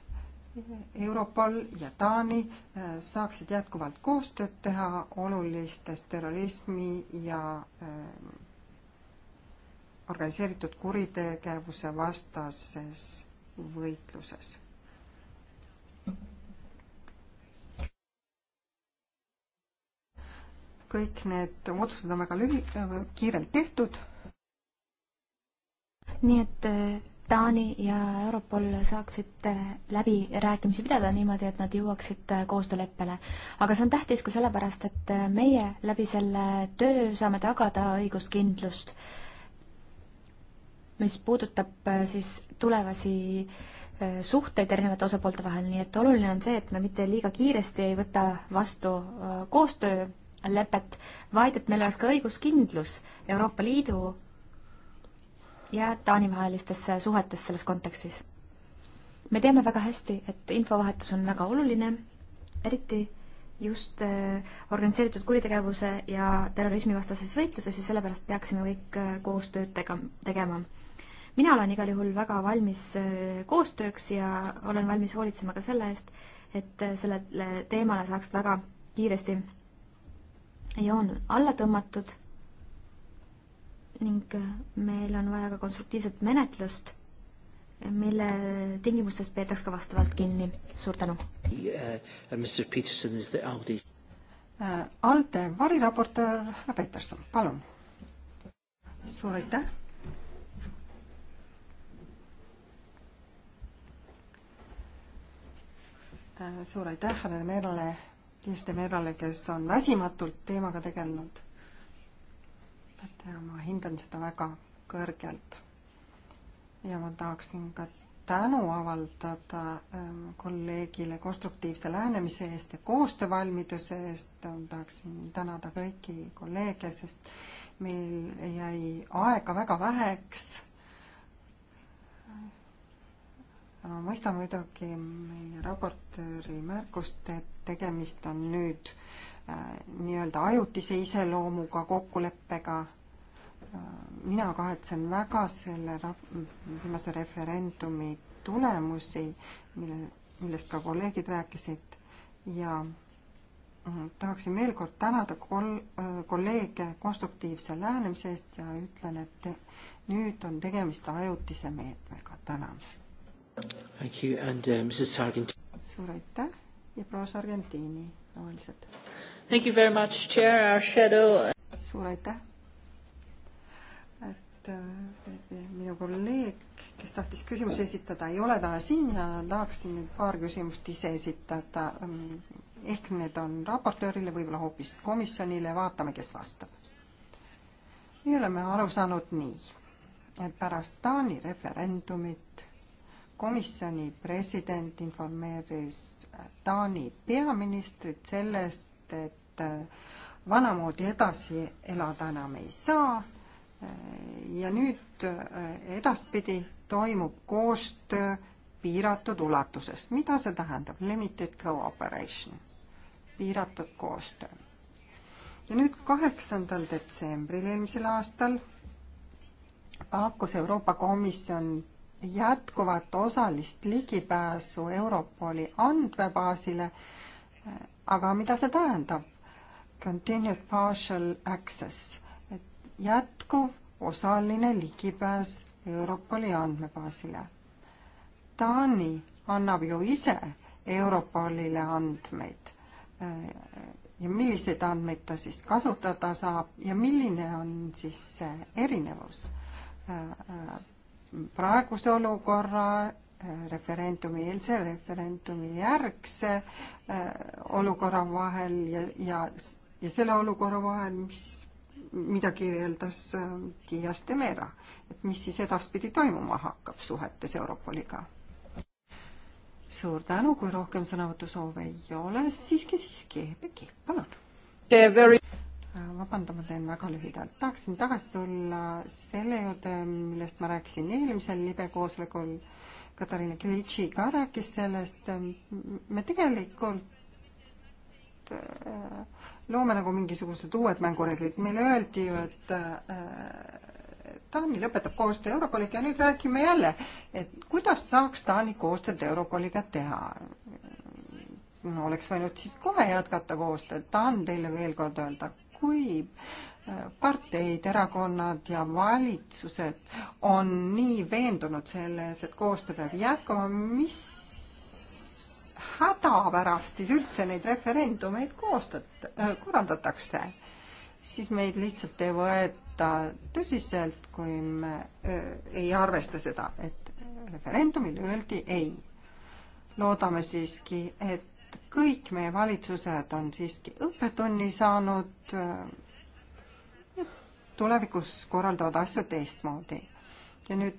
Europol ja Taani äh, saaksid jätkuvalt koostööd teha olulistes terrorismi ja äh, organiseeritud kuritegevuse vastases võitluses. kõik need otsused on väga lühi-, äh, kiirelt tehtud. nii et äh, Taani ja Europol saaksid äh, läbirääkimisi pidada niimoodi, et nad jõuaksid koostööleppele. aga see on tähtis ka sellepärast, et meie läbi selle töö saame tagada õiguskindlust äh, mis puudutab äh, siis tulevasi äh, suhteid erinevate osapoolte vahel, nii et oluline on see, et me mitte liiga kiiresti ei võta vastu äh, koostöölepet, vaid et meil oleks ka õiguskindlus Euroopa Liidu ja Taani vahelistes suhetes selles kontekstis. me teame väga hästi, et infovahetus on väga oluline, eriti just organiseeritud kuritegevuse ja terrorismivastases võitluses ja sellepärast peaksime kõik koostööd tega-, tegema mina olen igal juhul väga valmis äh, koostööks ja olen valmis hoolitsema ka selle eest, et äh, sellele teemale saaks väga kiiresti joon alla tõmmatud ning äh, meil on vaja ka konstruktiivset menetlust, mille tingimustest peetaks ka vastavalt kinni. suur tänu yeah,! Uh, ALDE variraportöör Peterson, palun! suur aitäh! Äh, suur aitäh härra Merale, Eesti Merale, kes on väsimatult teemaga tegelenud. Äh, ma hindan seda väga kõrgelt. ja ma tahaksin ka tänu avaldada ähm, kolleegile konstruktiivse lähenemise eest ja koostöövalmiduse eest. Äh, tahaksin tänada kõiki kolleege, sest meil jäi aega väga väheks ma mõistan muidugi meie raportööri märkust, et tegemist on nüüd äh, nii-öelda ajutise iseloomuga kokkuleppega. Äh, mina kahetsen väga selle viimase referendumi tulemusi, mille, millest ka kolleegid rääkisid ja mm, tahaksin veel kord tänada kol-, äh, kolleege konstruktiivse lähenemise eest ja ütlen, et nüüd on tegemist ajutise meetmega. tänan Uh, suur aitäh ja proua Sargentini tavaliselt. Thank you very much, chair, our shadow. suur aitäh. et äh, minu kolleeg, kes tahtis küsimusi esitada, ei ole täna siin ja tahaksin nüüd paar küsimust ise esitada. Mm, ehk need on raportöörile, võib-olla hoopis komisjonile, vaatame, kes vastab. meie oleme aru saanud nii, et pärast Taani referendumit komisjoni president informeeris Taani peaministrit sellest, et äh, vanamoodi edasi elada enam ei saa. Äh, ja nüüd äh, edaspidi toimub koostöö piiratud ulatuses. mida see tähendab? Limited cooperation, piiratud koostöö. ja nüüd kaheksandal detsembril eelmisel aastal pakkus Euroopa Komisjon jätkuvat osalist ligipääsu Europoli andmebaasile. aga mida see tähendab? Continued partial access, et jätkuv osaline ligipääs Europoli andmebaasile. Taani annab ju ise Europolile andmeid ja milliseid andmeid ta siis kasutada saab ja milline on siis see erinevus praeguse olukorra, eh, referendumi eelse, referendumi järgse eh, olukorra vahel ja, ja, ja selle olukorra vahel, mis, mida kirjeldas eh, Dias de Mera, et mis siis edaspidi toimuma hakkab suhetes Europoliga suur tänu, kui rohkem sõnavõtusoove ei ole, siiski, siiski, Beki, palun. Äh, vabandan, ma teen väga lühidalt. tahaksin tagasi tulla selle juurde, millest ma rääkisin eelmisel libe koosolekul. Katariina Kilitši ka rääkis sellest. me tegelikult äh, loome nagu mingisugused uued mängureeglid. meile öeldi ju, et äh, Taani lõpetab koostöö Europoliga ja nüüd räägime jälle, et kuidas saaks Taani koostööd Europoliga teha no oleks võinud siis kohe jätkata koostööd, tahan teile veel kord öelda, kui parteid, erakonnad ja valitsused on nii veendunud selles, et koostöö peab jätkuma, mis häda pärast siis üldse neid referendumeid koostat-, korraldatakse, siis meid lihtsalt ei võeta tõsiselt, kui me öö, äh, ei arvesta seda, et referendumil öeldi ei. loodame siiski, et kõik meie valitsused on siiski õppetunni saanud. Eh, tulevikus korraldavad asju teistmoodi. ja nüüd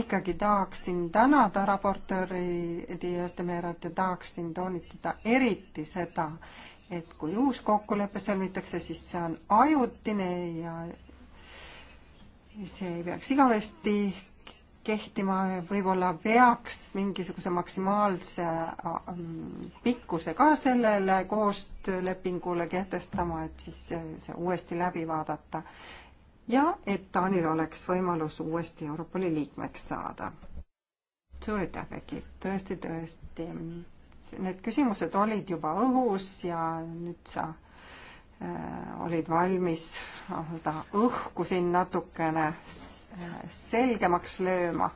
ikkagi tahaksin tänada raportööri Diestemerat ja tahaksin toonitada eriti seda, et kui uus kokkulepe sõlmitakse, siis see on ajutine ja see ei peaks igavesti kehtima, võib-olla peaks mingisuguse maksimaalse pikkuse ka sellele koostöölepingule kehtestama, et siis see uuesti läbi vaadata. ja et Taanil oleks võimalus uuesti Europoli liikmeks saada. suur aitäh, Beki, tõesti, tõesti. Need küsimused olid juba õhus ja nüüd sa äh, olid valmis nii-öelda ah, õhku siin natukene selgemaks lööma.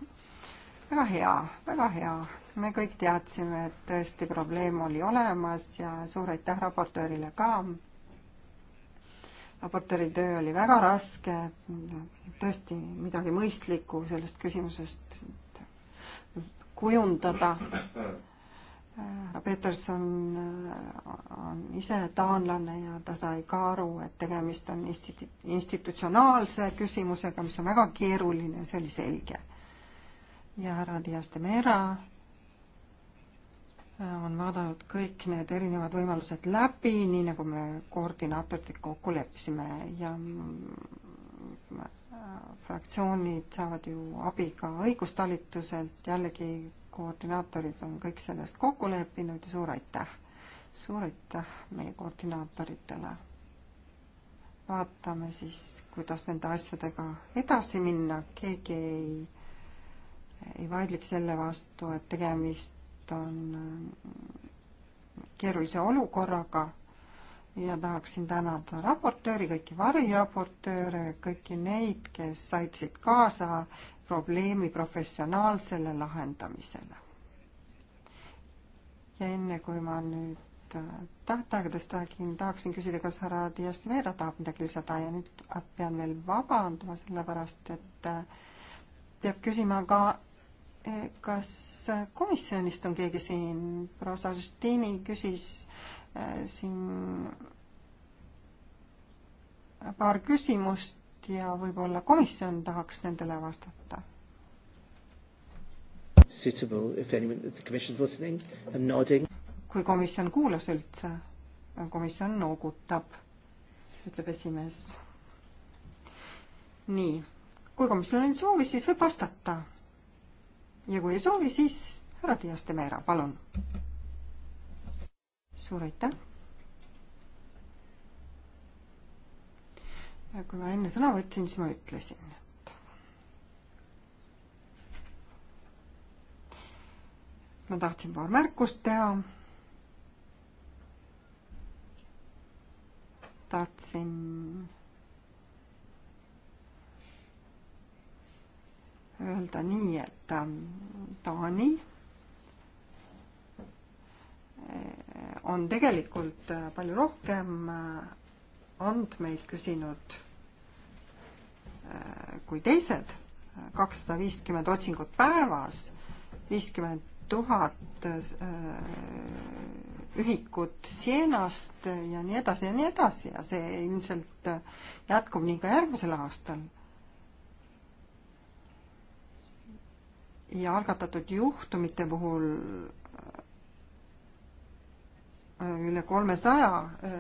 väga hea, väga hea. me kõik teadsime, et tõesti probleem oli olemas ja suur aitäh raportöörile ka. raportööri töö oli väga raske, tõesti midagi mõistlikku sellest küsimusest kujundada härra Peterson äh, on ise taanlane ja ta sai ka aru, et tegemist on institu-, institutsionaalse küsimusega, mis on väga keeruline, see oli selge. ja härra Dias de Mera äh, on vaadanud kõik need erinevad võimalused läbi, nii nagu me koordinaatoritega kokku leppisime ja fraktsioonid saavad ju abi ka õigustalituselt, jällegi koordinaatorid on kõik sellest kokku leppinud ja suur aitäh! suur aitäh meie koordinaatoritele! vaatame siis, kuidas nende asjadega edasi minna, keegi ei, ei vaidleks selle vastu, et tegemist on keerulise olukorraga ja tahaksin tänada raportööri, kõiki variraportööre, kõiki neid, kes aitasid kaasa probleemi professionaalsele lahendamisele. ja enne, kui ma nüüd äh, tähtaegadest räägin, tahaksin küsida, kas härra Dias-Veera tahab midagi lisada ja nüüd pean veel vabandama, sellepärast et äh, peab küsima ka äh, kas komisjonist on keegi siin, proua Sarstini küsis siin paar küsimust ja võib-olla komisjon tahaks nendele vastata. kui komisjon kuulas üldse, komisjon noogutab, ütleb esimees. nii, kui komisjonil soovi, siis võib vastata. ja kui ei soovi, siis härra Dias de Meera, palun suur aitäh. kui ma enne sõna võtsin, siis ma ütlesin, et ma tahtsin paar märkust teha. tahtsin öelda nii, et ähm, Taani ta on tegelikult äh, palju rohkem äh, andmeid küsinud äh, kui teised, kakssada viiskümmend otsingut päevas, viiskümmend tuhat ühikut Sienast ja nii edasi ja nii edasi ja see ilmselt jätkub nii ka järgmisel aastal. ja algatatud juhtumite puhul üle kolmesaja eh,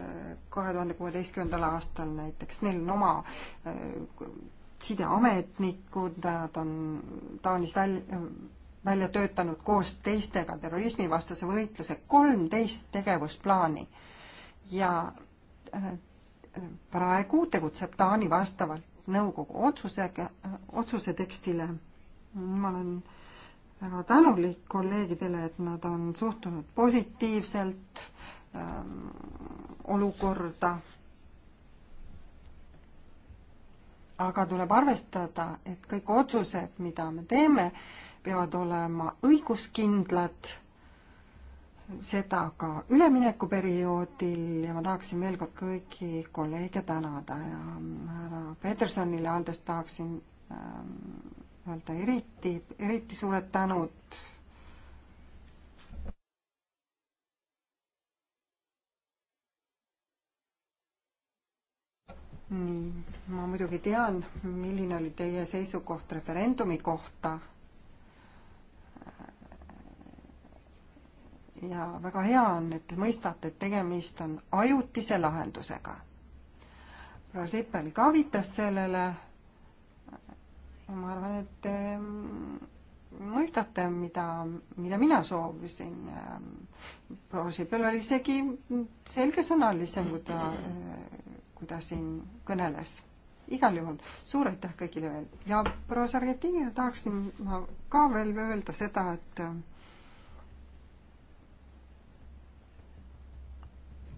kahe tuhande kuueteistkümnendal aastal näiteks, neil on oma eh, sideametnikud, nad on Taanis välja, välja töötanud koos teistega terrorismivastase võitluse kolmteist tegevusplaani ja eh, praegu tegutseb Taani vastavalt nõukogu otsusega, otsuse tekstile. ma olen äh, väga tänulik kolleegidele, et nad on suhtunud positiivselt ähm, olukorda. aga tuleb arvestada, et kõik otsused, mida me teeme, peavad olema õiguskindlad, seda ka üleminekuperioodil ja ma tahaksin veel kord kõiki kolleege tänada ja ähm, härra Petersonile andes tahaksin ähm, öelda eriti, eriti suured tänud nii, ma muidugi tean, milline oli teie seisukoht referendumi kohta. ja väga hea on, et te mõistate, et tegemist on ajutise lahendusega. proua Sippel ka viitas sellele, ma arvan, et te ehm, mõistate, mida, mida mina soovisin. Ehm, proua Sibel oli isegi selgesõnalisem, kui ta, ehm, kui ta siin kõneles igal juhul suur aitäh kõigile veel ja proua Sargentinile tahaksin ma ka veel öelda seda, et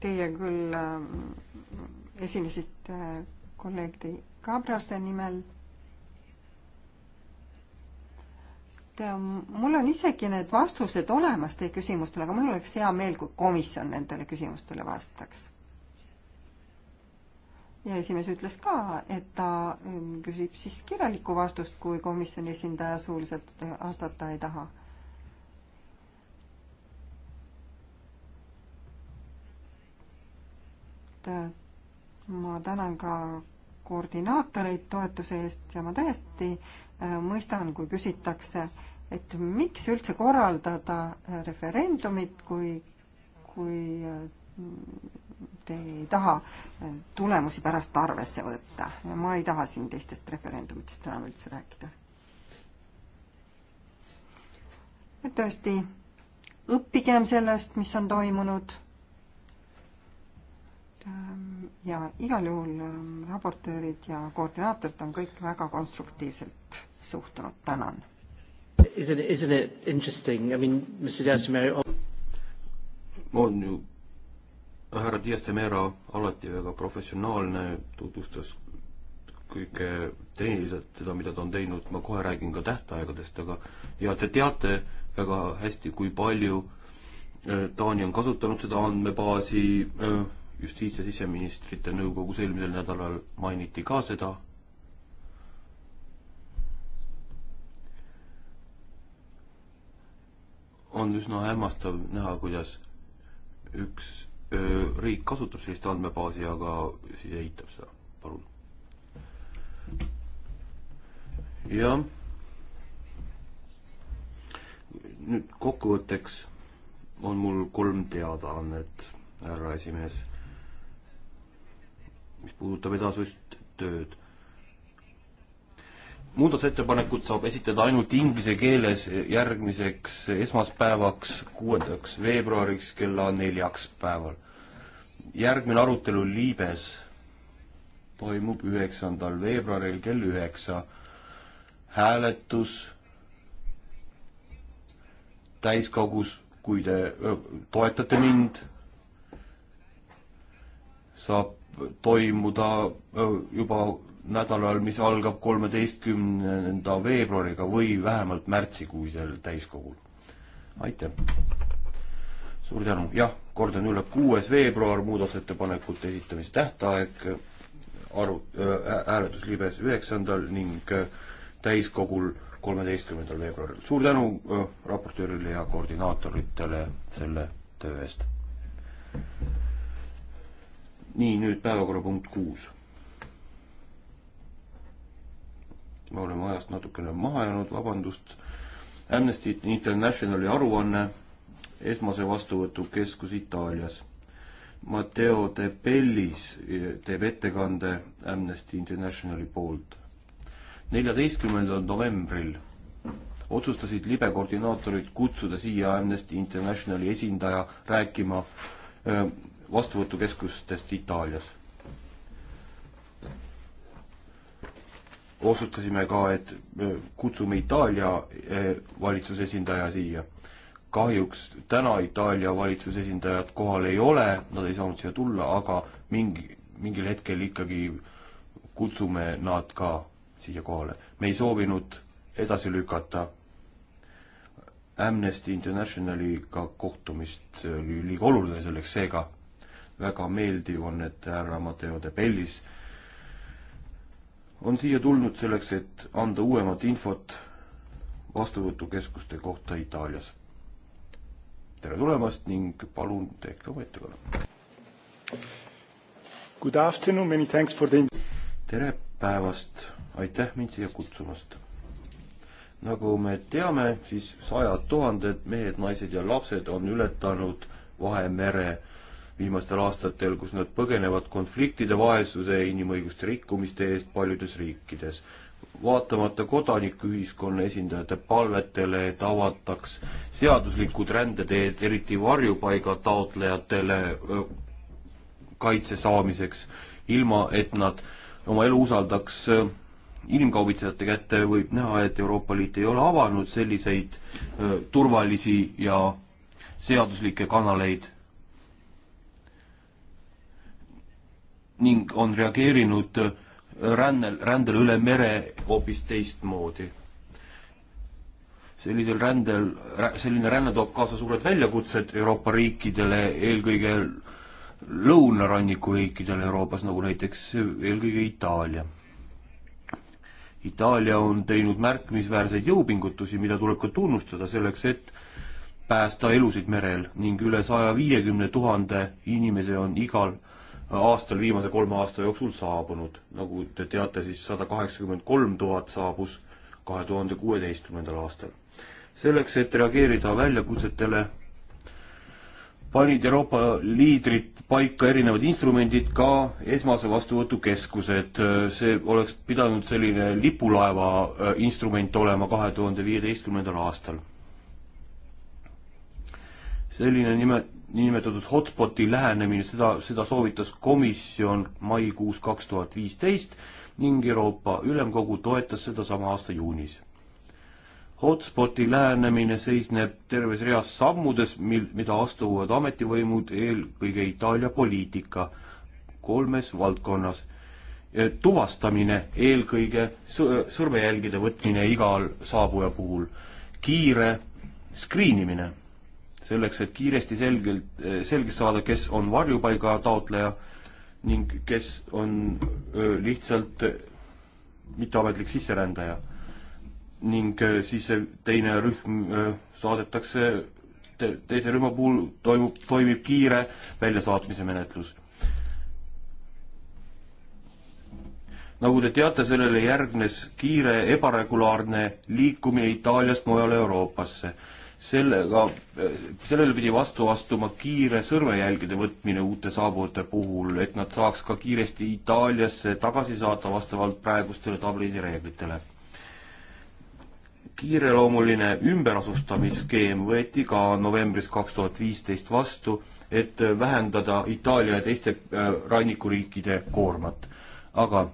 teie küll esinesite kolleeg Kaabrase nimel et ähm, mul on isegi need vastused olemas teie küsimustele, aga mul oleks hea meel, kui komisjon nendele küsimustele vastaks. ja esimees ütles ka, et ta ähm, küsib siis kirjalikku vastust, kui komisjoni esindaja suuliselt vastata ei taha. et äh, ma tänan ka koordinaatoreid toetuse eest ja ma täiesti äh, mõistan, kui küsitakse, et miks üldse korraldada äh, referendumit, kui, kui äh, te ei taha tulemusi pärast arvesse võtta ja ma ei taha siin teistest referendumitest enam üldse rääkida. et tõesti, õppigem sellest, mis on toimunud Ähm, ja igal juhul ähm, raportöörid ja koordinaatorid on kõik väga konstruktiivselt suhtunud, tänan. Isn't it, isn't it interesting, I mean, Mr Jasmeri on ju, härra Diastemera alati väga professionaalne, tutvustas kõige tehniliselt seda, mida ta on teinud, ma kohe räägin ka tähtaegadest, aga ja te teate väga hästi, kui palju äh, Taani on kasutanud seda andmebaasi äh, justiits- ja siseministrite nõukogus eelmisel nädalal mainiti ka seda. on üsna hämmastav näha, kuidas üks öö, riik kasutab sellist andmebaasi, aga siis eitab seda. palun. jah. nüüd kokkuvõtteks on mul kolm teadaannet, härra esimees mis puudutab edasist tööd. muudatusettepanekut saab esitada ainult inglise keeles järgmiseks esmaspäevaks, kuuendaks veebruariks kella neljaks päeval. järgmine arutelu Liibes toimub üheksandal veebruaril kell üheksa. hääletus täiskogus, kui te öö, toetate mind, saab toimuda juba nädalal, mis algab kolmeteistkümnenda veebruariga või vähemalt märtsikuisel täiskogul. aitäh! suur tänu, jah, kordan üle, kuues veebruar, muudatusettepanekute esitamise tähtaeg, aru- äh,, hääletus libes üheksandal ning täiskogul kolmeteistkümnendal veebruaril. suur tänu äh, raportöörile ja koordinaatoritele selle töö eest! nii, nüüd päevakorrapunkt kuus. me oleme ajast natukene maha jäänud, vabandust. Amnesty Internationali aruanne esmase vastuvõtu keskus Itaalias. Matteo De Bellis eh, teeb ettekande Amnesty Internationali poolt. neljateistkümnendal novembril otsustasid libe koordinaatorid kutsuda siia Amnesty Internationali esindaja rääkima öö, eh, vastuvõtukeskustest Itaalias. otsustasime ka, et kutsume Itaalia eh, valitsuse esindaja siia. kahjuks täna Itaalia valitsuse esindajad kohal ei ole, nad ei saanud siia tulla, aga mingi, mingil hetkel ikkagi kutsume nad ka siia kohale. me ei soovinud edasi lükata Amnesty Internationaliga kohtumist, see oli liiga oluline selleks, seega väga meeldiv on, et härra Matteo de Bellis on siia tulnud selleks, et anda uuemat infot vastuvõtukeskuste kohta Itaalias. tere tulemast ning palun tehke oma ettekanne. Good afternoon, many thanks for the tere päevast, aitäh mind siia kutsumast. nagu me teame, siis sajad tuhanded mehed, naised ja lapsed on ületanud Vahemere viimastel aastatel, kus nad põgenevad konfliktide, vaesuse ja inimõiguste rikkumiste eest paljudes riikides. vaatamata kodanikuühiskonna esindajate palvetele, et avataks seaduslikud rändeteed, eriti varjupaiga taotlejatele kaitse saamiseks, ilma et nad oma elu usaldaks inimkaubitsejate kätte, võib näha, et Euroopa Liit ei ole avanud selliseid öö, turvalisi ja seaduslikke kanaleid ning on reageerinud rännel, rändel üle mere hoopis teistmoodi. sellisel rändel, selline ränne toob kaasa suured väljakutsed Euroopa riikidele, eelkõige lõunaranniku riikidele Euroopas, nagu näiteks eelkõige Itaalia. Itaalia on teinud märkimisväärseid jõupingutusi, mida tuleb ka tunnustada selleks, et päästa elusid merel ning üle saja viiekümne tuhande inimese on igal äh, aastal viimase kolme aasta jooksul saabunud. nagu te teate, siis sada kaheksakümmend kolm tuhat saabus kahe tuhande kuueteistkümnendal aastal. selleks, et reageerida väljakutsetele, panid Euroopa liidrid paika erinevad instrumendid, ka esmase vastuvõtu keskused, see oleks pidanud selline lipulaeva äh, instrument olema kahe tuhande viieteistkümnendal aastal selline nime, niinimetatud hotspoti lähenemine, seda, seda soovitas komisjon maikuus kaks tuhat viisteist ning Euroopa Ülemkogu toetas seda sama aasta juunis. Hotspoti lähenemine seisneb terves reas sammudes, mil, mida astuvad ametivõimud, eelkõige Itaalia poliitika kolmes valdkonnas. E, tuvastamine eelkõige, sõrmejälgede võtmine igal saabuja puhul, kiire screen imine selleks, et kiiresti selgelt, selgeks saada, kes on varjupaiga taotleja ning kes on lihtsalt mitteametlik sisserändaja. ning siis see teine rühm saadetakse, teise rühma puhul toimub, toimib kiire väljasaatmise menetlus. nagu te teate, sellele järgnes kiire ebaregulaarne liikumine Itaaliast mujale Euroopasse sellega, sellele pidi vastu astuma kiire sõrmejälgede võtmine uute saabujate puhul, et nad saaks ka kiiresti Itaaliasse tagasi saata vastavalt praegustele Dublini reeglitele. kiireloomuline ümberasustamisskeem võeti ka novembris kaks tuhat viisteist vastu, et vähendada Itaalia ja teiste äh, rannikuriikide koormat, aga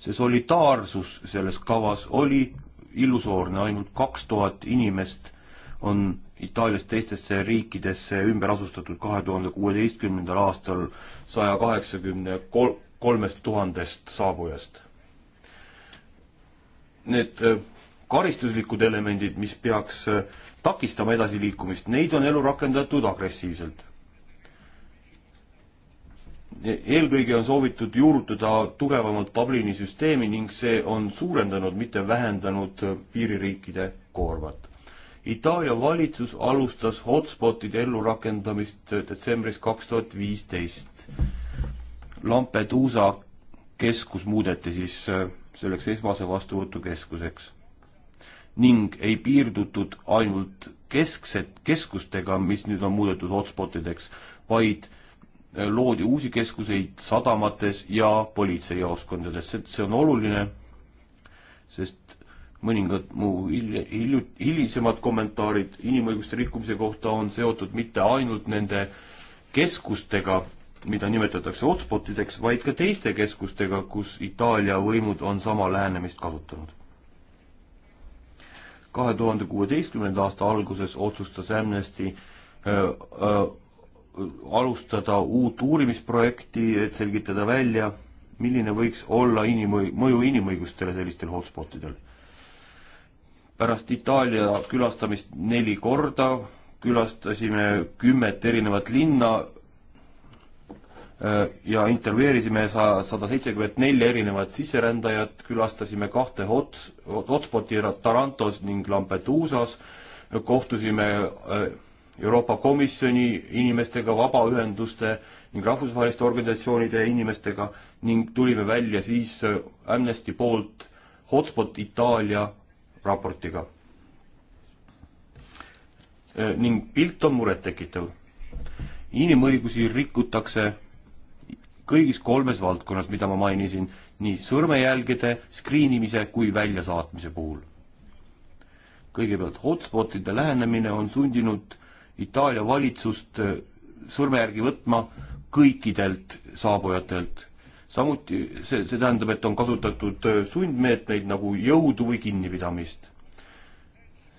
see solidaarsus selles kavas oli illusoorne, ainult kaks tuhat inimest on Itaaliast teistesse riikidesse ümber asustatud kahe tuhande kuueteistkümnendal aastal saja kaheksakümne kol-, kolmest tuhandest saabujast. Need äh, karistuslikud elemendid, mis peaks äh, takistama edasiliikumist, neid on elu rakendatud agressiivselt eelkõige on soovitud juurutada tugevamat Dublini süsteemi ning see on suurendanud, mitte vähendanud piiririikide koormat. Itaalia valitsus alustas hotspotide ellurakendamist detsembris kaks tuhat viisteist. Lampeduusa keskus muudeti siis äh, selleks esmase vastuvõtukeskuseks ning ei piirdutud ainult keskset keskustega, mis nüüd on muudetud hotspotideks, vaid Äh, loodi uusi keskuseid sadamates ja politseijaoskondades, see on oluline, sest mõningad mu hilju-, hilju-, hilisemad kommentaarid inimõiguste rikkumise kohta on seotud mitte ainult nende keskustega, mida nimetatakse hotspotideks, vaid ka teiste keskustega, kus Itaalia võimud on sama lähenemist kasutanud. kahe tuhande kuueteistkümnenda aasta alguses otsustas Amnesty öö, äh, öö, äh, alustada uut uurimisprojekti, et selgitada välja, milline võiks olla inimõi-, mõju inimõigustele sellistel hotspotidel. pärast Itaalia külastamist neli korda külastasime kümmet erinevat linna äh, ja intervjueerisime sa-, sada seitsekümmend neli erinevat sisserändajat, külastasime kahte hots-, hotspoti Tarantos ning Lampeduusas, kohtusime äh, Euroopa Komisjoni inimestega, vabaühenduste ning rahvusvaheliste organisatsioonide inimestega ning tulime välja siis Amnesty poolt Hotspot Itaalia raportiga. Eh, ning pilt on murettekitav. inimõigusi rikutakse kõigis kolmes valdkonnas, mida ma mainisin, nii sõrmejälgede, skriinimise kui väljasaatmise puhul. kõigepealt hotspotide lähenemine on sundinud Itaalia valitsust äh, sõrme järgi võtma kõikidelt saabujatelt. samuti see, see tähendab, et on kasutatud äh, sundmeetmeid nagu jõudu või kinnipidamist.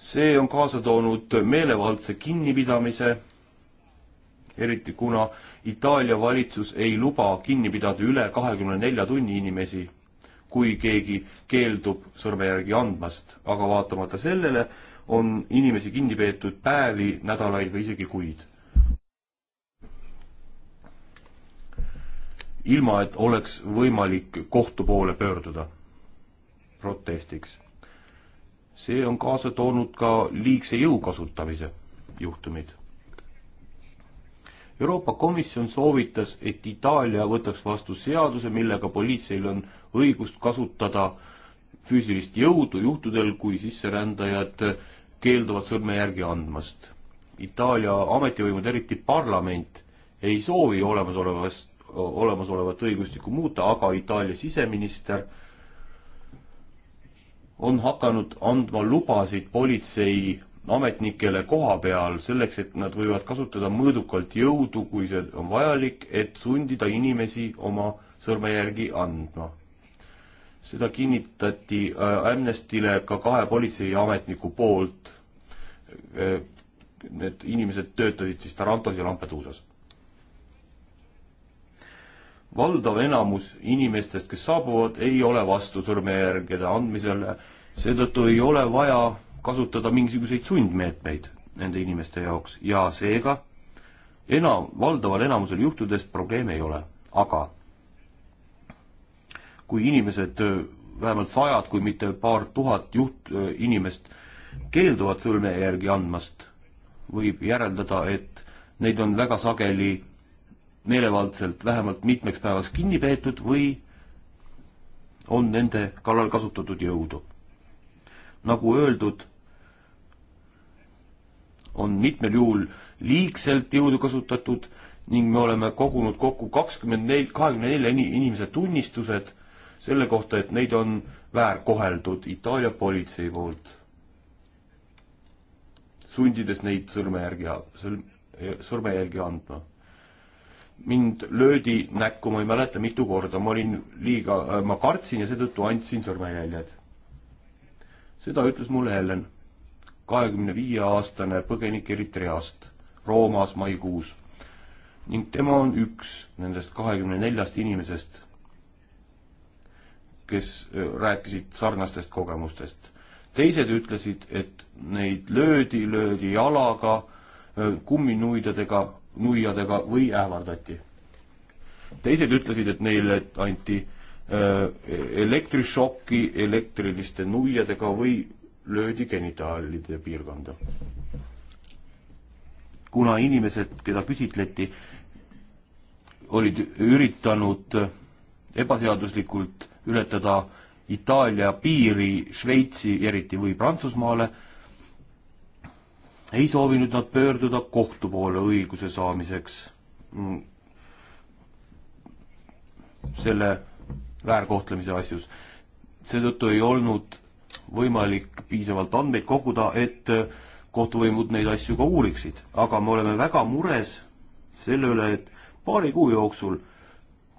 see on kaasa toonud meelevaldse kinnipidamise, eriti kuna Itaalia valitsus ei luba kinni pidada üle kahekümne nelja tunni inimesi, kui keegi keeldub sõrme järgi andmast, aga vaatamata sellele on inimesi kinni peetud päevi, nädalaid või isegi kuid. ilma, et oleks võimalik kohtu poole pöörduda protestiks. see on kaasa toonud ka liigse jõu kasutamise juhtumid Euroopa Komisjon soovitas, et Itaalia võtaks vastu seaduse, millega politseil on õigust kasutada füüsilist jõudu juhtudel, kui sisserändajad keelduvad sõrmejärgi andmast. Itaalia ametivõimud, eriti parlament, ei soovi olemasolevast, olemasolevat õigustikku muuta, aga Itaalia siseminister on hakanud andma lubasid politseiametnikele koha peal selleks, et nad võivad kasutada mõõdukalt jõudu, kui see on vajalik, et sundida inimesi oma sõrmejärgi andma seda kinnitati äh, Amnestile ka kahe politseiametniku poolt. Äh, need inimesed töötasid siis Tarantos ja Lampeduusas. valdav enamus inimestest, kes saabuvad, ei ole vastu sõrmejärgede andmisele, seetõttu ei ole vaja kasutada mingisuguseid sundmeetmeid nende inimeste jaoks ja seega enam, valdaval enamusel juhtudest probleeme ei ole, aga kui inimesed, vähemalt sajad, kui mitte paar tuhat juht, inimest keelduvad sõrmejärgi andmast, võib järeldada, et neid on väga sageli meelevaldselt vähemalt mitmeks päevaks kinni peetud või on nende kallal kasutatud jõudu. nagu öeldud, on mitmel juhul liigselt jõudu kasutatud ning me oleme kogunud kokku kakskümmend neli, kahekümne nelja inimese tunnistused selle kohta, et neid on väärkoheldud Itaalia politsei poolt, sundides neid sõrmejärgi, sõrm, sõrmejälgi andma. mind löödi näkku, ma ei mäleta, mitu korda, ma olin liiga, ma kartsin ja seetõttu andsin sõrmejäljed. seda ütles mulle Helen, kahekümne viie aastane põgenik Eritreast, Roomas maikuus ning tema on üks nendest kahekümne neljast inimesest kes äh, rääkisid sarnastest kogemustest. teised ütlesid, et neid löödi, löödi jalaga, äh, kumminuidadega, nuiadega või ähvardati. teised ütlesid, et neile anti äh, elektrišoki elektriliste nuiadega või löödi genitaalide piirkonda. kuna inimesed, keda küsitleti, olid üritanud ebaseaduslikult ületada Itaalia piiri Šveitsi eriti või Prantsusmaale, ei soovinud nad pöörduda kohtu poole õiguse saamiseks mm. selle väärkohtlemise asjus. seetõttu ei olnud võimalik piisavalt andmeid koguda, et kohtuvõimud neid asju ka uuriksid, aga me oleme väga mures selle üle, et paari kuu jooksul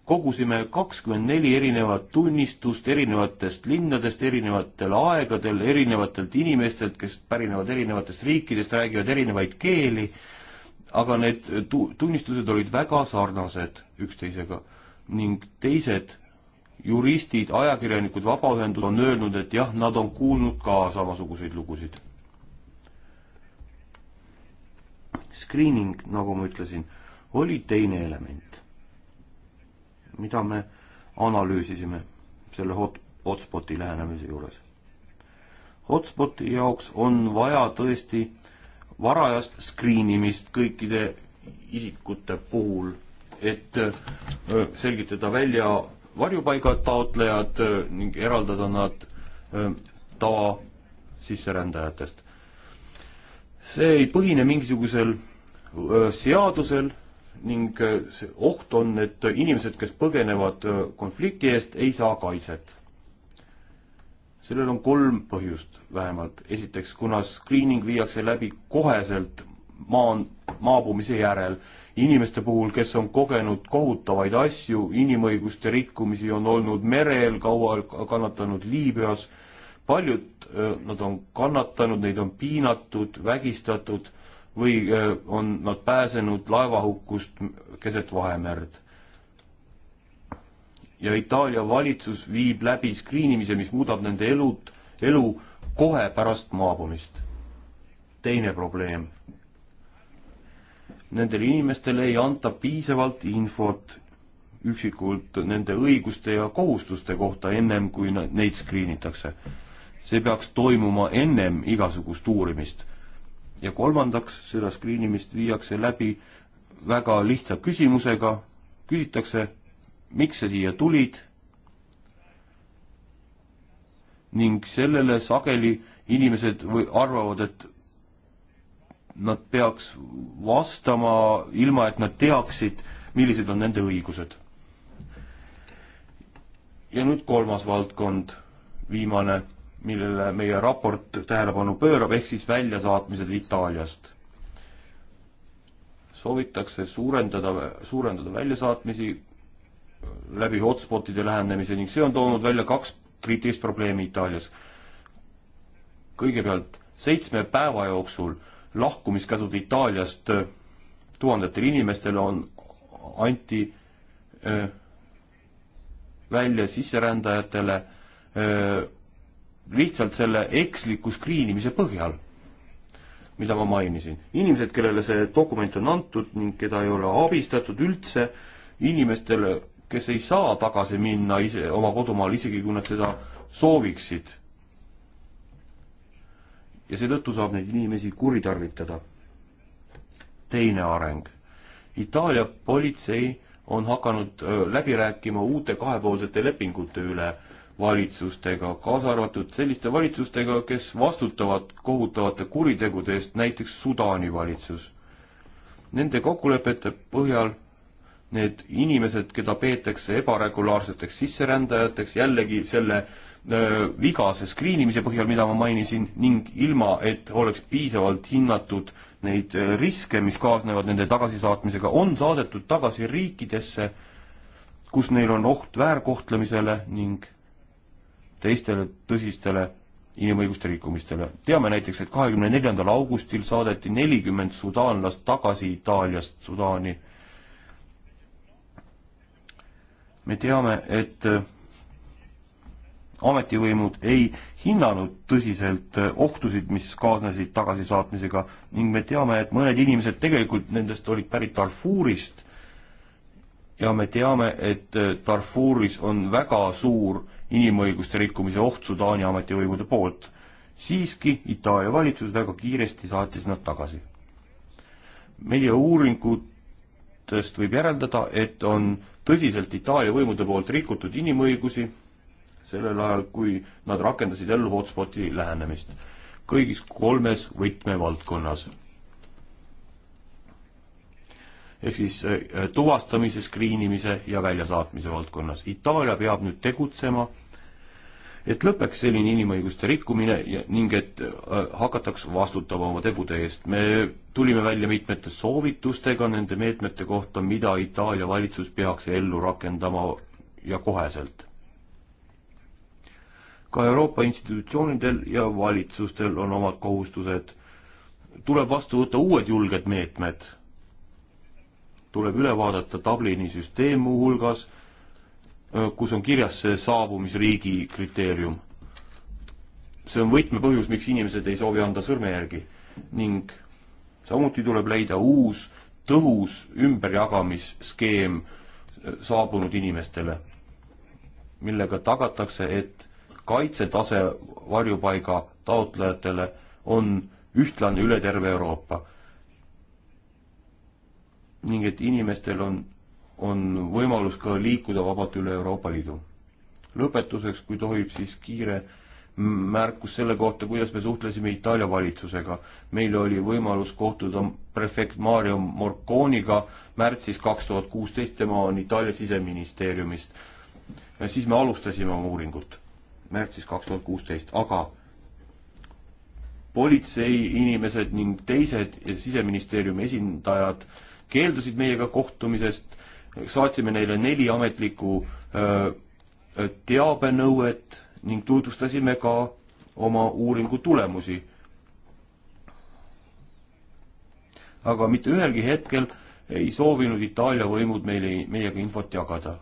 kogusime kakskümmend neli erinevat tunnistust erinevatest linnadest, erinevatel aegadel, erinevatelt inimestelt, kes pärinevad erinevatest riikidest, räägivad erinevaid keeli, aga need tu-, tunnistused olid väga sarnased üksteisega ning teised juristid, ajakirjanikud, vabaühendused on öelnud, et jah, nad on kuulnud ka samasuguseid lugusid. Screening, nagu ma ütlesin, oli teine element mida me analüüsisime selle hot-, hotspoti lähenemise juures. Hotspoti jaoks on vaja tõesti varajast skriinimist kõikide isikute puhul, et äh, selgitada välja varjupaigataotlejad äh, ning eraldada nad äh, tavasisserändajatest. see ei põhine mingisugusel seadusel, ning äh, see oht on, et inimesed, kes põgenevad äh, konflikti eest, ei saa kaitset. sellel on kolm põhjust vähemalt. esiteks, kuna screening viiakse läbi koheselt maa, maabumise järel, inimeste puhul, kes on kogenud kohutavaid asju, inimõiguste rikkumisi on olnud merel, kaua kannatanud Liibüas, paljud äh, nad on kannatanud, neid on piinatud, vägistatud või äh, on nad pääsenud laevahukust keset Vahemerd. ja Itaalia valitsus viib läbi skriinimise, mis muudab nende elud, elu kohe pärast maabumist. teine probleem. Nendele inimestele ei anta piisavalt infot üksikult nende õiguste ja kohustuste kohta ennem, kui neid skriinitakse. see peaks toimuma ennem igasugust uurimist ja kolmandaks, seda screenimist viiakse läbi väga lihtsa küsimusega, küsitakse, miks sa siia tulid ning sellele sageli inimesed või arvavad, et nad peaks vastama, ilma et nad teaksid, millised on nende õigused. ja nüüd kolmas valdkond, viimane millele meie raport tähelepanu pöörab, ehk siis väljasaatmised Itaaliast. soovitakse suurendada, suurendada väljasaatmisi läbi hotspotide lähenemise ning see on toonud välja kaks kriitilist probleemi Itaalias. kõigepealt seitsme päeva jooksul lahkumiskäsud Itaaliast tuhandetele inimestele on, anti öö, välja sisserändajatele öö, lihtsalt selle eksliku skriinimise põhjal, mida ma mainisin. inimesed, kellele see dokument on antud ning keda ei ole abistatud üldse, inimestele, kes ei saa tagasi minna ise oma kodumaal, isegi kui nad seda sooviksid. ja seetõttu saab neid inimesi kuritarvitada. teine areng. Itaalia politsei on hakanud äh, läbi rääkima uute kahepoolsete lepingute üle valitsustega, kaasa arvatud selliste valitsustega, kes vastutavad kohutavate kuritegude eest, näiteks Sudaani valitsus. Nende kokkulepete põhjal need inimesed, keda peetakse ebaregulaarseteks sisserändajateks, jällegi selle öö, vigase skriinimise põhjal, mida ma mainisin, ning ilma, et oleks piisavalt hinnatud neid riske, mis kaasnevad nende tagasisaatmisega, on saadetud tagasi riikidesse, kus neil on oht väärkohtlemisele ning teistele tõsistele inimõiguste rikkumistele. teame näiteks, et kahekümne neljandal augustil saadeti nelikümmend sudaanlast tagasi Itaaliast Sudaani. me teame, et ametivõimud ei hinnanud tõsiselt eh, ohtusid, mis kaasnesid tagasisaatmisega ning me teame, et mõned inimesed tegelikult nendest olid pärit Darfurist ja me teame, et äh, Darfuris on väga suur inimõiguste rikkumise oht Sudaani ametivõimude poolt. siiski Itaalia valitsus väga kiiresti saatis nad tagasi. meie uuringutest võib järeldada, et on tõsiselt Itaalia võimude poolt rikutud inimõigusi sellel ajal, kui nad rakendasid ellu hotspoti lähenemist kõigis kolmes võtmevaldkonnas ehk siis äh, tuvastamise, skriinimise ja väljasaatmise valdkonnas. Itaalia peab nüüd tegutsema, et lõpeks selline inimõiguste rikkumine ja ning et äh, hakataks vastutama oma tegude eest. me tulime välja mitmete soovitustega nende meetmete kohta, mida Itaalia valitsus peaks ellu rakendama ja koheselt. ka Euroopa institutsioonidel ja valitsustel on omad kohustused. tuleb vastu võtta uued julged meetmed tuleb üle vaadata Dublini süsteem muuhulgas, kus on kirjas see saabumisriigi kriteerium. see on võtmepõhjus, miks inimesed ei soovi anda sõrmejärgi ning samuti tuleb leida uus tõhus ümberjagamisskeem saabunud inimestele, millega tagatakse, et kaitsetase varjupaiga taotlejatele on ühtlane üle terve Euroopa ning et inimestel on, on võimalus ka liikuda vabalt üle Euroopa Liidu. lõpetuseks, kui tohib, siis kiire märkus selle kohta, kuidas me suhtlesime Itaalia valitsusega. meil oli võimalus kohtuda prefekt Mario Morconiga märtsis kaks tuhat kuusteist, tema on Itaalia siseministeeriumist. siis me alustasime oma uuringut märtsis kaks tuhat kuusteist, aga politseiinimesed ning teised siseministeeriumi esindajad äh, keeldusid meiega kohtumisest, saatsime neile neli ametlikku teabenõuet ning tutvustasime ka oma uuringu tulemusi. aga mitte ühelgi hetkel ei soovinud Itaalia võimud meile, meiega infot jagada.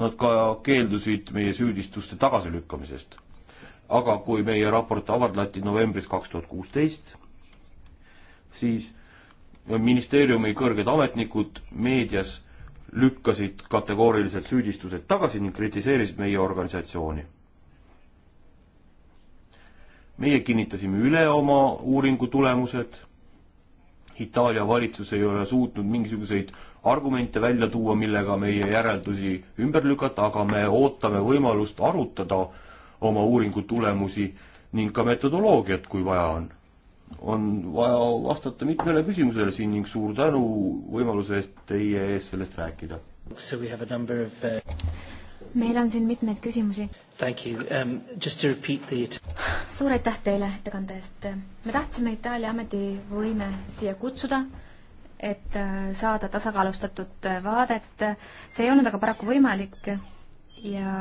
Nad ka keeldusid meie süüdistuste tagasilükkamisest. aga kui meie raport avaldati novembris kaks tuhat kuusteist, siis ministeeriumi kõrged ametnikud meedias lükkasid kategooriliselt süüdistused tagasi ning kritiseerisid meie organisatsiooni. meie kinnitasime üle oma uuringu tulemused. Itaalia valitsus ei ole suutnud mingisuguseid argumente välja tuua, millega meie järeldusi ümber lükata, aga me ootame võimalust arutada oma uuringu tulemusi ning ka metodoloogiat, kui vaja on on vaja vastata mitmele küsimusele siin ning suur tänu võimaluse eest teie ees sellest rääkida. Of... Uh, meil on siin mitmeid küsimusi. Um, the... suur aitäh teile ettekande eest. me tahtsime Itaalia ametivõime siia kutsuda, et äh, saada tasakaalustatud äh, vaadet. see ei olnud aga paraku võimalik ja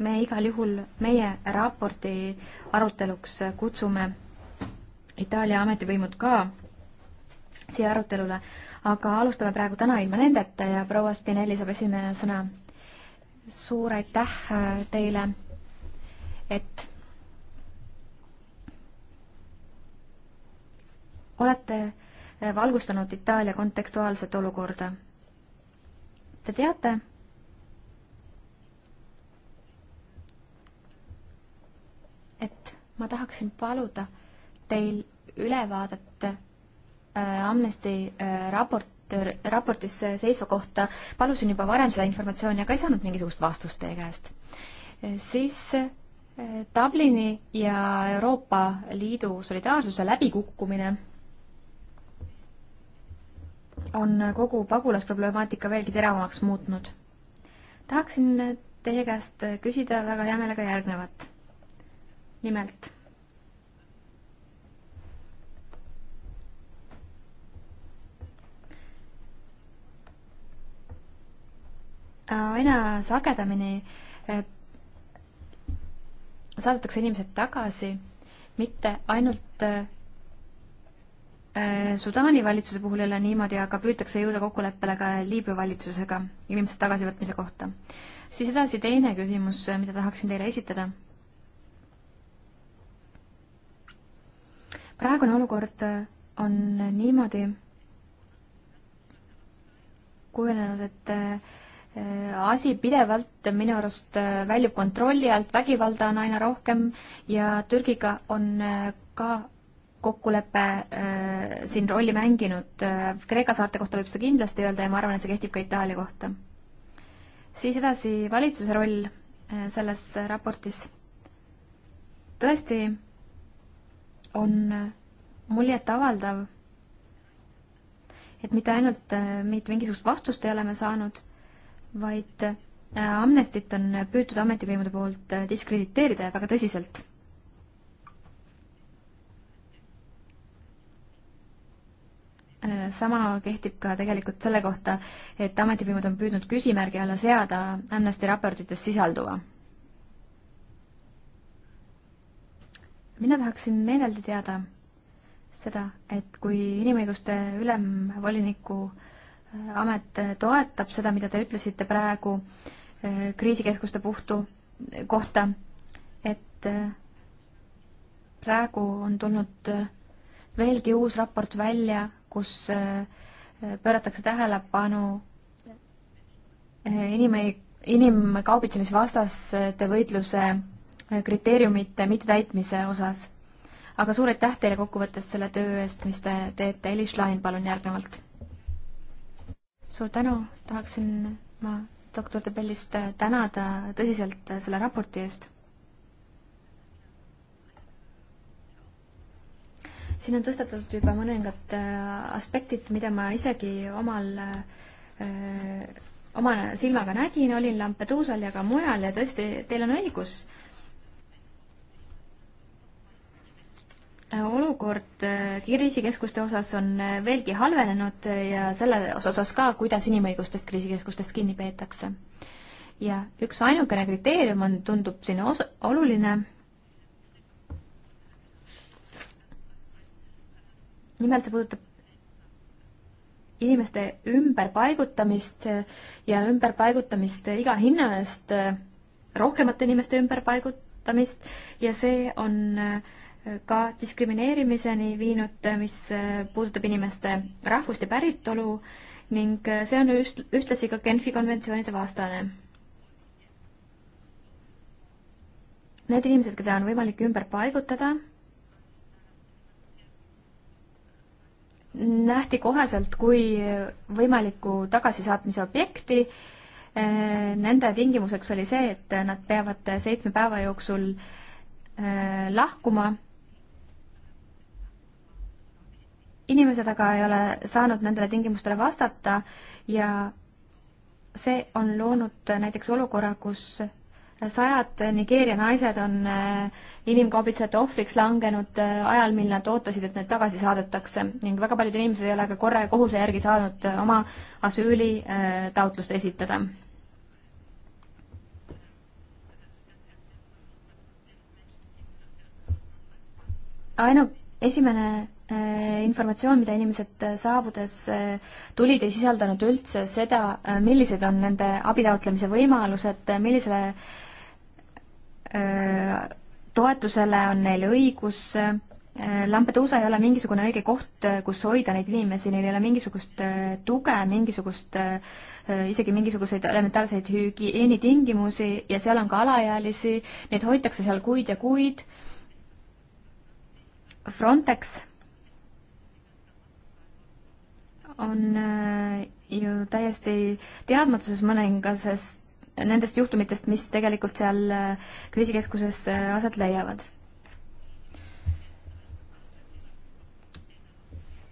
me igal juhul meie raporti aruteluks kutsume Itaalia ametivõimud ka siia arutelule, aga alustame praegu täna ilma nendeta ja proua Spinelli saab esimene sõna. suur aitäh äh, teile, et olete äh, valgustanud Itaalia kontekstuaalset olukorda. Te teate, ma tahaksin paluda teil ülevaadet äh, Amnesty äh, raport, raportis äh, seisva kohta, palusin juba varem seda informatsiooni, aga ei saanud mingisugust vastust teie käest. Äh, siis äh, Dublini ja Euroopa Liidu solidaarsuse läbikukkumine on kogu pagulasproblemaatika veelgi teravamaks muutnud. tahaksin äh, teie käest küsida väga hea meelega järgnevat nimelt aina sagedamini eh, saadetakse inimesed tagasi, mitte ainult eh, eh, Sudaani valitsuse puhul ei ole niimoodi, aga püütakse jõuda kokkuleppele ka Liibüa valitsusega inimeste tagasivõtmise kohta. siis edasi teine küsimus, mida tahaksin teile esitada praegune olukord on niimoodi kujunenud, et äh, asi pidevalt minu arust äh, väljub kontrolli alt, vägivalda on aina rohkem ja Türgiga on äh, ka kokkulepe äh, siin rolli mänginud äh,. Kreeka saarte kohta võib seda kindlasti öelda ja ma arvan, et see kehtib ka Itaalia kohta. siis edasi valitsuse roll äh, selles raportis. tõesti on muljetavaldav, et mitte ainult äh, mitte mingisugust vastust ei ole me saanud, vaid äh, Amnestit on püütud ametivõimude poolt äh, diskrediteerida ja väga tõsiselt. sama kehtib ka tegelikult selle kohta, et ametivõimud on püüdnud küsimärgi alla seada Amnesty raportites sisalduva mina tahaksin meeleldi teada seda, et kui inimõiguste ülemvoliniku äh, amet toetab seda, mida te ütlesite praegu äh, kriisikeskuste puhtu äh, kohta, et praegu on tulnud veelgi uus raport välja, kus pööratakse tähelepanu inimõi-, inimkaubitsemisvastaste võitluse kriteeriumite mittetäitmise osas. aga suur aitäh teile kokkuvõttes selle töö eest, mis te teete. Elis Lain, palun järgnevalt. suur tänu, tahaksin ma doktor Debellist tänada tõsiselt selle raporti eest. siin on tõstatatud juba mõningad äh, aspektid, mida ma isegi omal öö, äh, oma silmaga nägin, olin Lampeduusal ja ka mujal ja tõesti, teil on õigus, olukord äh, kriisikeskuste osas on äh, veelgi halvenenud äh, ja selle osas ka, kuidas inimõigustest kriisikeskustes kinni peetakse. ja üks ainukene kriteerium on, tundub siin os-, oluline, nimelt see puudutab inimeste ümberpaigutamist ja ümberpaigutamist iga hinna eest, rohkemate inimeste ümberpaigutamist ja see on äh, ka diskrimineerimiseni viinud, mis äh, puudutab inimeste rahvust ja päritolu ning äh, see on üht, ühtlasi ka Genfi konventsioonide vastane. Need inimesed, keda on võimalik ümber paigutada, nähti koheselt kui võimaliku tagasisaatmise objekti äh, nende tingimuseks oli see, et nad peavad seitsme päeva jooksul lahkuma inimesed aga ei ole saanud nendele tingimustele vastata ja see on loonud näiteks olukorra, kus sajad Nigeeria naised on eh, inimkaubitsejate ohvriks langenud eh, ajal, mil nad ootasid, et need tagasi saadetakse ning väga paljud inimesed ei ole ka korra ja kohuse järgi saanud eh, oma asüülitaotlust esitada. ainu-, esimene Äh, informatsioon, mida inimesed äh, saabudes äh, tulid, ei sisaldanud üldse seda, millised on nende abi taotlemise võimalused, millisele toetusele on neil õigus. Lampeduusa ei ole mingisugune õige koht, kus hoida neid inimesi, neil ei ole mingisugust tuge, mingisugust, isegi mingisuguseid elementaarseid hügieenitingimusi ja seal on ka alaealisi, neid hoitakse seal kuid ja kuid. Frontex on äh, ju täiesti teadmatuses mõningases nendest juhtumitest, mis tegelikult seal äh, kriisikeskuses äh, aset leiavad.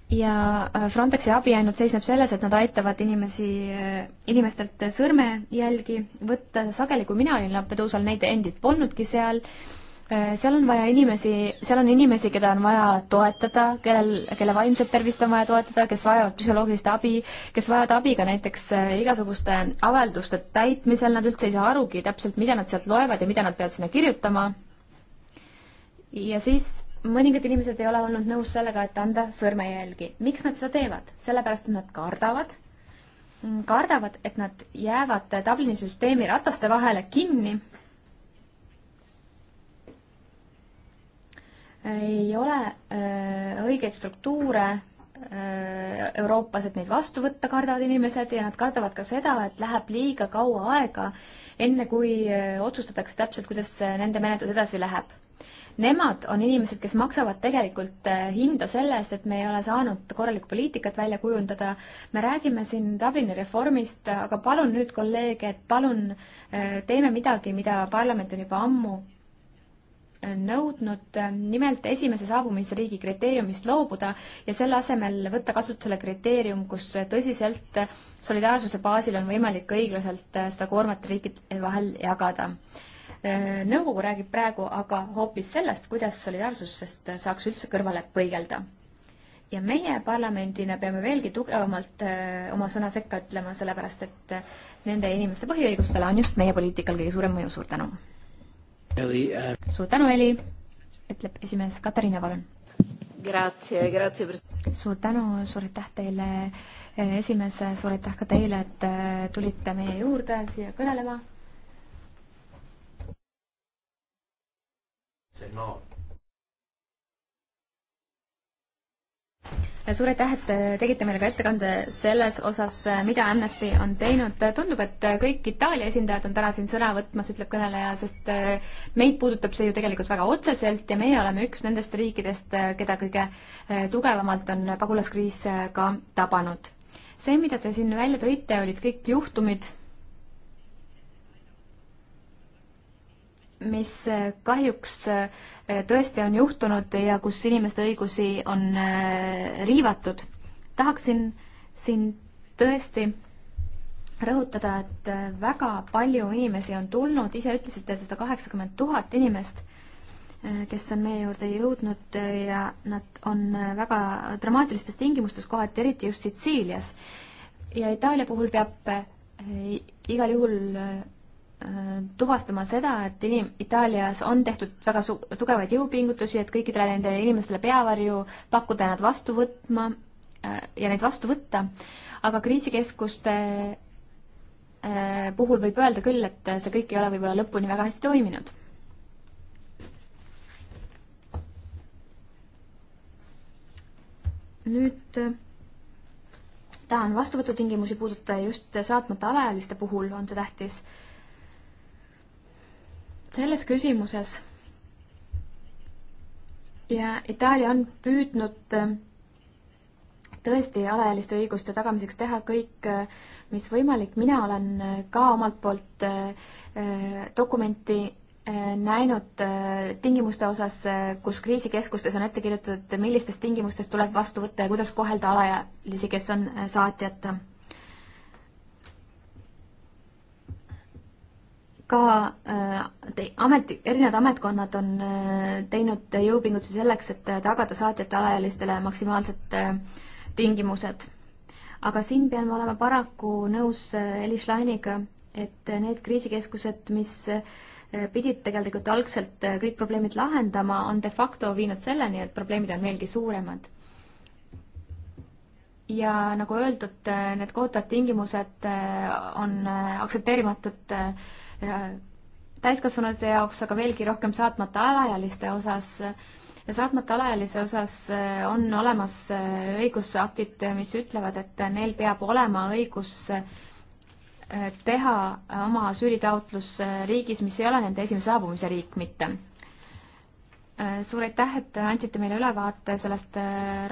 ja Frontexi abi ainult seisneb selles, et nad aitavad inimesi, inimestelt sõrmejälgi võtta, sageli kui mina olin Lampeduusal, neid endid polnudki seal Äh, seal on vaja inimesi, seal on inimesi, keda on vaja toetada, kellel, kelle vaimset tervist on vaja toetada, kes vajavad psühholoogilist abi, kes vajavad abi ka näiteks äh, igasuguste avalduste täitmisel, nad üldse ei saa arugi täpselt, mida nad sealt loevad ja mida nad peavad sinna kirjutama. ja siis mõningad inimesed ei ole olnud nõus sellega, et anda sõrmejälgi. miks nad seda teevad? sellepärast, et nad kardavad, kardavad, et nad jäävad Dublini süsteemi rataste vahele kinni ei ole äh, õigeid struktuure äh, Euroopas, et neid vastu võtta, kardavad inimesed ja nad kardavad ka seda, et läheb liiga kaua aega, enne kui äh, otsustatakse täpselt, kuidas nende menetlus edasi läheb. Nemad on inimesed, kes maksavad tegelikult hinda selle eest, et me ei ole saanud korralikku poliitikat välja kujundada. me räägime siin Dublini reformist, aga palun nüüd, kolleeg, et palun teeme midagi, mida parlament on juba ammu nõudnud äh, nimelt esimese saabumisriigi kriteeriumist loobuda ja selle asemel võtta kasutusele kriteerium, kus tõsiselt solidaarsuse baasil on võimalik õiglaselt äh, seda koormat riikide vahel jagada. Äh, nõukogu räägib praegu aga hoopis sellest, kuidas solidaarsusest saaks üldse kõrvale põigelda. ja meie parlamendina peame veelgi tugevamalt oma sõna sekka ütlema, sellepärast et nende inimeste põhiõigustele on just meie poliitikal kõige suurem mõju, suur tänu! Äh, suur tänu, Heli, ütleb esimees Katariina, palun. Grazie, grazie. suur tänu, suur aitäh teile, äh, esimees, suur aitäh ka teile, et äh, tulite meie juurde siia kõnelema. see naab no.. suur aitäh, et äh, tegite meile ka ettekande selles osas, äh, mida Amnesty on teinud. tundub, et äh, kõik Itaalia esindajad on täna siin sõna võtmas, ütleb kõneleja, sest meid puudutab see ju tegelikult väga otseselt ja meie oleme üks nendest riikidest, keda kõige tugevamalt on pagulaskriis ka tabanud. see, mida te siin välja tõite, olid kõik juhtumid mis äh, kahjuks äh, tõesti on juhtunud ja kus inimeste õigusi on äh, riivatud. tahaksin siin tõesti rõhutada, et väga palju inimesi on tulnud, ise ütlesite sada kaheksakümmend tuhat inimest, kes on meie juurde jõudnud ja nad on väga dramaatilistes tingimustes kohati, eriti just Sitsiilias. ja Itaalia puhul peab igal juhul tuvastama seda, et inim-, Itaalias on tehtud väga su-, tugevaid jõupingutusi, et kõikidele nendele inimestele peavarju pakkuda ja nad vastu võtma äh, ja neid vastu võtta, aga kriisikeskuste äh, puhul võib öelda küll, et see kõik ei ole võib-olla lõpuni väga hästi toiminud. nüüd äh, tahan vastuvõtutingimusi puudutada just saatmata alaealiste puhul on see tähtis selles küsimuses ja Itaalia on püüdnud äh, tõesti alaealiste õiguste tagamiseks teha kõik, äh, mis võimalik. mina olen äh, ka omalt poolt dokumenti näinud tingimuste osas, kus kriisikeskustes on ette kirjutatud, millistes tingimustes tuleb vastu võtta ja kuidas kohelda alaealisi, kes on saatjata ka äh, te, ameti, erinevad ametkonnad on äh, teinud jõupingutusi selleks, et äh, tagada saatjate alaealistele maksimaalsed tingimused. aga siin pean ma olema paraku nõus Elis Lainiga, et need kriisikeskused, mis pidid tegelikult algselt kõik probleemid lahendama, on de facto viinud selleni, et probleemid on veelgi suuremad. ja nagu öeldud, need kvootad tingimused on aktsepteerimatud äh, Äh, täiskasvanute jaoks, aga veelgi rohkem saatmata alaealiste osas. saatmata alaealise osas äh, on olemas äh, õigusaktid, mis ütlevad, et neil peab olema õigus teha oma asüülitaotlus riigis, mis ei ole nende esimese saabumise riik mitte. suur aitäh, et andsite meile ülevaate sellest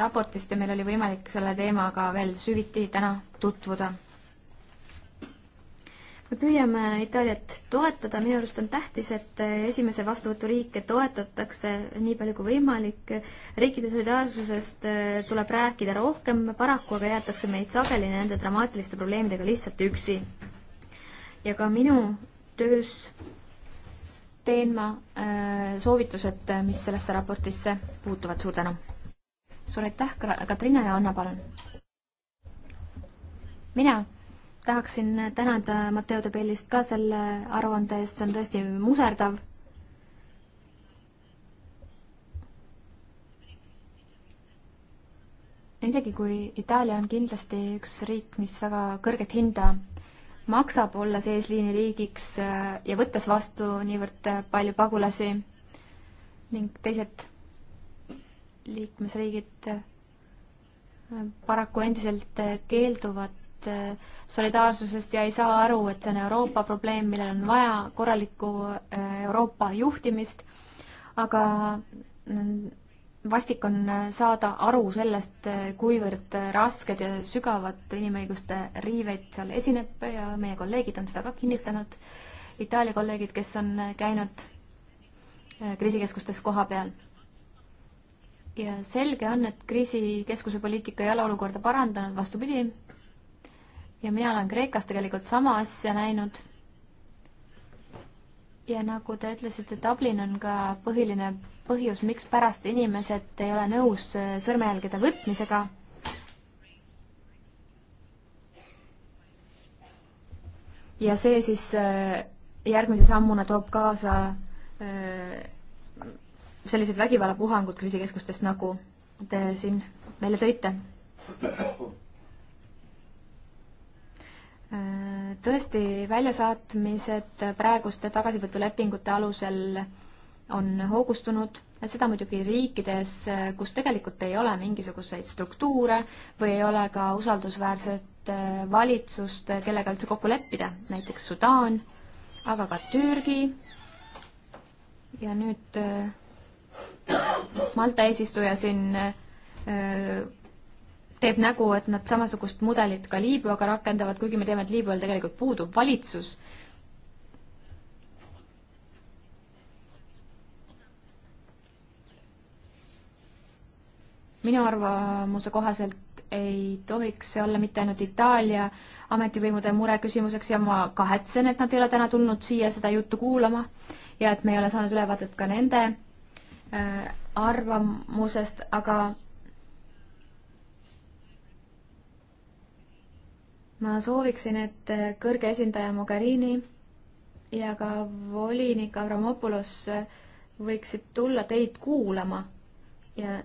raportist ja meil oli võimalik selle teemaga veel süviti täna tutvuda me püüame Itaaliat toetada, minu arust on tähtis, et esimese vastuvõturiike toetatakse nii palju kui võimalik. riikide solidaarsusest äh, tuleb rääkida rohkem, paraku aga jäetakse meid sageli nende dramaatiliste probleemidega lihtsalt üksi. ja ka minu töös teen ma äh, soovitused, mis sellesse raportisse puutuvad. suur tänu! suur aitäh, Katriina ja Anna, palun! mina tahaksin tänada Matteo de Bellist ka selle aruande eest, see on tõesti muserdav. isegi kui Itaalia on kindlasti üks riik, mis väga kõrget hinda maksab, olles eesliiniriigiks ja võttes vastu niivõrd palju pagulasi ning teised liikmesriigid paraku endiselt keelduvad äh, solidaarsusest ja ei saa aru, et see on Euroopa probleem, millel on vaja korralikku äh, Euroopa juhtimist, aga mm, vastik on äh, saada aru sellest, äh, kuivõrd rasked ja sügavad inimõiguste riiveid seal esineb ja meie kolleegid on seda ka kinnitanud, Itaalia kolleegid, kes on käinud kriisikeskustes koha peal ja selge on, et kriisikeskuse poliitika ei ole olukorda parandanud, vastupidi, ja mina olen Kreekas tegelikult sama asja näinud. ja nagu te ütlesite, Dublin on ka põhiline põhjus, mikspärast inimesed ei ole nõus äh, sõrmejälgede võtmisega. ja see siis äh, järgmise sammuna toob kaasa äh, sellised vägivallapuhangud kriisikeskustest, nagu te siin meile tõite tõesti, väljasaatmised praeguste tagasivõtulepingute alusel on hoogustunud, seda muidugi riikides, kus tegelikult ei ole mingisuguseid struktuure või ei ole ka usaldusväärset äh, valitsust, kellega üldse kokku leppida, näiteks Sudaan, aga ka Türgi ja nüüd äh, Malta eesistuja siin äh, teeb nägu, et nad samasugust mudelit ka Liibüaga rakendavad, kuigi me teame, et Liibüal tegelikult puudub valitsus. minu arvamuse kohaselt ei tohiks see olla mitte ainult Itaalia ametivõimude mure küsimuseks ja ma kahetsen, et nad ei ole täna tulnud siia seda juttu kuulama ja et me ei ole saanud ülevaadet ka nende äh, arvamusest, aga ma sooviksin, et äh, kõrge esindaja Mogherini ja ka volinik Avramopoulos äh, võiksid tulla teid kuulama ja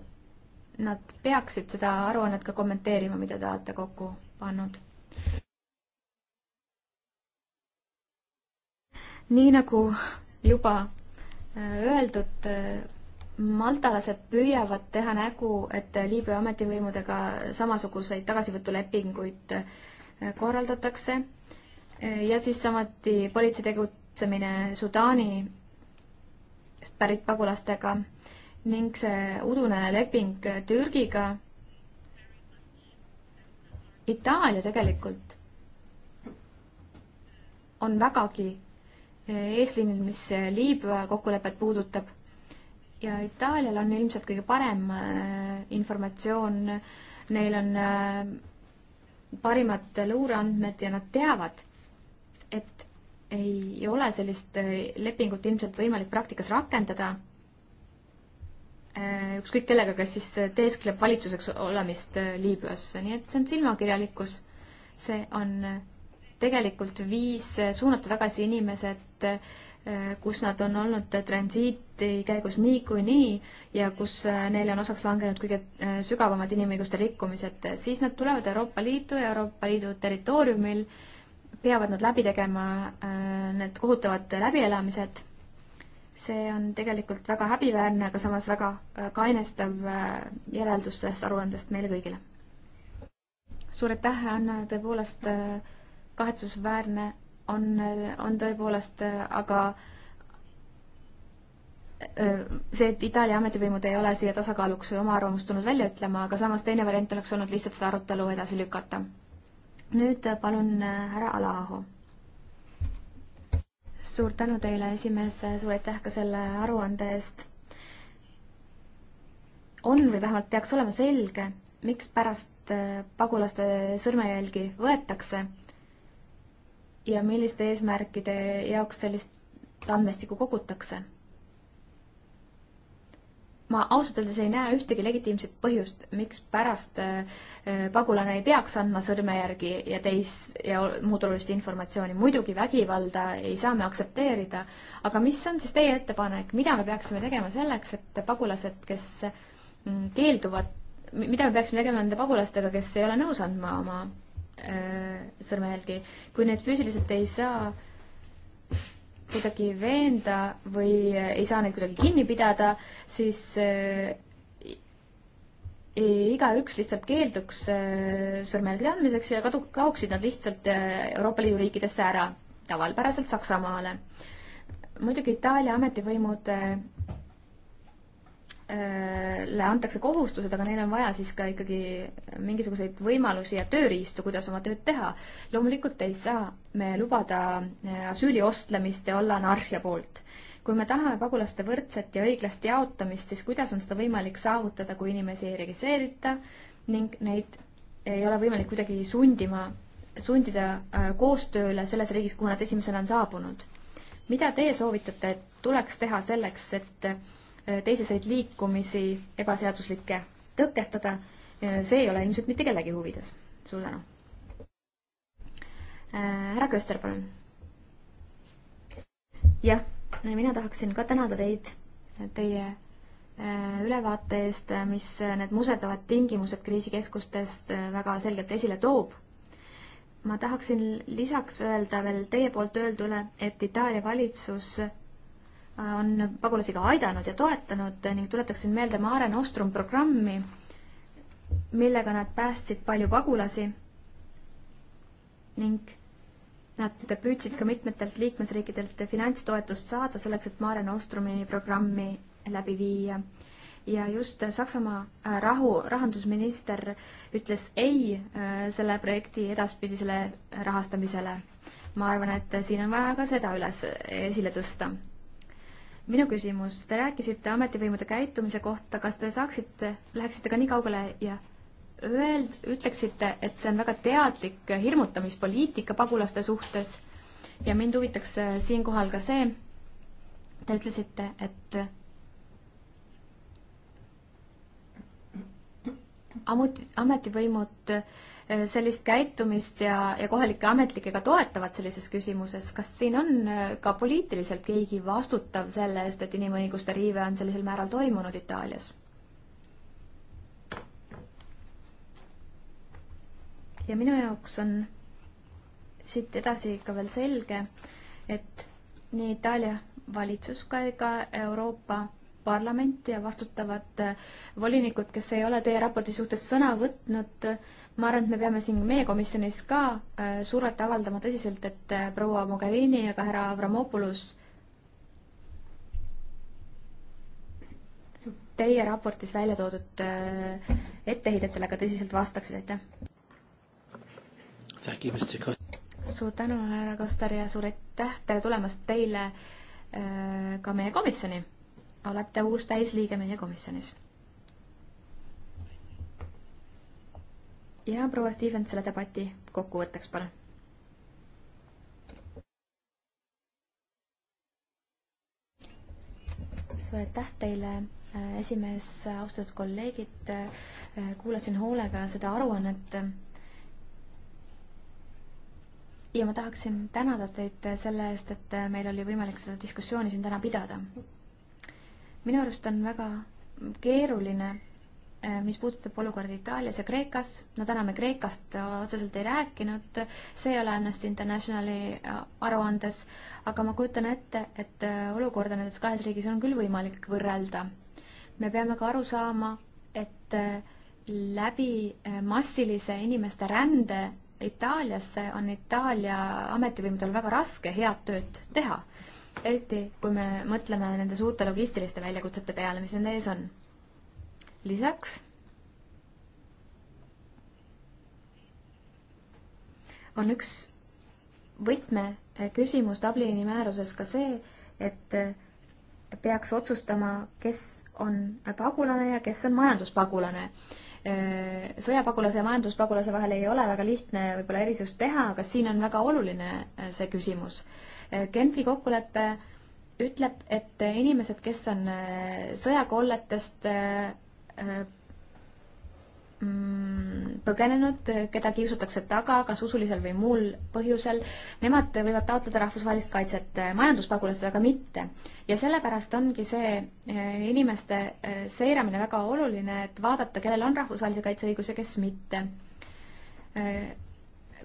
nad peaksid seda aruannet ka kommenteerima, mida te olete kokku pannud. nii nagu juba äh, öeldud, maltalased püüavad teha nägu, et Liibüa ametivõimudega samasuguseid tagasivõtulepinguid äh, korraldatakse ja siis samuti politsei tegutsemine Sudaani pärit pagulastega ning see udune leping Türgiga. Itaalia tegelikult on vägagi eesliinil, mis Liibüa kokkulepet puudutab. ja Itaalial on ilmselt kõige parem äh, informatsioon, neil on äh, parimad luureandmed ja nad teavad, et ei ole sellist äh, lepingut ilmselt võimalik praktikas rakendada. Äh, ükskõik kellega, kes siis äh, teeskleb valitsuseks olemist Liibüas, nii et see on silmakirjalikkus. see on tegelikult viis suunata tagasi inimesed äh, Eh, kus nad on olnud transiiti käigus niikuinii ja kus eh, neile on osaks langenud kõige eh, sügavamad inimõiguste rikkumised, siis nad tulevad Euroopa Liitu ja Euroopa Liidu territooriumil peavad nad läbi tegema need kohutavad läbielamised. see on tegelikult väga häbiväärne, aga samas väga kainestav järeldus sellest aruandest meile kõigile. suur aitäh, Anna, tõepoolest kahetsusväärne on, on tõepoolest, aga see, et Itaalia ametivõimud ei ole siia tasakaaluks oma arvamust tulnud välja ütlema, aga samas teine variant oleks olnud lihtsalt seda arutelu edasi lükata. nüüd palun härra Alaaho. suur tänu teile, esimees, suur aitäh ka selle aruande eest. on või vähemalt peaks olema selge, mikspärast äh, pagulaste sõrmejälgi võetakse ja milliste eesmärkide jaoks sellist andmestikku kogutakse? ma ausalt öeldes ei näe ühtegi legitiimset põhjust, miks pärast äh, pagulane ei peaks andma sõrmejärgi ja teis ja muud olulist informatsiooni. muidugi vägivalda ei saa me aktsepteerida, aga mis on siis teie ettepanek, mida me peaksime tegema selleks, et pagulased, kes mm, keelduvad, mida me peaksime tegema nende pagulastega, kes ei ole nõus andma oma Äh, sõrmejälgi, kui neid füüsiliselt ei saa kuidagi veenda või ei saa neid kuidagi kinni pidada, siis äh, igaüks lihtsalt keelduks äh, sõrmejälgede andmiseks ja kadu, kaoksid nad lihtsalt äh, Euroopa Liidu riikidesse ära, tavalpäraselt Saksamaale. muidugi Itaalia ametivõimud äh, le äh, antakse kohustused, aga neil on vaja siis ka ikkagi mingisuguseid võimalusi ja tööriistu, kuidas oma tööd teha. loomulikult ei saa me lubada äh, asüüli ostlemist ja olla anarhia poolt. kui me tahame pagulaste võrdset ja õiglast jaotamist, siis kuidas on seda võimalik saavutada, kui inimesi ei registreerita ning neid ei ole võimalik kuidagi sundima, sundida äh, koostööle selles riigis, kuhu nad esimesena on saabunud. mida teie soovitate, et tuleks teha selleks, et Äh, teiseseid liikumisi ebaseaduslikke tõkestada, äh, see ei ole ilmselt mitte kellegi huvides. suur tänu. Äh, härra Köster, palun. jah, mina tahaksin ka tänada teid, teie ülevaate eest, mis need muserdavad tingimused kriisikeskustest väga selgelt esile toob. ma tahaksin lisaks öelda veel teie poolt öeldule, et Itaalia valitsus on pagulasi ka aidanud ja toetanud ning tuletaksin meelde Mare Nostrum programmi, millega nad päästsid palju pagulasi ning nad püüdsid ka mitmetelt liikmesriikidelt finantstoetust saada selleks, et Mare Nostrumi programmi läbi viia. ja just Saksamaa äh, rahu, rahandusminister ütles ei äh, selle projekti edaspidisele rahastamisele. ma arvan, et siin on vaja ka seda üles, esile tõsta minu küsimus, te rääkisite ametivõimude käitumise kohta, kas te saaksite, läheksite ka nii kaugele ja öeld-, ütleksite, et see on väga teadlik hirmutamispoliitika pagulaste suhtes ja mind huvitaks äh, siinkohal ka see, te ütlesite, et ammuti, ametivõimud äh, Äh, sellist käitumist ja, ja kohalikke ametnikke ka toetavad sellises küsimuses, kas siin on äh, ka poliitiliselt keegi vastutav selle eest, et inimõiguste riive on sellisel määral toimunud Itaalias? ja minu jaoks on siit edasi ikka veel selge, et nii Itaalia valitsus kui ka Euroopa parlament ja vastutavad äh, volinikud, kes ei ole teie raporti suhtes sõna võtnud, ma arvan, et me peame siin meie komisjonis ka äh, survet avaldama tõsiselt, et äh, proua Mogherini ja ka härra Avramopoulos teie raportis välja toodud etteheidetele ka tõsiselt vastaksid, aitäh! suur tänu, härra Kostar ja suur aitäh, tere tulemast teile ka meie komisjoni! olete uus täisliige meie komisjonis. ja proua Stevens selle debati kokkuvõtteks, palun. suur aitäh teile äh, esimees, äh, austatud kolleegid, äh, kuulasin hoolega seda aruannet. ja ma tahaksin tänada teid selle eest, et meil oli võimalik seda diskussiooni siin täna pidada minu arust on väga keeruline, äh, mis puudutab olukorda Itaalias ja Kreekas, no täna me Kreekast äh, otseselt ei rääkinud, see ei ole Amnesty Internationali äh, aruandes, aga ma kujutan ette, et olukorda nendes kahes riigis on küll võimalik võrrelda. me peame ka aru saama, et läbi massilise inimeste rände Itaaliasse on Itaalia ametivõimudel väga raske head tööd teha eriti kui me mõtleme nende suurte logistiliste väljakutsete peale, mis nende ees on. lisaks on üks võtmeküsimus eh, Dublini määruses ka see, et eh, peaks otsustama, kes on pagulane ja kes on majanduspagulane. Eh, sõjapagulase ja majanduspagulase vahel ei ole väga lihtne võib-olla erisust teha, aga siin on väga oluline see küsimus. Genfi kokkulepe ütleb, et inimesed, kes on äh, sõjakolletest äh, äh, mm, põgenenud, keda kiusatakse taga, kas usulisel või muul põhjusel, nemad võivad taotleda rahvusvahelist kaitset, majanduspagulased aga mitte. ja sellepärast ongi see inimeste seiramine väga oluline, et vaadata, kellel on rahvusvahelise kaitse õigus ja kes mitte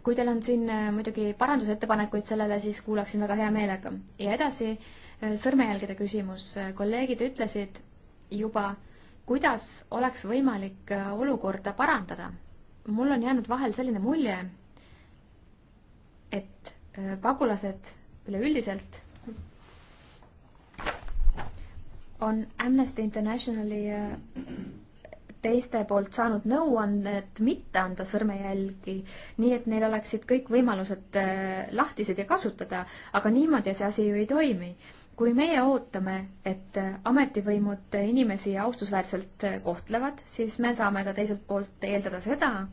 kui teil on siin äh, muidugi parandusettepanekuid sellele, siis kuulaksin väga hea meelega. ja edasi, äh, sõrmejälgede küsimus. Äh, kolleegid ütlesid juba, kuidas oleks võimalik olukorda parandada. mul on jäänud vahel selline mulje, et pagulased üleüldiselt on Amnesty Internationali teiste poolt saanud nõuannet mitte anda sõrmejälgi, nii et neil oleksid kõik võimalused äh, lahtised ja kasutada, aga niimoodi see asi ju ei toimi. kui meie ootame, et äh, ametivõimud inimesi austusväärselt äh, kohtlevad, siis me saame ka teiselt poolt eeldada seda,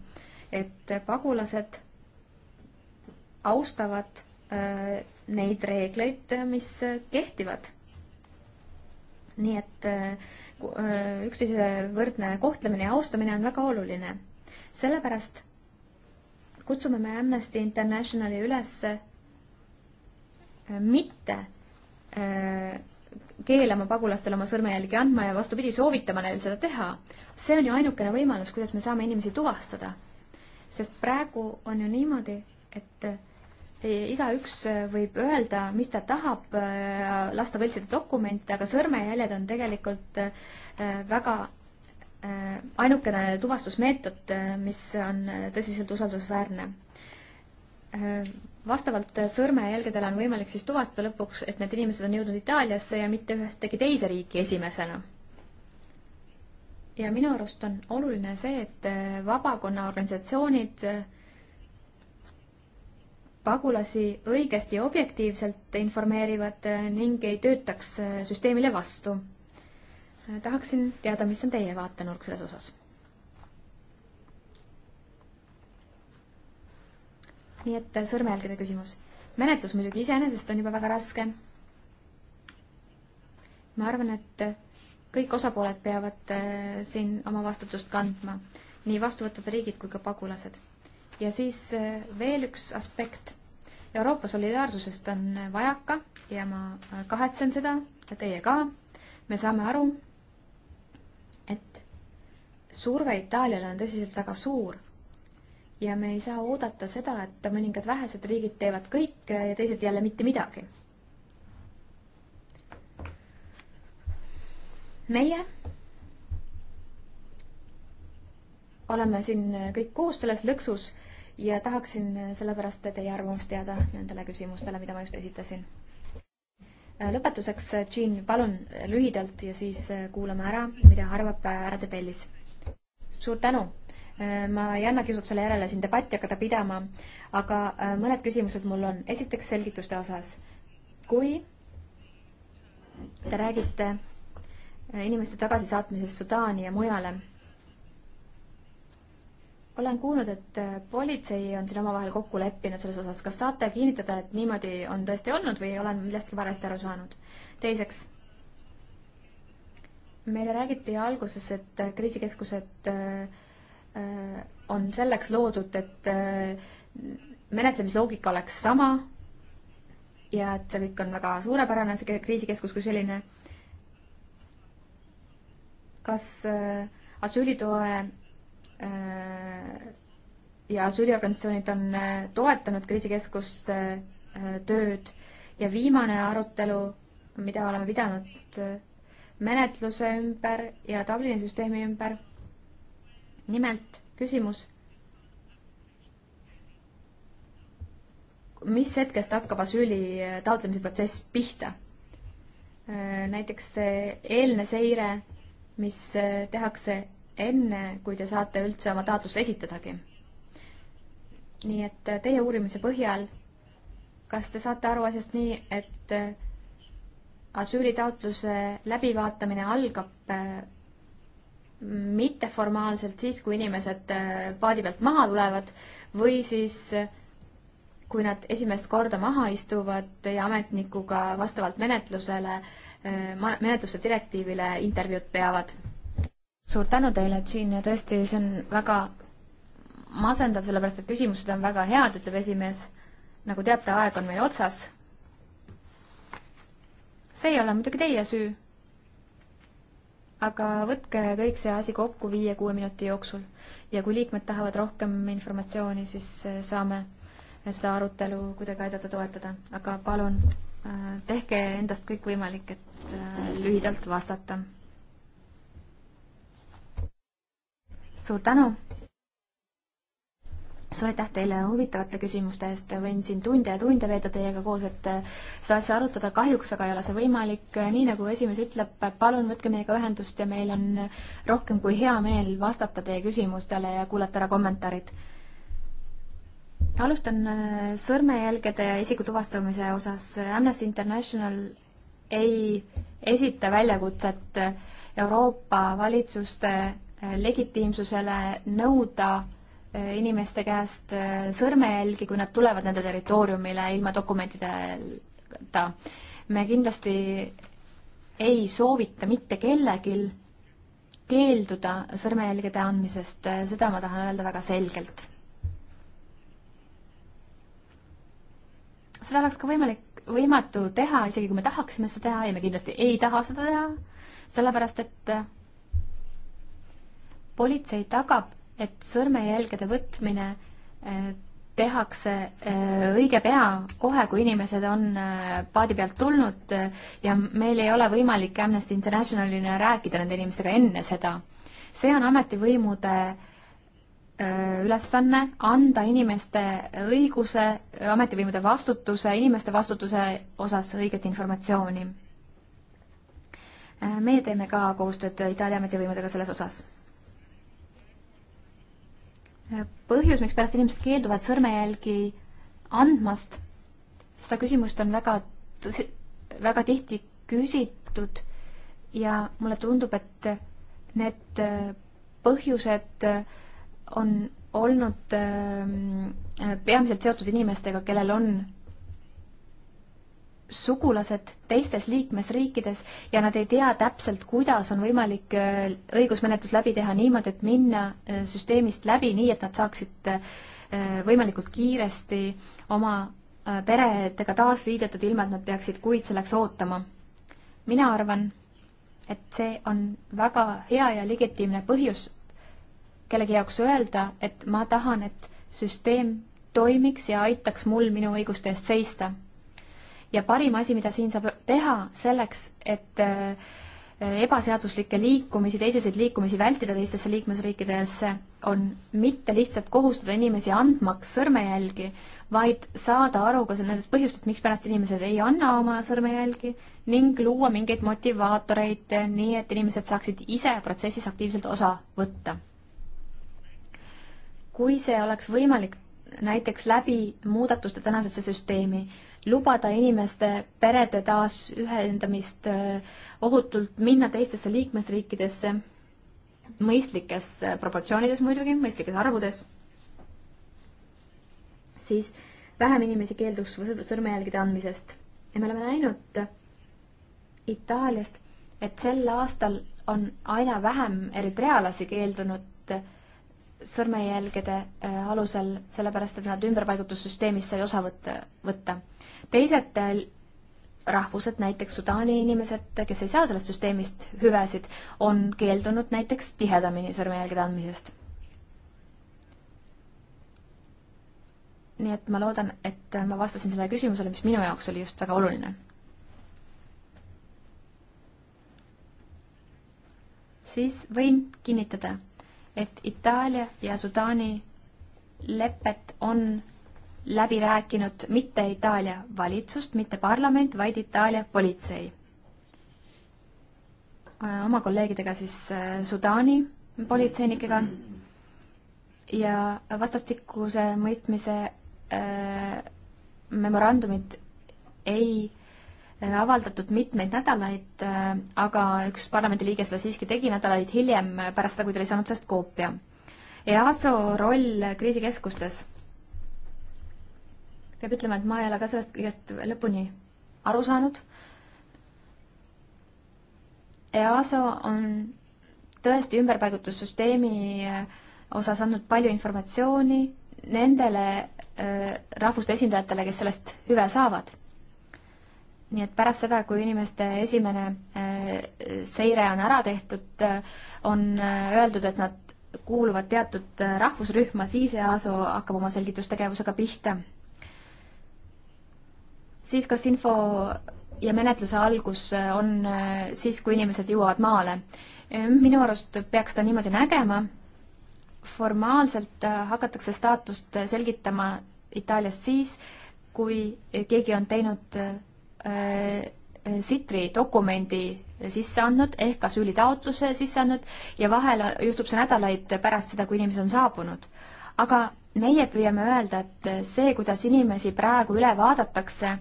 et pagulased austavad neid reegleid, mis kehtivad. nii et äh, Äh, üksteise võrdne kohtlemine ja austamine on väga oluline. sellepärast kutsume me Amnesty Internationali üles äh, mitte äh, keelama pagulastel oma sõrmejälgi andma ja vastupidi, soovitama neil seda teha. see on ju ainukene võimalus, kuidas me saame inimesi tuvastada. sest praegu on ju niimoodi, et igaüks äh, võib öelda, mis ta tahab, äh, lasta võltsida dokumente, aga sõrmejäljed on tegelikult äh, väga ainukene tuvastusmeetod, mis on tõsiselt usaldusväärne. vastavalt sõrmejälgedele on võimalik siis tuvastada lõpuks, et need inimesed on jõudnud Itaaliasse ja mitte ühestegi teise riiki esimesena ja minu arust on oluline see, et vabakonnaorganisatsioonid pagulasi õigesti ja objektiivselt informeerivad eh, ning ei töötaks eh, süsteemile vastu. Eh, tahaksin teada, mis on teie vaatenurk selles osas? nii et sõrmejälgede küsimus. menetlus muidugi iseenesest on juba väga raske. ma arvan, et kõik osapooled peavad siin oma vastutust kandma, nii vastuvõtvad riigid kui ka pagulased ja siis eh, veel üks aspekt. Euroopa solidaarsusest on vajaka ja ma eh, kahetsen seda ja teie ka. me saame aru, et surve Itaaliale on tõsiselt väga suur ja me ei saa oodata seda, et mõningad vähesed riigid teevad kõik ja teised jälle mitte midagi. meie oleme siin kõik koos selles lõksus ja tahaksin sellepärast teie arvamust teada nendele küsimustele, mida ma just esitasin. Äh, lõpetuseks, äh, Jean, palun äh, lühidalt ja siis kuulame ära, mida arvab härra De Bellis. suur tänu! ma ei anna kiusatusele järele siin debatti hakata pidama, aga mõned küsimused mul on. esiteks selgituste osas. kui te räägite inimeste tagasisaatmisest Sudaani ja mujale olen kuulnud, et äh, politsei on siin omavahel kokku leppinud selles osas, kas saate kinnitada, et niimoodi on tõesti olnud või olen millestki valesti aru saanud? teiseks, meile räägiti alguses, et äh, kriisikeskused äh, on selleks loodud, et menetlemisloogika oleks sama ja et see kõik on väga suurepärane, see kriisikeskus kui selline. kas asüülitoe Äh, ja asüüliorganisatsioonid on äh, toetanud kriisikeskuste äh, tööd ja viimane arutelu, mida oleme pidanud menetluse ümber ja Dublini süsteemi ümber. nimelt küsimus. mis hetkest hakkab asüüli taotlemise protsess pihta? näiteks eelne seire, mis tehakse enne, kui te saate üldse oma taotlust esitadagi. nii et äh, teie uurimise põhjal, kas te saate aru asjast nii, et äh, asüülitaotluse läbivaatamine algab äh, mitteformaalselt siis, kui inimesed paadi pealt maha tulevad või siis kui nad esimest korda maha istuvad ja ametnikuga vastavalt menetlusele, menetluse direktiivile intervjuud peavad suur tänu teile, Jean, ja tõesti, see on väga masendav, sellepärast et küsimused on väga head, ütleb esimees. nagu teate, aeg on meil otsas. see ei ole muidugi teie süü. aga võtke kõik see asi kokku viie-kuue minuti jooksul ja kui liikmed tahavad rohkem informatsiooni, siis eh, saame seda arutelu kuidagi aidata toetada, aga palun eh, tehke endast kõik võimalik, et eh, lühidalt vastata suur tänu! suur aitäh teile huvitavate küsimuste eest, võin siin tunde ja tunde veeda teiega koos, et äh, seda asja arutada kahjuks aga ei ole see võimalik, äh, nii nagu esimees ütleb, palun võtke meiega ühendust ja meil on äh, rohkem kui hea meel vastata teie küsimustele ja kuulata ära kommentaarid. alustan sõrmejälgede ja isiku tuvastamise osas, Amnesty International ei esita väljakutset Euroopa valitsuste legitiimsusele nõuda äh, inimeste käest äh, sõrmejälgi, kui nad tulevad nende territooriumile ilma dokumentideta. me kindlasti ei soovita mitte kellelgi keelduda sõrmejälgede andmisest, äh, seda ma tahan öelda väga selgelt. seda oleks ka võimalik, võimatu teha, isegi kui me tahaksime seda teha ja me kindlasti ei taha seda teha, sellepärast et politsei tagab, et sõrmejälgede võtmine äh, tehakse äh, õige pea, kohe kui inimesed on äh, paadi pealt tulnud ja meil ei ole võimalik Amnesty Internationalina rääkida nende inimestega enne seda. see on ametivõimude ülesanne anda inimeste õiguse, ametivõimude vastutuse, inimeste vastutuse osas õiget informatsiooni. meie teeme ka koostööd Itaalia ametivõimudega selles osas põhjus, mikspärast inimesed keelduvad sõrmejälgi andmast, seda küsimust on väga, väga tihti küsitud ja mulle tundub, et need äh, põhjused äh, on olnud äh, peamiselt seotud inimestega, kellel on sugulased teistes liikmesriikides ja nad ei tea täpselt, kuidas on võimalik äh, õigusmenetlus läbi teha niimoodi, et minna äh, süsteemist läbi nii, et nad saaksid äh, võimalikult kiiresti oma peredega taasliidetud, ilma et nad peaksid kuid selleks ootama. mina arvan, et see on väga hea ja legitiimne põhjus kellegi jaoks öelda, et ma tahan, et süsteem toimiks ja aitaks mul minu õiguste eest seista ja parim asi, mida siin saab teha selleks, et äh, ebaseaduslikke liikumisi, teiseseid liikumisi vältida teistesse liikmesriikidesse, on mitte lihtsalt kohustada inimesi andmaks sõrmejälgi, vaid saada aru ka nendest põhjustest, mikspärast inimesed ei anna oma sõrmejälgi ning luua mingeid motivaatoreid, nii et inimesed saaksid ise protsessis aktiivselt osa võtta. kui see oleks võimalik näiteks läbi muudatuste tänasesse süsteemi, lubada inimeste perede taasühendamist, äh, ohutult minna teistesse liikmesriikidesse, mõistlikes äh, proportsioonides muidugi, mõistlikes arvudes, siis vähem inimesi keelduks sõrmejälgede andmisest. ja me oleme näinud Itaaliast, et sel aastal on aina vähem eritrealasi keeldunud äh, sõrmejälgede alusel, sellepärast et nad ümberpaigutussüsteemist sai osa võtta, võtta teised äh, rahvused, näiteks Sudaani inimesed, kes ei saa sellest süsteemist hüvesid, on keeldunud näiteks tihedamini sõrmejälgede andmisest. nii et ma loodan, et ma vastasin sellele küsimusele, mis minu jaoks oli just väga oluline. siis võin kinnitada, et Itaalia ja Sudaani lepet on läbi rääkinud mitte Itaalia valitsust, mitte parlament, vaid Itaalia politsei. Äh, oma kolleegidega siis äh, Sudaani politseinikega ja vastastikuse mõistmise äh, memorandumit ei äh, avaldatud mitmeid nädalaid äh,, aga üks parlamendiliige seda siiski tegi nädalaid hiljem, pärast seda, kui ta oli saanud sellest koopia. EASO roll kriisikeskustes peab ütlema, et ma ei ole ka sellest kõigest lõpuni aru saanud. EASO on tõesti ümberpaigutussüsteemi äh, osas andnud palju informatsiooni nendele äh, rahvuste esindajatele, kes sellest hüve saavad. nii et pärast seda, kui inimeste esimene äh, seire on ära tehtud, on öeldud, et nad kuuluvad teatud rahvusrühma, siis EASO hakkab oma selgitustegevusega pihta siis kas info ja menetluse algus äh, on äh, siis, kui inimesed jõuavad maale? Äh, minu arust peaks seda niimoodi nägema. formaalselt hakatakse staatust selgitama Itaalias siis, kui keegi on teinud sitri dokumendi sisse andnud ehk asüülitaotluse sisse andnud ja vahel juhtub see nädalaid pärast seda, kui inimesed on saabunud. aga meie püüame öelda, et see, kuidas inimesi praegu üle vaadatakse,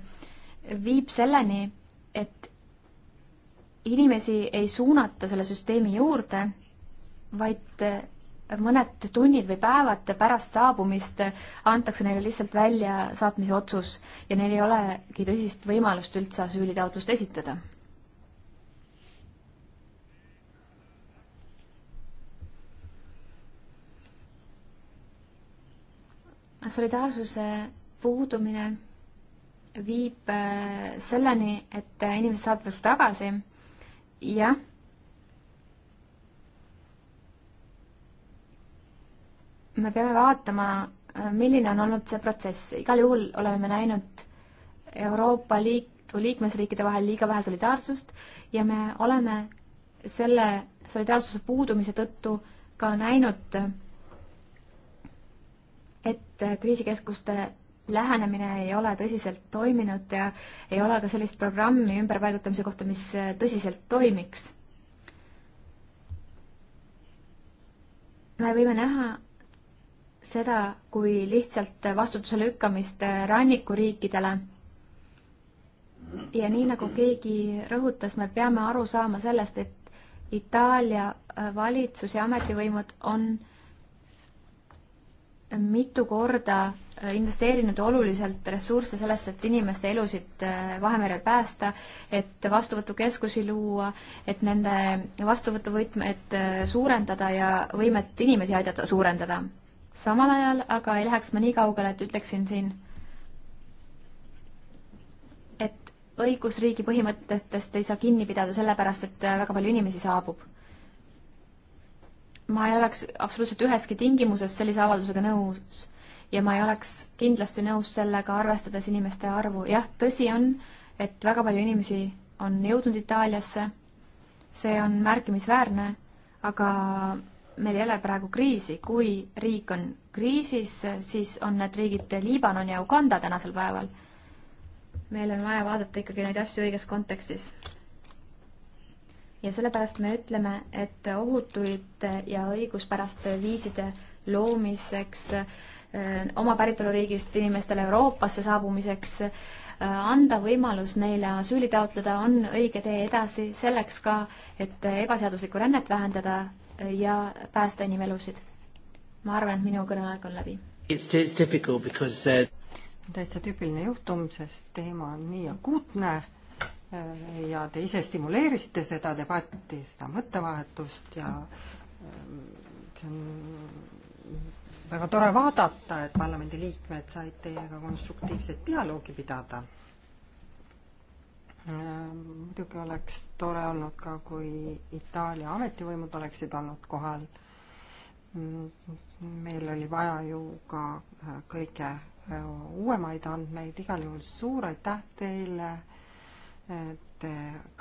viib selleni, et inimesi ei suunata selle süsteemi juurde, vaid äh, mõned tunnid või päevad pärast saabumist antakse neile lihtsalt välja saatmise otsus ja neil ei olegi tõsist võimalust üldse asüülitaotlust esitada. solidaarsuse puudumine viib äh, selleni, et äh, inimesed saadetakse tagasi. jah. me peame vaatama, äh, milline on olnud see protsess, igal juhul oleme näinud Euroopa Liidu liikmesriikide vahel liiga vähe solidaarsust ja me oleme selle solidaarsuse puudumise tõttu ka näinud, et kriisikeskuste lähenemine ei ole tõsiselt toiminud ja ei ole ka sellist programmi ümberpaigutamise kohta, mis äh, tõsiselt toimiks. me võime näha seda kui lihtsalt vastutuse lükkamist äh, rannikuriikidele. ja nii, nagu keegi rõhutas, me peame aru saama sellest, et Itaalia äh, valitsus ja ametivõimud on mitu korda Äh, investeerinud oluliselt ressursse sellesse, et inimeste elusid äh, Vahemerel päästa, et vastuvõtukeskusi luua, et nende vastuvõtuvõtmed äh, suurendada ja võimet inimesi aidata suurendada. samal ajal aga ei läheks ma nii kaugele, et ütleksin siin, et õigusriigi põhimõtetest ei saa kinni pidada sellepärast, et väga palju inimesi saabub. ma ei oleks absoluutselt üheski tingimuses sellise avaldusega nõus ja ma ei oleks kindlasti nõus sellega, arvestades inimeste arvu. jah, tõsi on, et väga palju inimesi on jõudnud Itaaliasse, see on märkimisväärne, aga meil ei ole praegu kriisi, kui riik on kriisis, siis on need riigid Liibanon ja Uganda tänasel päeval. meil on vaja vaadata ikkagi neid asju õiges kontekstis. ja sellepärast me ütleme, et ohutuid ja õiguspäraste viiside loomiseks äh, oma päritoluriigist inimestele Euroopasse saabumiseks, anda võimalus neile asüüli taotleda, on õige tee edasi selleks ka, et ebaseaduslikku rännet vähendada ja päästa inimelusid. ma arvan, et minu kõneaeg on läbi. Because... Uh, täitsa tüüpiline juhtum, sest teema on nii akuutne ja te ise stimuleerisite seda debatti, seda mõttevahetust ja see on väga tore vaadata, et parlamendiliikmed said teiega konstruktiivset dialoogi pidada. Äh, muidugi oleks tore olnud ka, kui Itaalia ametivõimud oleksid olnud kohal. Mm, meil oli vaja ju ka äh, kõige äh, uuemaid andmeid, igal juhul suur aitäh teile. Te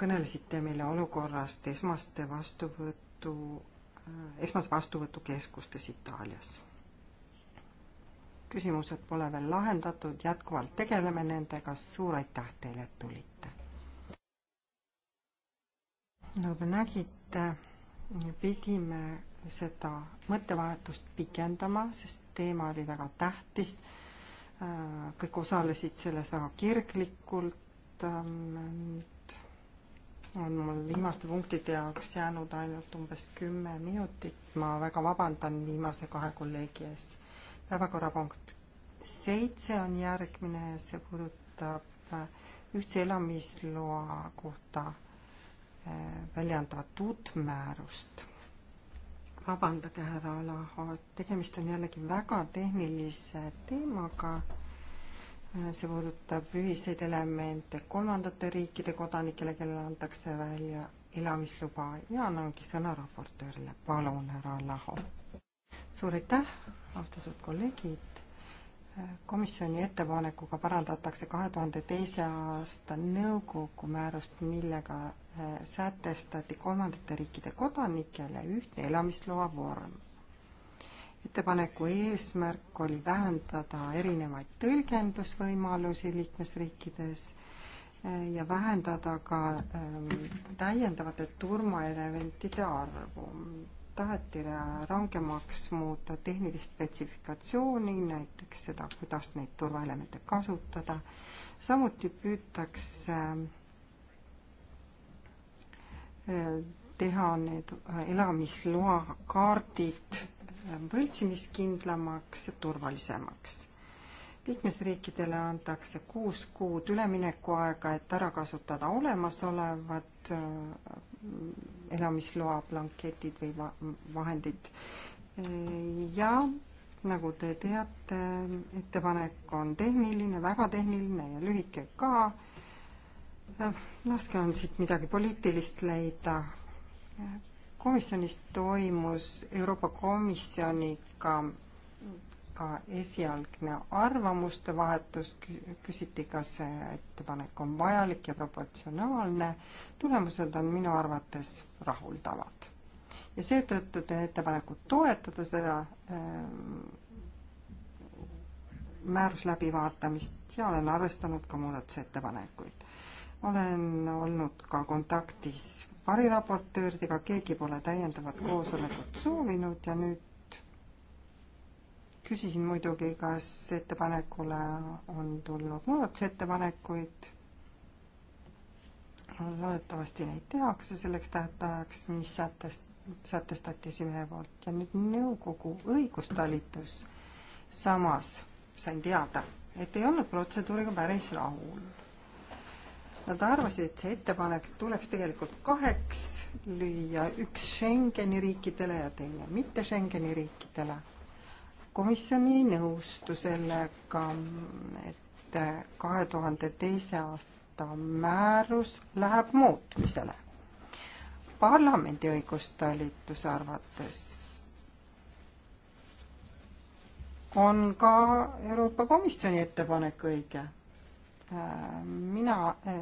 kõnelesite meile olukorrast esmaste vastuvõtu, esmase vastuvõtukeskustes Itaalias küsimused pole veel lahendatud, jätkuvalt tegeleme nendega, suur aitäh teile, et tulite! nagu te nägite, pidime seda mõttevahetust pikendama, sest teema oli väga tähtis, kõik osalesid selles väga kirglikult, on mul viimaste punktide jaoks jäänud ainult umbes kümme minutit, ma väga vabandan viimase kahe kolleegi ees päevakorrapunkt seitse on järgmine, see puudutab äh, ühtse elamisloa kohta äh, välja antavat uut määrust. vabandage, härra Alaho, tegemist on jällegi väga tehnilise teemaga äh, see puudutab ühiseid elemente kolmandate riikide kodanikele, kellele antakse välja elamisluba ja annangi sõna raportöörile. palun, härra Laho. suur aitäh, austatud kolleegid, komisjoni ettepanekuga parandatakse kahe tuhande teise aasta nõukogu määrust, millega eh, sätestati kolmandate riikide kodanikele ühtne elamisloa vorm. ettepaneku eesmärk oli vähendada erinevaid tõlgendusvõimalusi liikmesriikides eh, ja vähendada ka eh, täiendavate turmaelementide arvu taheti rangemaks muuta tehnilist spetsifikatsiooni, näiteks seda, kuidas neid turvaelemente kasutada. samuti püütakse äh, teha need äh, elamisloa kaardid äh, võltsimiskindlamaks ja turvalisemaks. liikmesriikidele antakse kuus kuud üleminekuaega, et ära kasutada olemasolevad elamisloa blanketid või va vahendid. ja nagu te teate, ettepanek on tehniline, väga tehniline ja lühike ka. laske on siit midagi poliitilist leida. komisjonis toimus Euroopa Komisjoniga ka esialgne arvamuste vahetus, küsiti, kas see ettepanek on vajalik ja proportsionaalne. tulemused on minu arvates rahuldavad ja seetõttu teen ettepaneku toetada seda ähm, määrus läbivaatamist ja olen arvestanud ka muudatusettepanekuid. olen olnud ka kontaktis variraportööridega, keegi pole täiendavat koosolekut soovinud ja nüüd küsisin muidugi, kas ettepanekule on tulnud muudatusettepanekuid. loodetavasti neid tehakse selleks tähtajaks, mis sätest, sätestati Sive poolt ja nüüd nõukogu õigustalitus samas sain teada, et ei olnud protseduuriga päris rahul. Nad arvasid, et see ettepanek tuleks tegelikult kaheks lüüa, üks Schengeni riikidele ja teine mitte Schengeni riikidele komisjon ei nõustu sellega, et kahe tuhande teise aasta määrus läheb muutmisele. parlamendi õigustalituse arvates on ka Euroopa Komisjoni ettepanek õige. mina eh,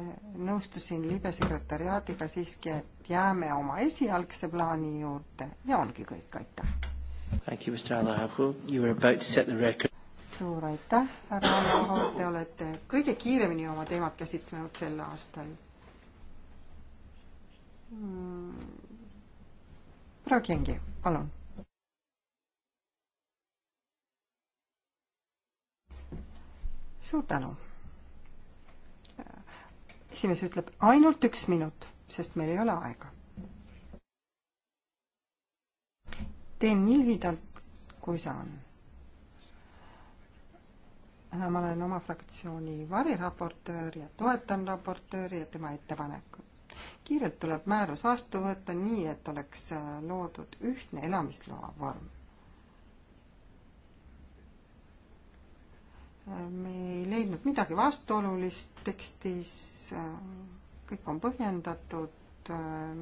nõustusin libesekretäriaadiga siiski, et jääme oma esialgse plaani juurde ja ongi kõik, aitäh! suur aitäh, härra Alaho, te olete kõige kiiremini oma teemat käsitlenud sel aastal. härra mm. Kingi, palun. suur tänu. esimees ütleb ainult üks minut, sest meil ei ole aega. teen nii lühidalt, kui saan. ma olen oma fraktsiooni variraportöör ja toetan raportööri ja tema ettepanekut. kiirelt tuleb määrus vastu võtta nii, et oleks äh, loodud ühtne elamisloa vorm. Äh, me ei leidnud midagi vastuolulist tekstis, äh, kõik on põhjendatud,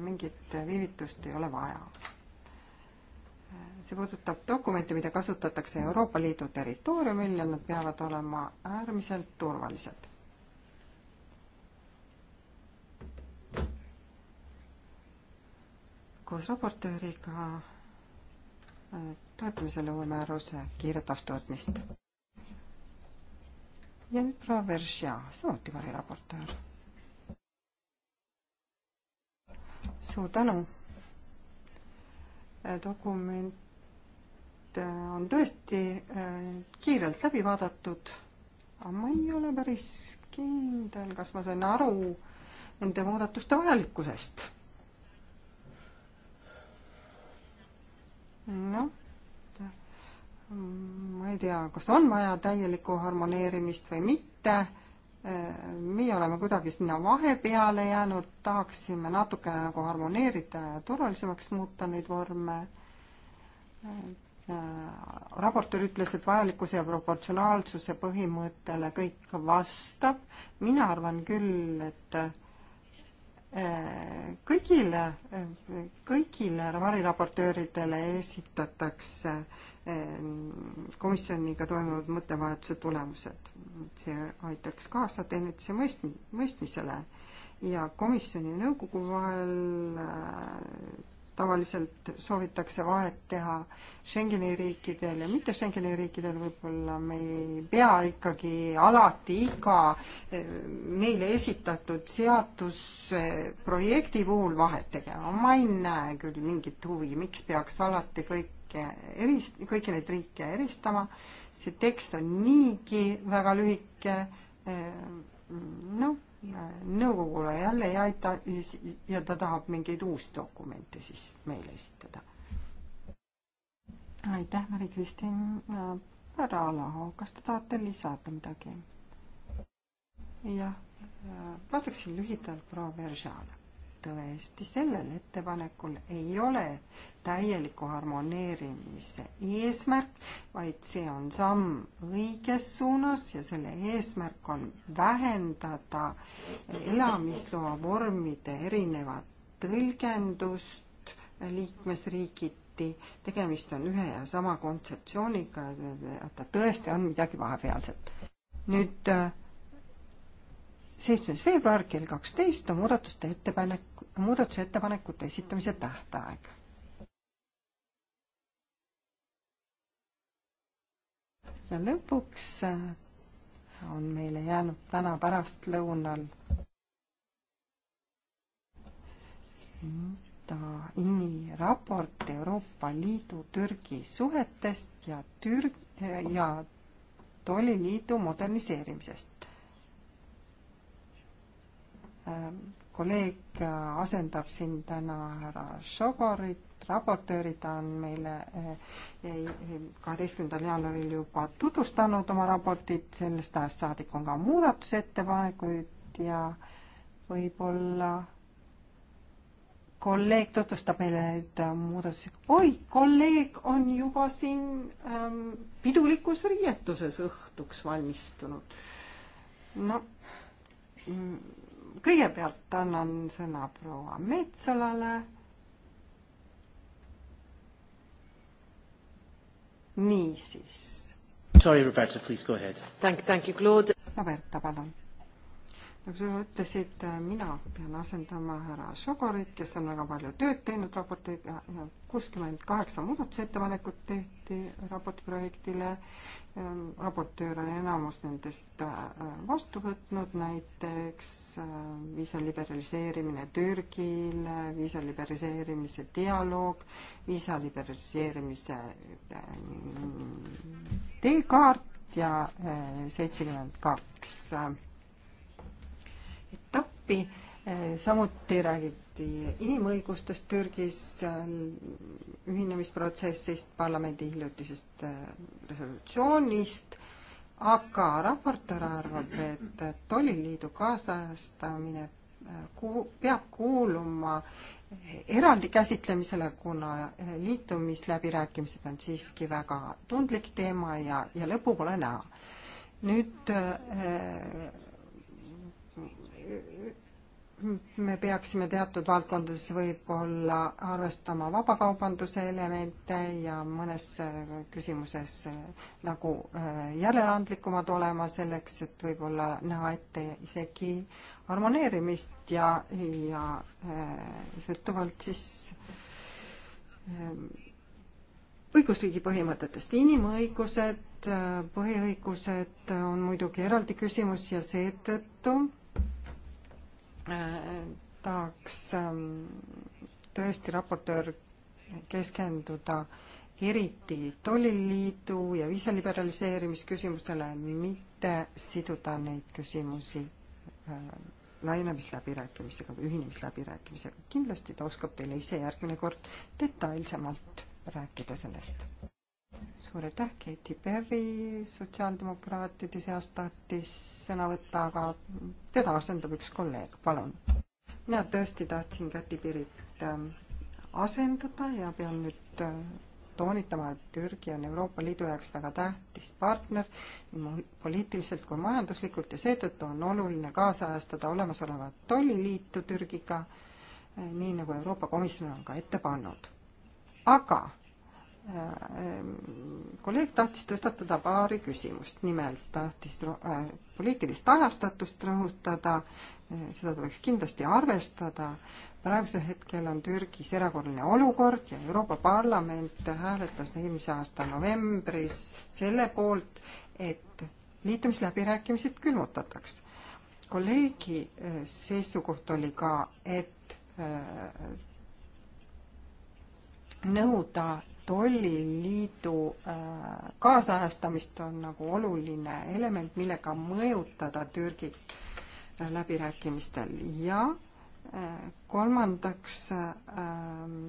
mingit viivitust ei ole vaja see puudutab dokumente, mida kasutatakse Euroopa Liidu territooriumil ja nad peavad olema äärmiselt turvalised. koos raportööriga äh, toetame selle uue määruse kiiret vastuvõtmist. ja nüüd proua Veržja, samuti variraportöör. suur tänu Äh, dokument äh, on tõesti äh, kiirelt läbi vaadatud, aga ma ei ole päris kindel, kas ma sain aru nende muudatuste vajalikkusest. noh, ma ei tea, kas on vaja täielikku harmoneerimist või mitte meie oleme kuidagi sinna vahepeale jäänud, tahaksime natukene nagu harmoneerida ja turvalisemaks muuta neid vorme. raportöör ütles, et vajalikkuse ja proportsionaalsuse põhimõttele kõik vastab. mina arvan küll, et kõigile, kõigile variraportööridele esitatakse ehm, komisjoniga toimunud mõttevahetuse tulemused. see aitaks kaasa teineteise mõist-, mõistmisele ja komisjoni ja nõukogu vahel tavaliselt soovitakse vahet teha Schengeni riikidel ja mitte Schengeni riikidel, võib-olla me ei pea ikkagi alati iga eh, meile esitatud seadusprojekti puhul vahet tegema, ma ei näe küll mingit huvi, miks peaks alati kõike erist-, kõiki neid riike eristama, see tekst on niigi väga lühike, eh, noh nõukogule jälle ei aita ja ta tahab mingeid uusi dokumente siis meile esitada. aitäh, Mari-Kristin. härra Alaho, kas te tahate lisada midagi? jah, vastaksin lühidalt proua Veržale. tõesti, sellel ettepanekul ei ole täieliku harmoneerimise eesmärk, vaid see on samm õiges suunas ja selle eesmärk on vähendada elamisloa vormide erinevat tõlgendust liikmesriigiti, tegemist on ühe ja sama kontseptsiooniga, ta tõesti on midagi vahepealset. nüüd äh, seitsmes veebruar kell kaksteist on muudatuste ettepanek, muudatusettepanekute esitamise tähtaeg ja lõpuks äh, on meile jäänud täna pärastlõunal ta INI raport Euroopa Liidu Türgi suhetest ja Türg- ja tolliliidu moderniseerimisest. Ähm, kolleeg äh, asendab siin täna härra Šogorit, raportöörid on meile eh, kaheteistkümnendal jaanuaril juba tutvustanud oma raportit, sellest ajast saadik on ka muudatusettepanekuid ja võib-olla kolleeg tutvustab meile neid eh, muudatusi. oi, kolleeg on juba siin ähm, pidulikus riietuses õhtuks valmistunud. no mm, kõigepealt annan sõna proua Metsolale niisiis. Sorry, Roberta, please go ahead. Thank, thank you, Claude. Roberta, palun nagu sa ütlesid, äh, mina pean asendama härra Šogorit, kes on väga palju tööd teinud raportiga, kuuskümmend kaheksa muudatusettepanekut tehti raporti projektile. Ähm, raportöör on enamus nendest äh, vastu võtnud, näiteks äh, viisa liberaliseerimine Türgile, viisa liberaliseerimise dialoog, viisa liberaliseerimise teekaart ja seitsekümmend kaks appi, eh, samuti räägiti inimõigustest Türgis, ühinemisprotsessist, parlamendi hiljutisest eh, resolutsioonist, aga raportöör arvab, et tolliliidu kaasajastamine eh, kuhu, peab kuuluma eraldi käsitlemisele, kuna liitumisläbirääkimised on siiski väga tundlik teema ja, ja lõpu pole näha. nüüd me peaksime teatud valdkondades võib-olla arvestama vabakaubanduse elemente ja mõnes äh, küsimuses äh, nagu äh, järeleandlikumad olema selleks, et võib-olla näha ette isegi harmoneerimist ja, ja sõltuvalt siis õigusriigi põhimõtetest. inimõigused, põhiõigused on muidugi eraldi küsimus ja seetõttu tahaks ähm, tõesti raportöör keskenduda eriti tolliliidu ja viisaliberaliseerimisküsimustele, mitte siduda neid küsimusi äh, laienemisläbirääkimisega või ühinemisläbirääkimisega. kindlasti ta oskab teile ise järgmine kord detailsemalt rääkida sellest suur aitäh, Katy Perry sotsiaaldemokraatide seast tahtis sõna võtta, aga teda asendab üks kolleeg, palun. mina tõesti tahtsin Katy Perryt ähm, asendada ja pean nüüd äh, toonitama, et Türgi on Euroopa Liidu jaoks väga tähtis partner nii poliitiliselt kui majanduslikult ja seetõttu on oluline kaasajastada olemasolevat tolliliitu Türgiga, äh, nii nagu Euroopa Komisjon on ka ette pannud. aga Äh, äh, kolleeg tahtis tõstatada paari küsimust, nimelt tahtis äh, poliitilist ajastatust rõhutada, äh, seda tuleks kindlasti arvestada. praegusel hetkel on Türgis erakorraline olukord ja Euroopa Parlament hääletas eelmise aasta novembris selle poolt, et liitumisläbirääkimised külmutataks. kolleegi seisukoht oli ka, et äh, nõuda tolliliidu äh, kaasajastamist on nagu oluline element, millega mõjutada Türgit äh, läbirääkimistel ja äh, kolmandaks ähm,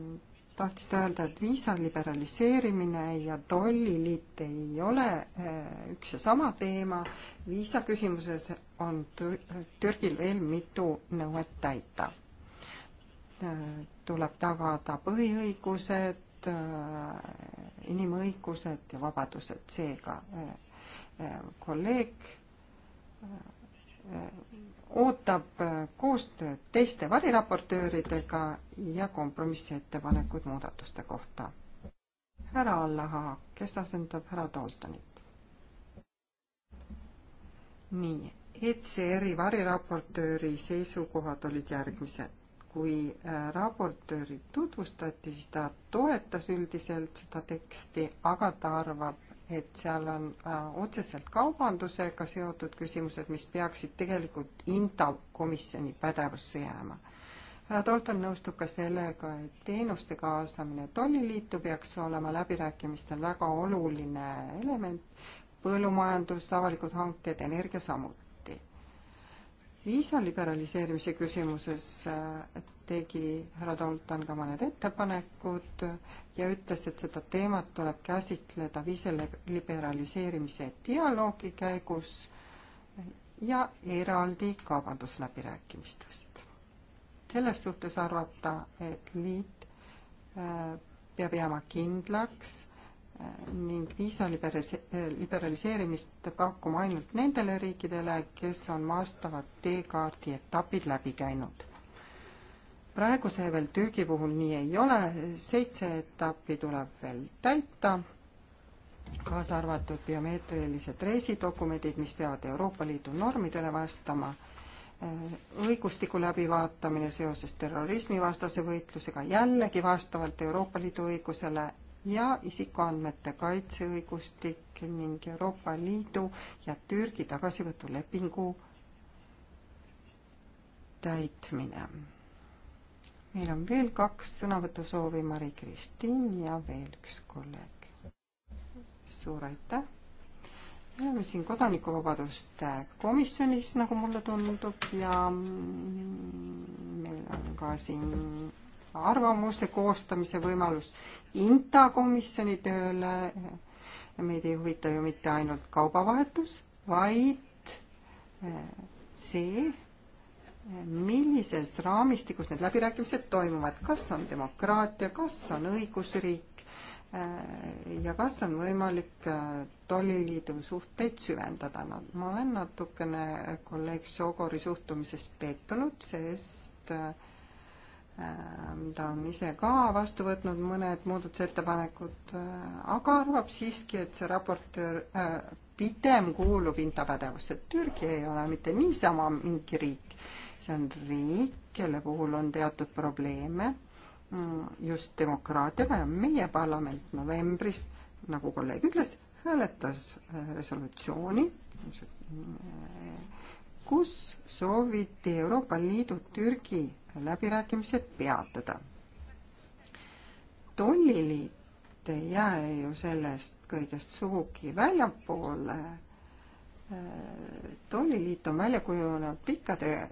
tahtis ta öelda, et viisa liberaliseerimine ja tolliliit ei ole üks ja sama teema. viisa küsimuses on Türgil veel mitu nõuet täita tuleb tagada põhiõigused, Äh, inimõigused ja vabadused, seega äh, äh, kolleeg ootab koostööd teiste variraportööridega ja kompromissettepanekuid muudatuste kohta. härra Allaha, kes asendab härra Daltonit? nii, ECR-i variraportööri seisukohad olid järgmised kui äh, raportööri tutvustati, siis ta toetas üldiselt seda teksti, aga ta arvab, et seal on äh, otseselt kaubandusega seotud küsimused, mis peaksid tegelikult INTA komisjoni pädevusse jääma. härra Tolton nõustub ka sellega, et teenuste kaasamine tolliliitu peaks olema läbirääkimistel väga oluline element, põllumajandus, avalikud hanked, energia samuti viisa liberaliseerimise küsimuses äh, tegi härra Dalton ka mõned ettepanekud ja ütles, et seda teemat tuleb käsitleda viisa liberaliseerimise dialoogi käigus ja eraldi kaubandusläbirääkimistest. selles suhtes arvab ta, et liit äh, peab jääma kindlaks ning viisa liberaliseerimist pakkuma ainult nendele riikidele, kes on vastavad teekaardi etapid läbi käinud. praegu see veel Türgi puhul nii ei ole, seitse etappi tuleb veel täita, kaasa arvatud biomeetrilised reisidokumendid, mis peavad Euroopa Liidu normidele vastama õigustiku läbivaatamine seoses terrorismivastase võitlusega jällegi vastavalt Euroopa Liidu õigusele ja isikuandmete kaitseõigustik ning Euroopa Liidu ja Türgi tagasivõtulepingu täitmine. meil on veel kaks sõnavõtusoovi, Mari-Kristiin ja veel üks kolleeg. suur aitäh! me oleme siin kodanikuvabaduste komisjonis, nagu mulle tundub ja meil on ka siin arvamuse koostamise võimalus INTA komisjoni tööle. meid ei huvita ju mitte ainult kaubavahetus, vaid eh, see, eh, millises raamistikus need läbirääkimised toimuvad, kas on demokraatia, kas on õigusriik eh, ja kas on võimalik tolliliidu suhteid süvendada. ma olen natukene kolleeg Sogori suhtumises pettunud, sest äh, Äh, ta on ise ka vastu võtnud mõned muudatusettepanekud, äh, aga arvab siiski, et see raportöör äh, pigem kuulub Inta pädevusse. Türgi ei ole mitte niisama mingi riik, see on riik, kelle puhul on teatud probleeme mm, just demokraatiaga ja meie parlament novembris, nagu kolleeg ütles, hääletas äh, resolutsiooni, kus sooviti Euroopa Liidu Türgi läbirääkimised peatada. tolliliit ei jää ju sellest kõigest sugugi väljapoole. tolliliit on välja kujunenud pikkade äh,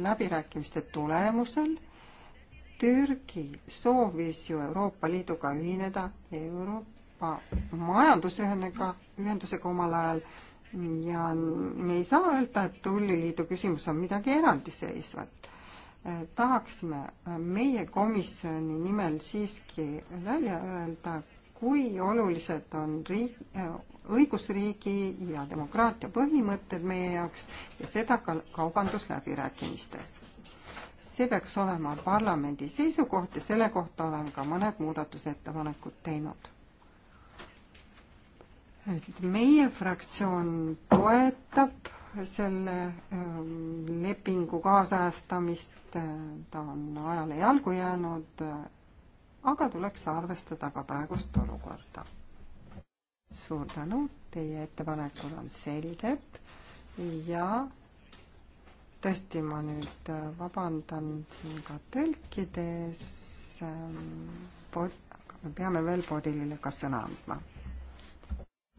läbirääkimiste tulemusel. Türgi soovis ju Euroopa Liiduga ühineda, Euroopa majandusühendusega, ühendusega omal ajal ja me ei saa öelda, et tolliliidu küsimus on midagi eraldiseisvat tahaksime meie komisjoni nimel siiski välja öelda, kui olulised on riik, õigusriigi ja demokraatia põhimõtted meie jaoks ja seda ka kaubandusläbirääkimistes. see peaks olema parlamendi seisukoht ja selle kohta olen ka mõned muudatusettepanekud teinud. et meie fraktsioon toetab selle ähm, lepingu kaasajastamist, äh, ta on ajale jalgu jäänud, äh, aga tuleks arvestada ka praegust olukorda. suur tänu, teie ettepanekud on selged ja tõesti, ma nüüd äh, vabandan siin ka tõlkides, ähm, me peame veel Bodilile ka sõna andma.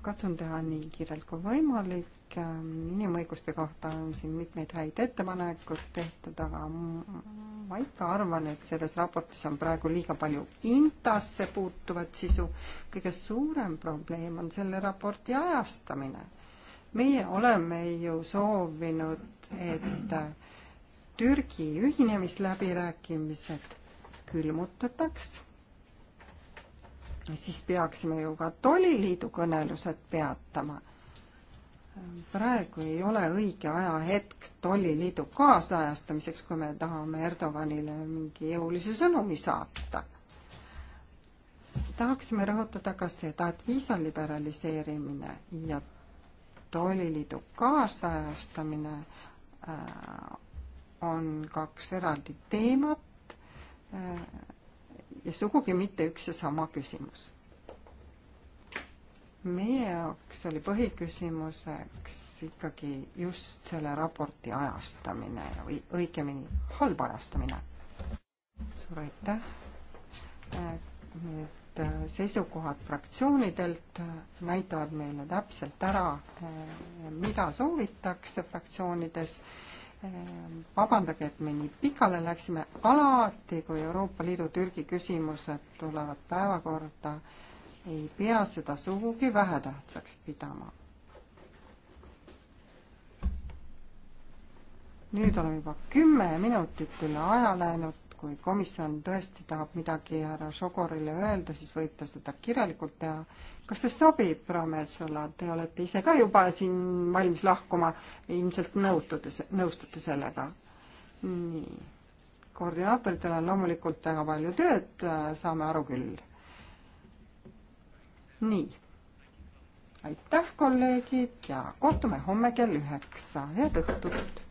katsun teha nii kiirelt kui võimalik Ähm, inimõiguste kohta on siin mitmeid häid ettepanekuid tehtud, aga ma ikka arvan, et selles raportis on praegu liiga palju intasse puutuvat sisu. kõige suurem probleem on selle raporti ajastamine. meie oleme ju soovinud, et äh, Türgi ühinemisläbirääkimised külmutataks siis peaksime ju ka tolliliidu kõnelused peatama praegu ei ole õige ajahetk tolliliidu kaasajastamiseks, kui me tahame Erdoganile mingi jõulise sõnumi saata. tahaksime rõhutada ka seda, et viisa liberaliseerimine ja tolliliidu kaasajastamine äh, on kaks eraldi teemat äh, ja sugugi mitte üks ja sama küsimus meie jaoks oli põhiküsimuseks ikkagi just selle raporti ajastamine või õigemini halb ajastamine. suur aitäh. Need seisukohad fraktsioonidelt näitavad meile täpselt ära, mida soovitakse fraktsioonides vabandage, et me nii pikale läksime, alati kui Euroopa Liidu Türgi küsimused tulevad päevakorda äh,, ei pea seda sugugi vähetähtsaks pidama. nüüd oleme juba kümme minutit üle aja läinud, kui komisjon tõesti tahab midagi härra Šogorile öelda, siis võib ta seda kirjalikult teha. kas see sobib, Ramessola, te olete ise ka juba siin valmis lahkuma, ilmselt nõutute, nõustute sellega? nii, koordinaatoritel on loomulikult väga palju tööd, saame aru küll nii. aitäh, kolleegid ja kohtume homme kell üheksa, head õhtut.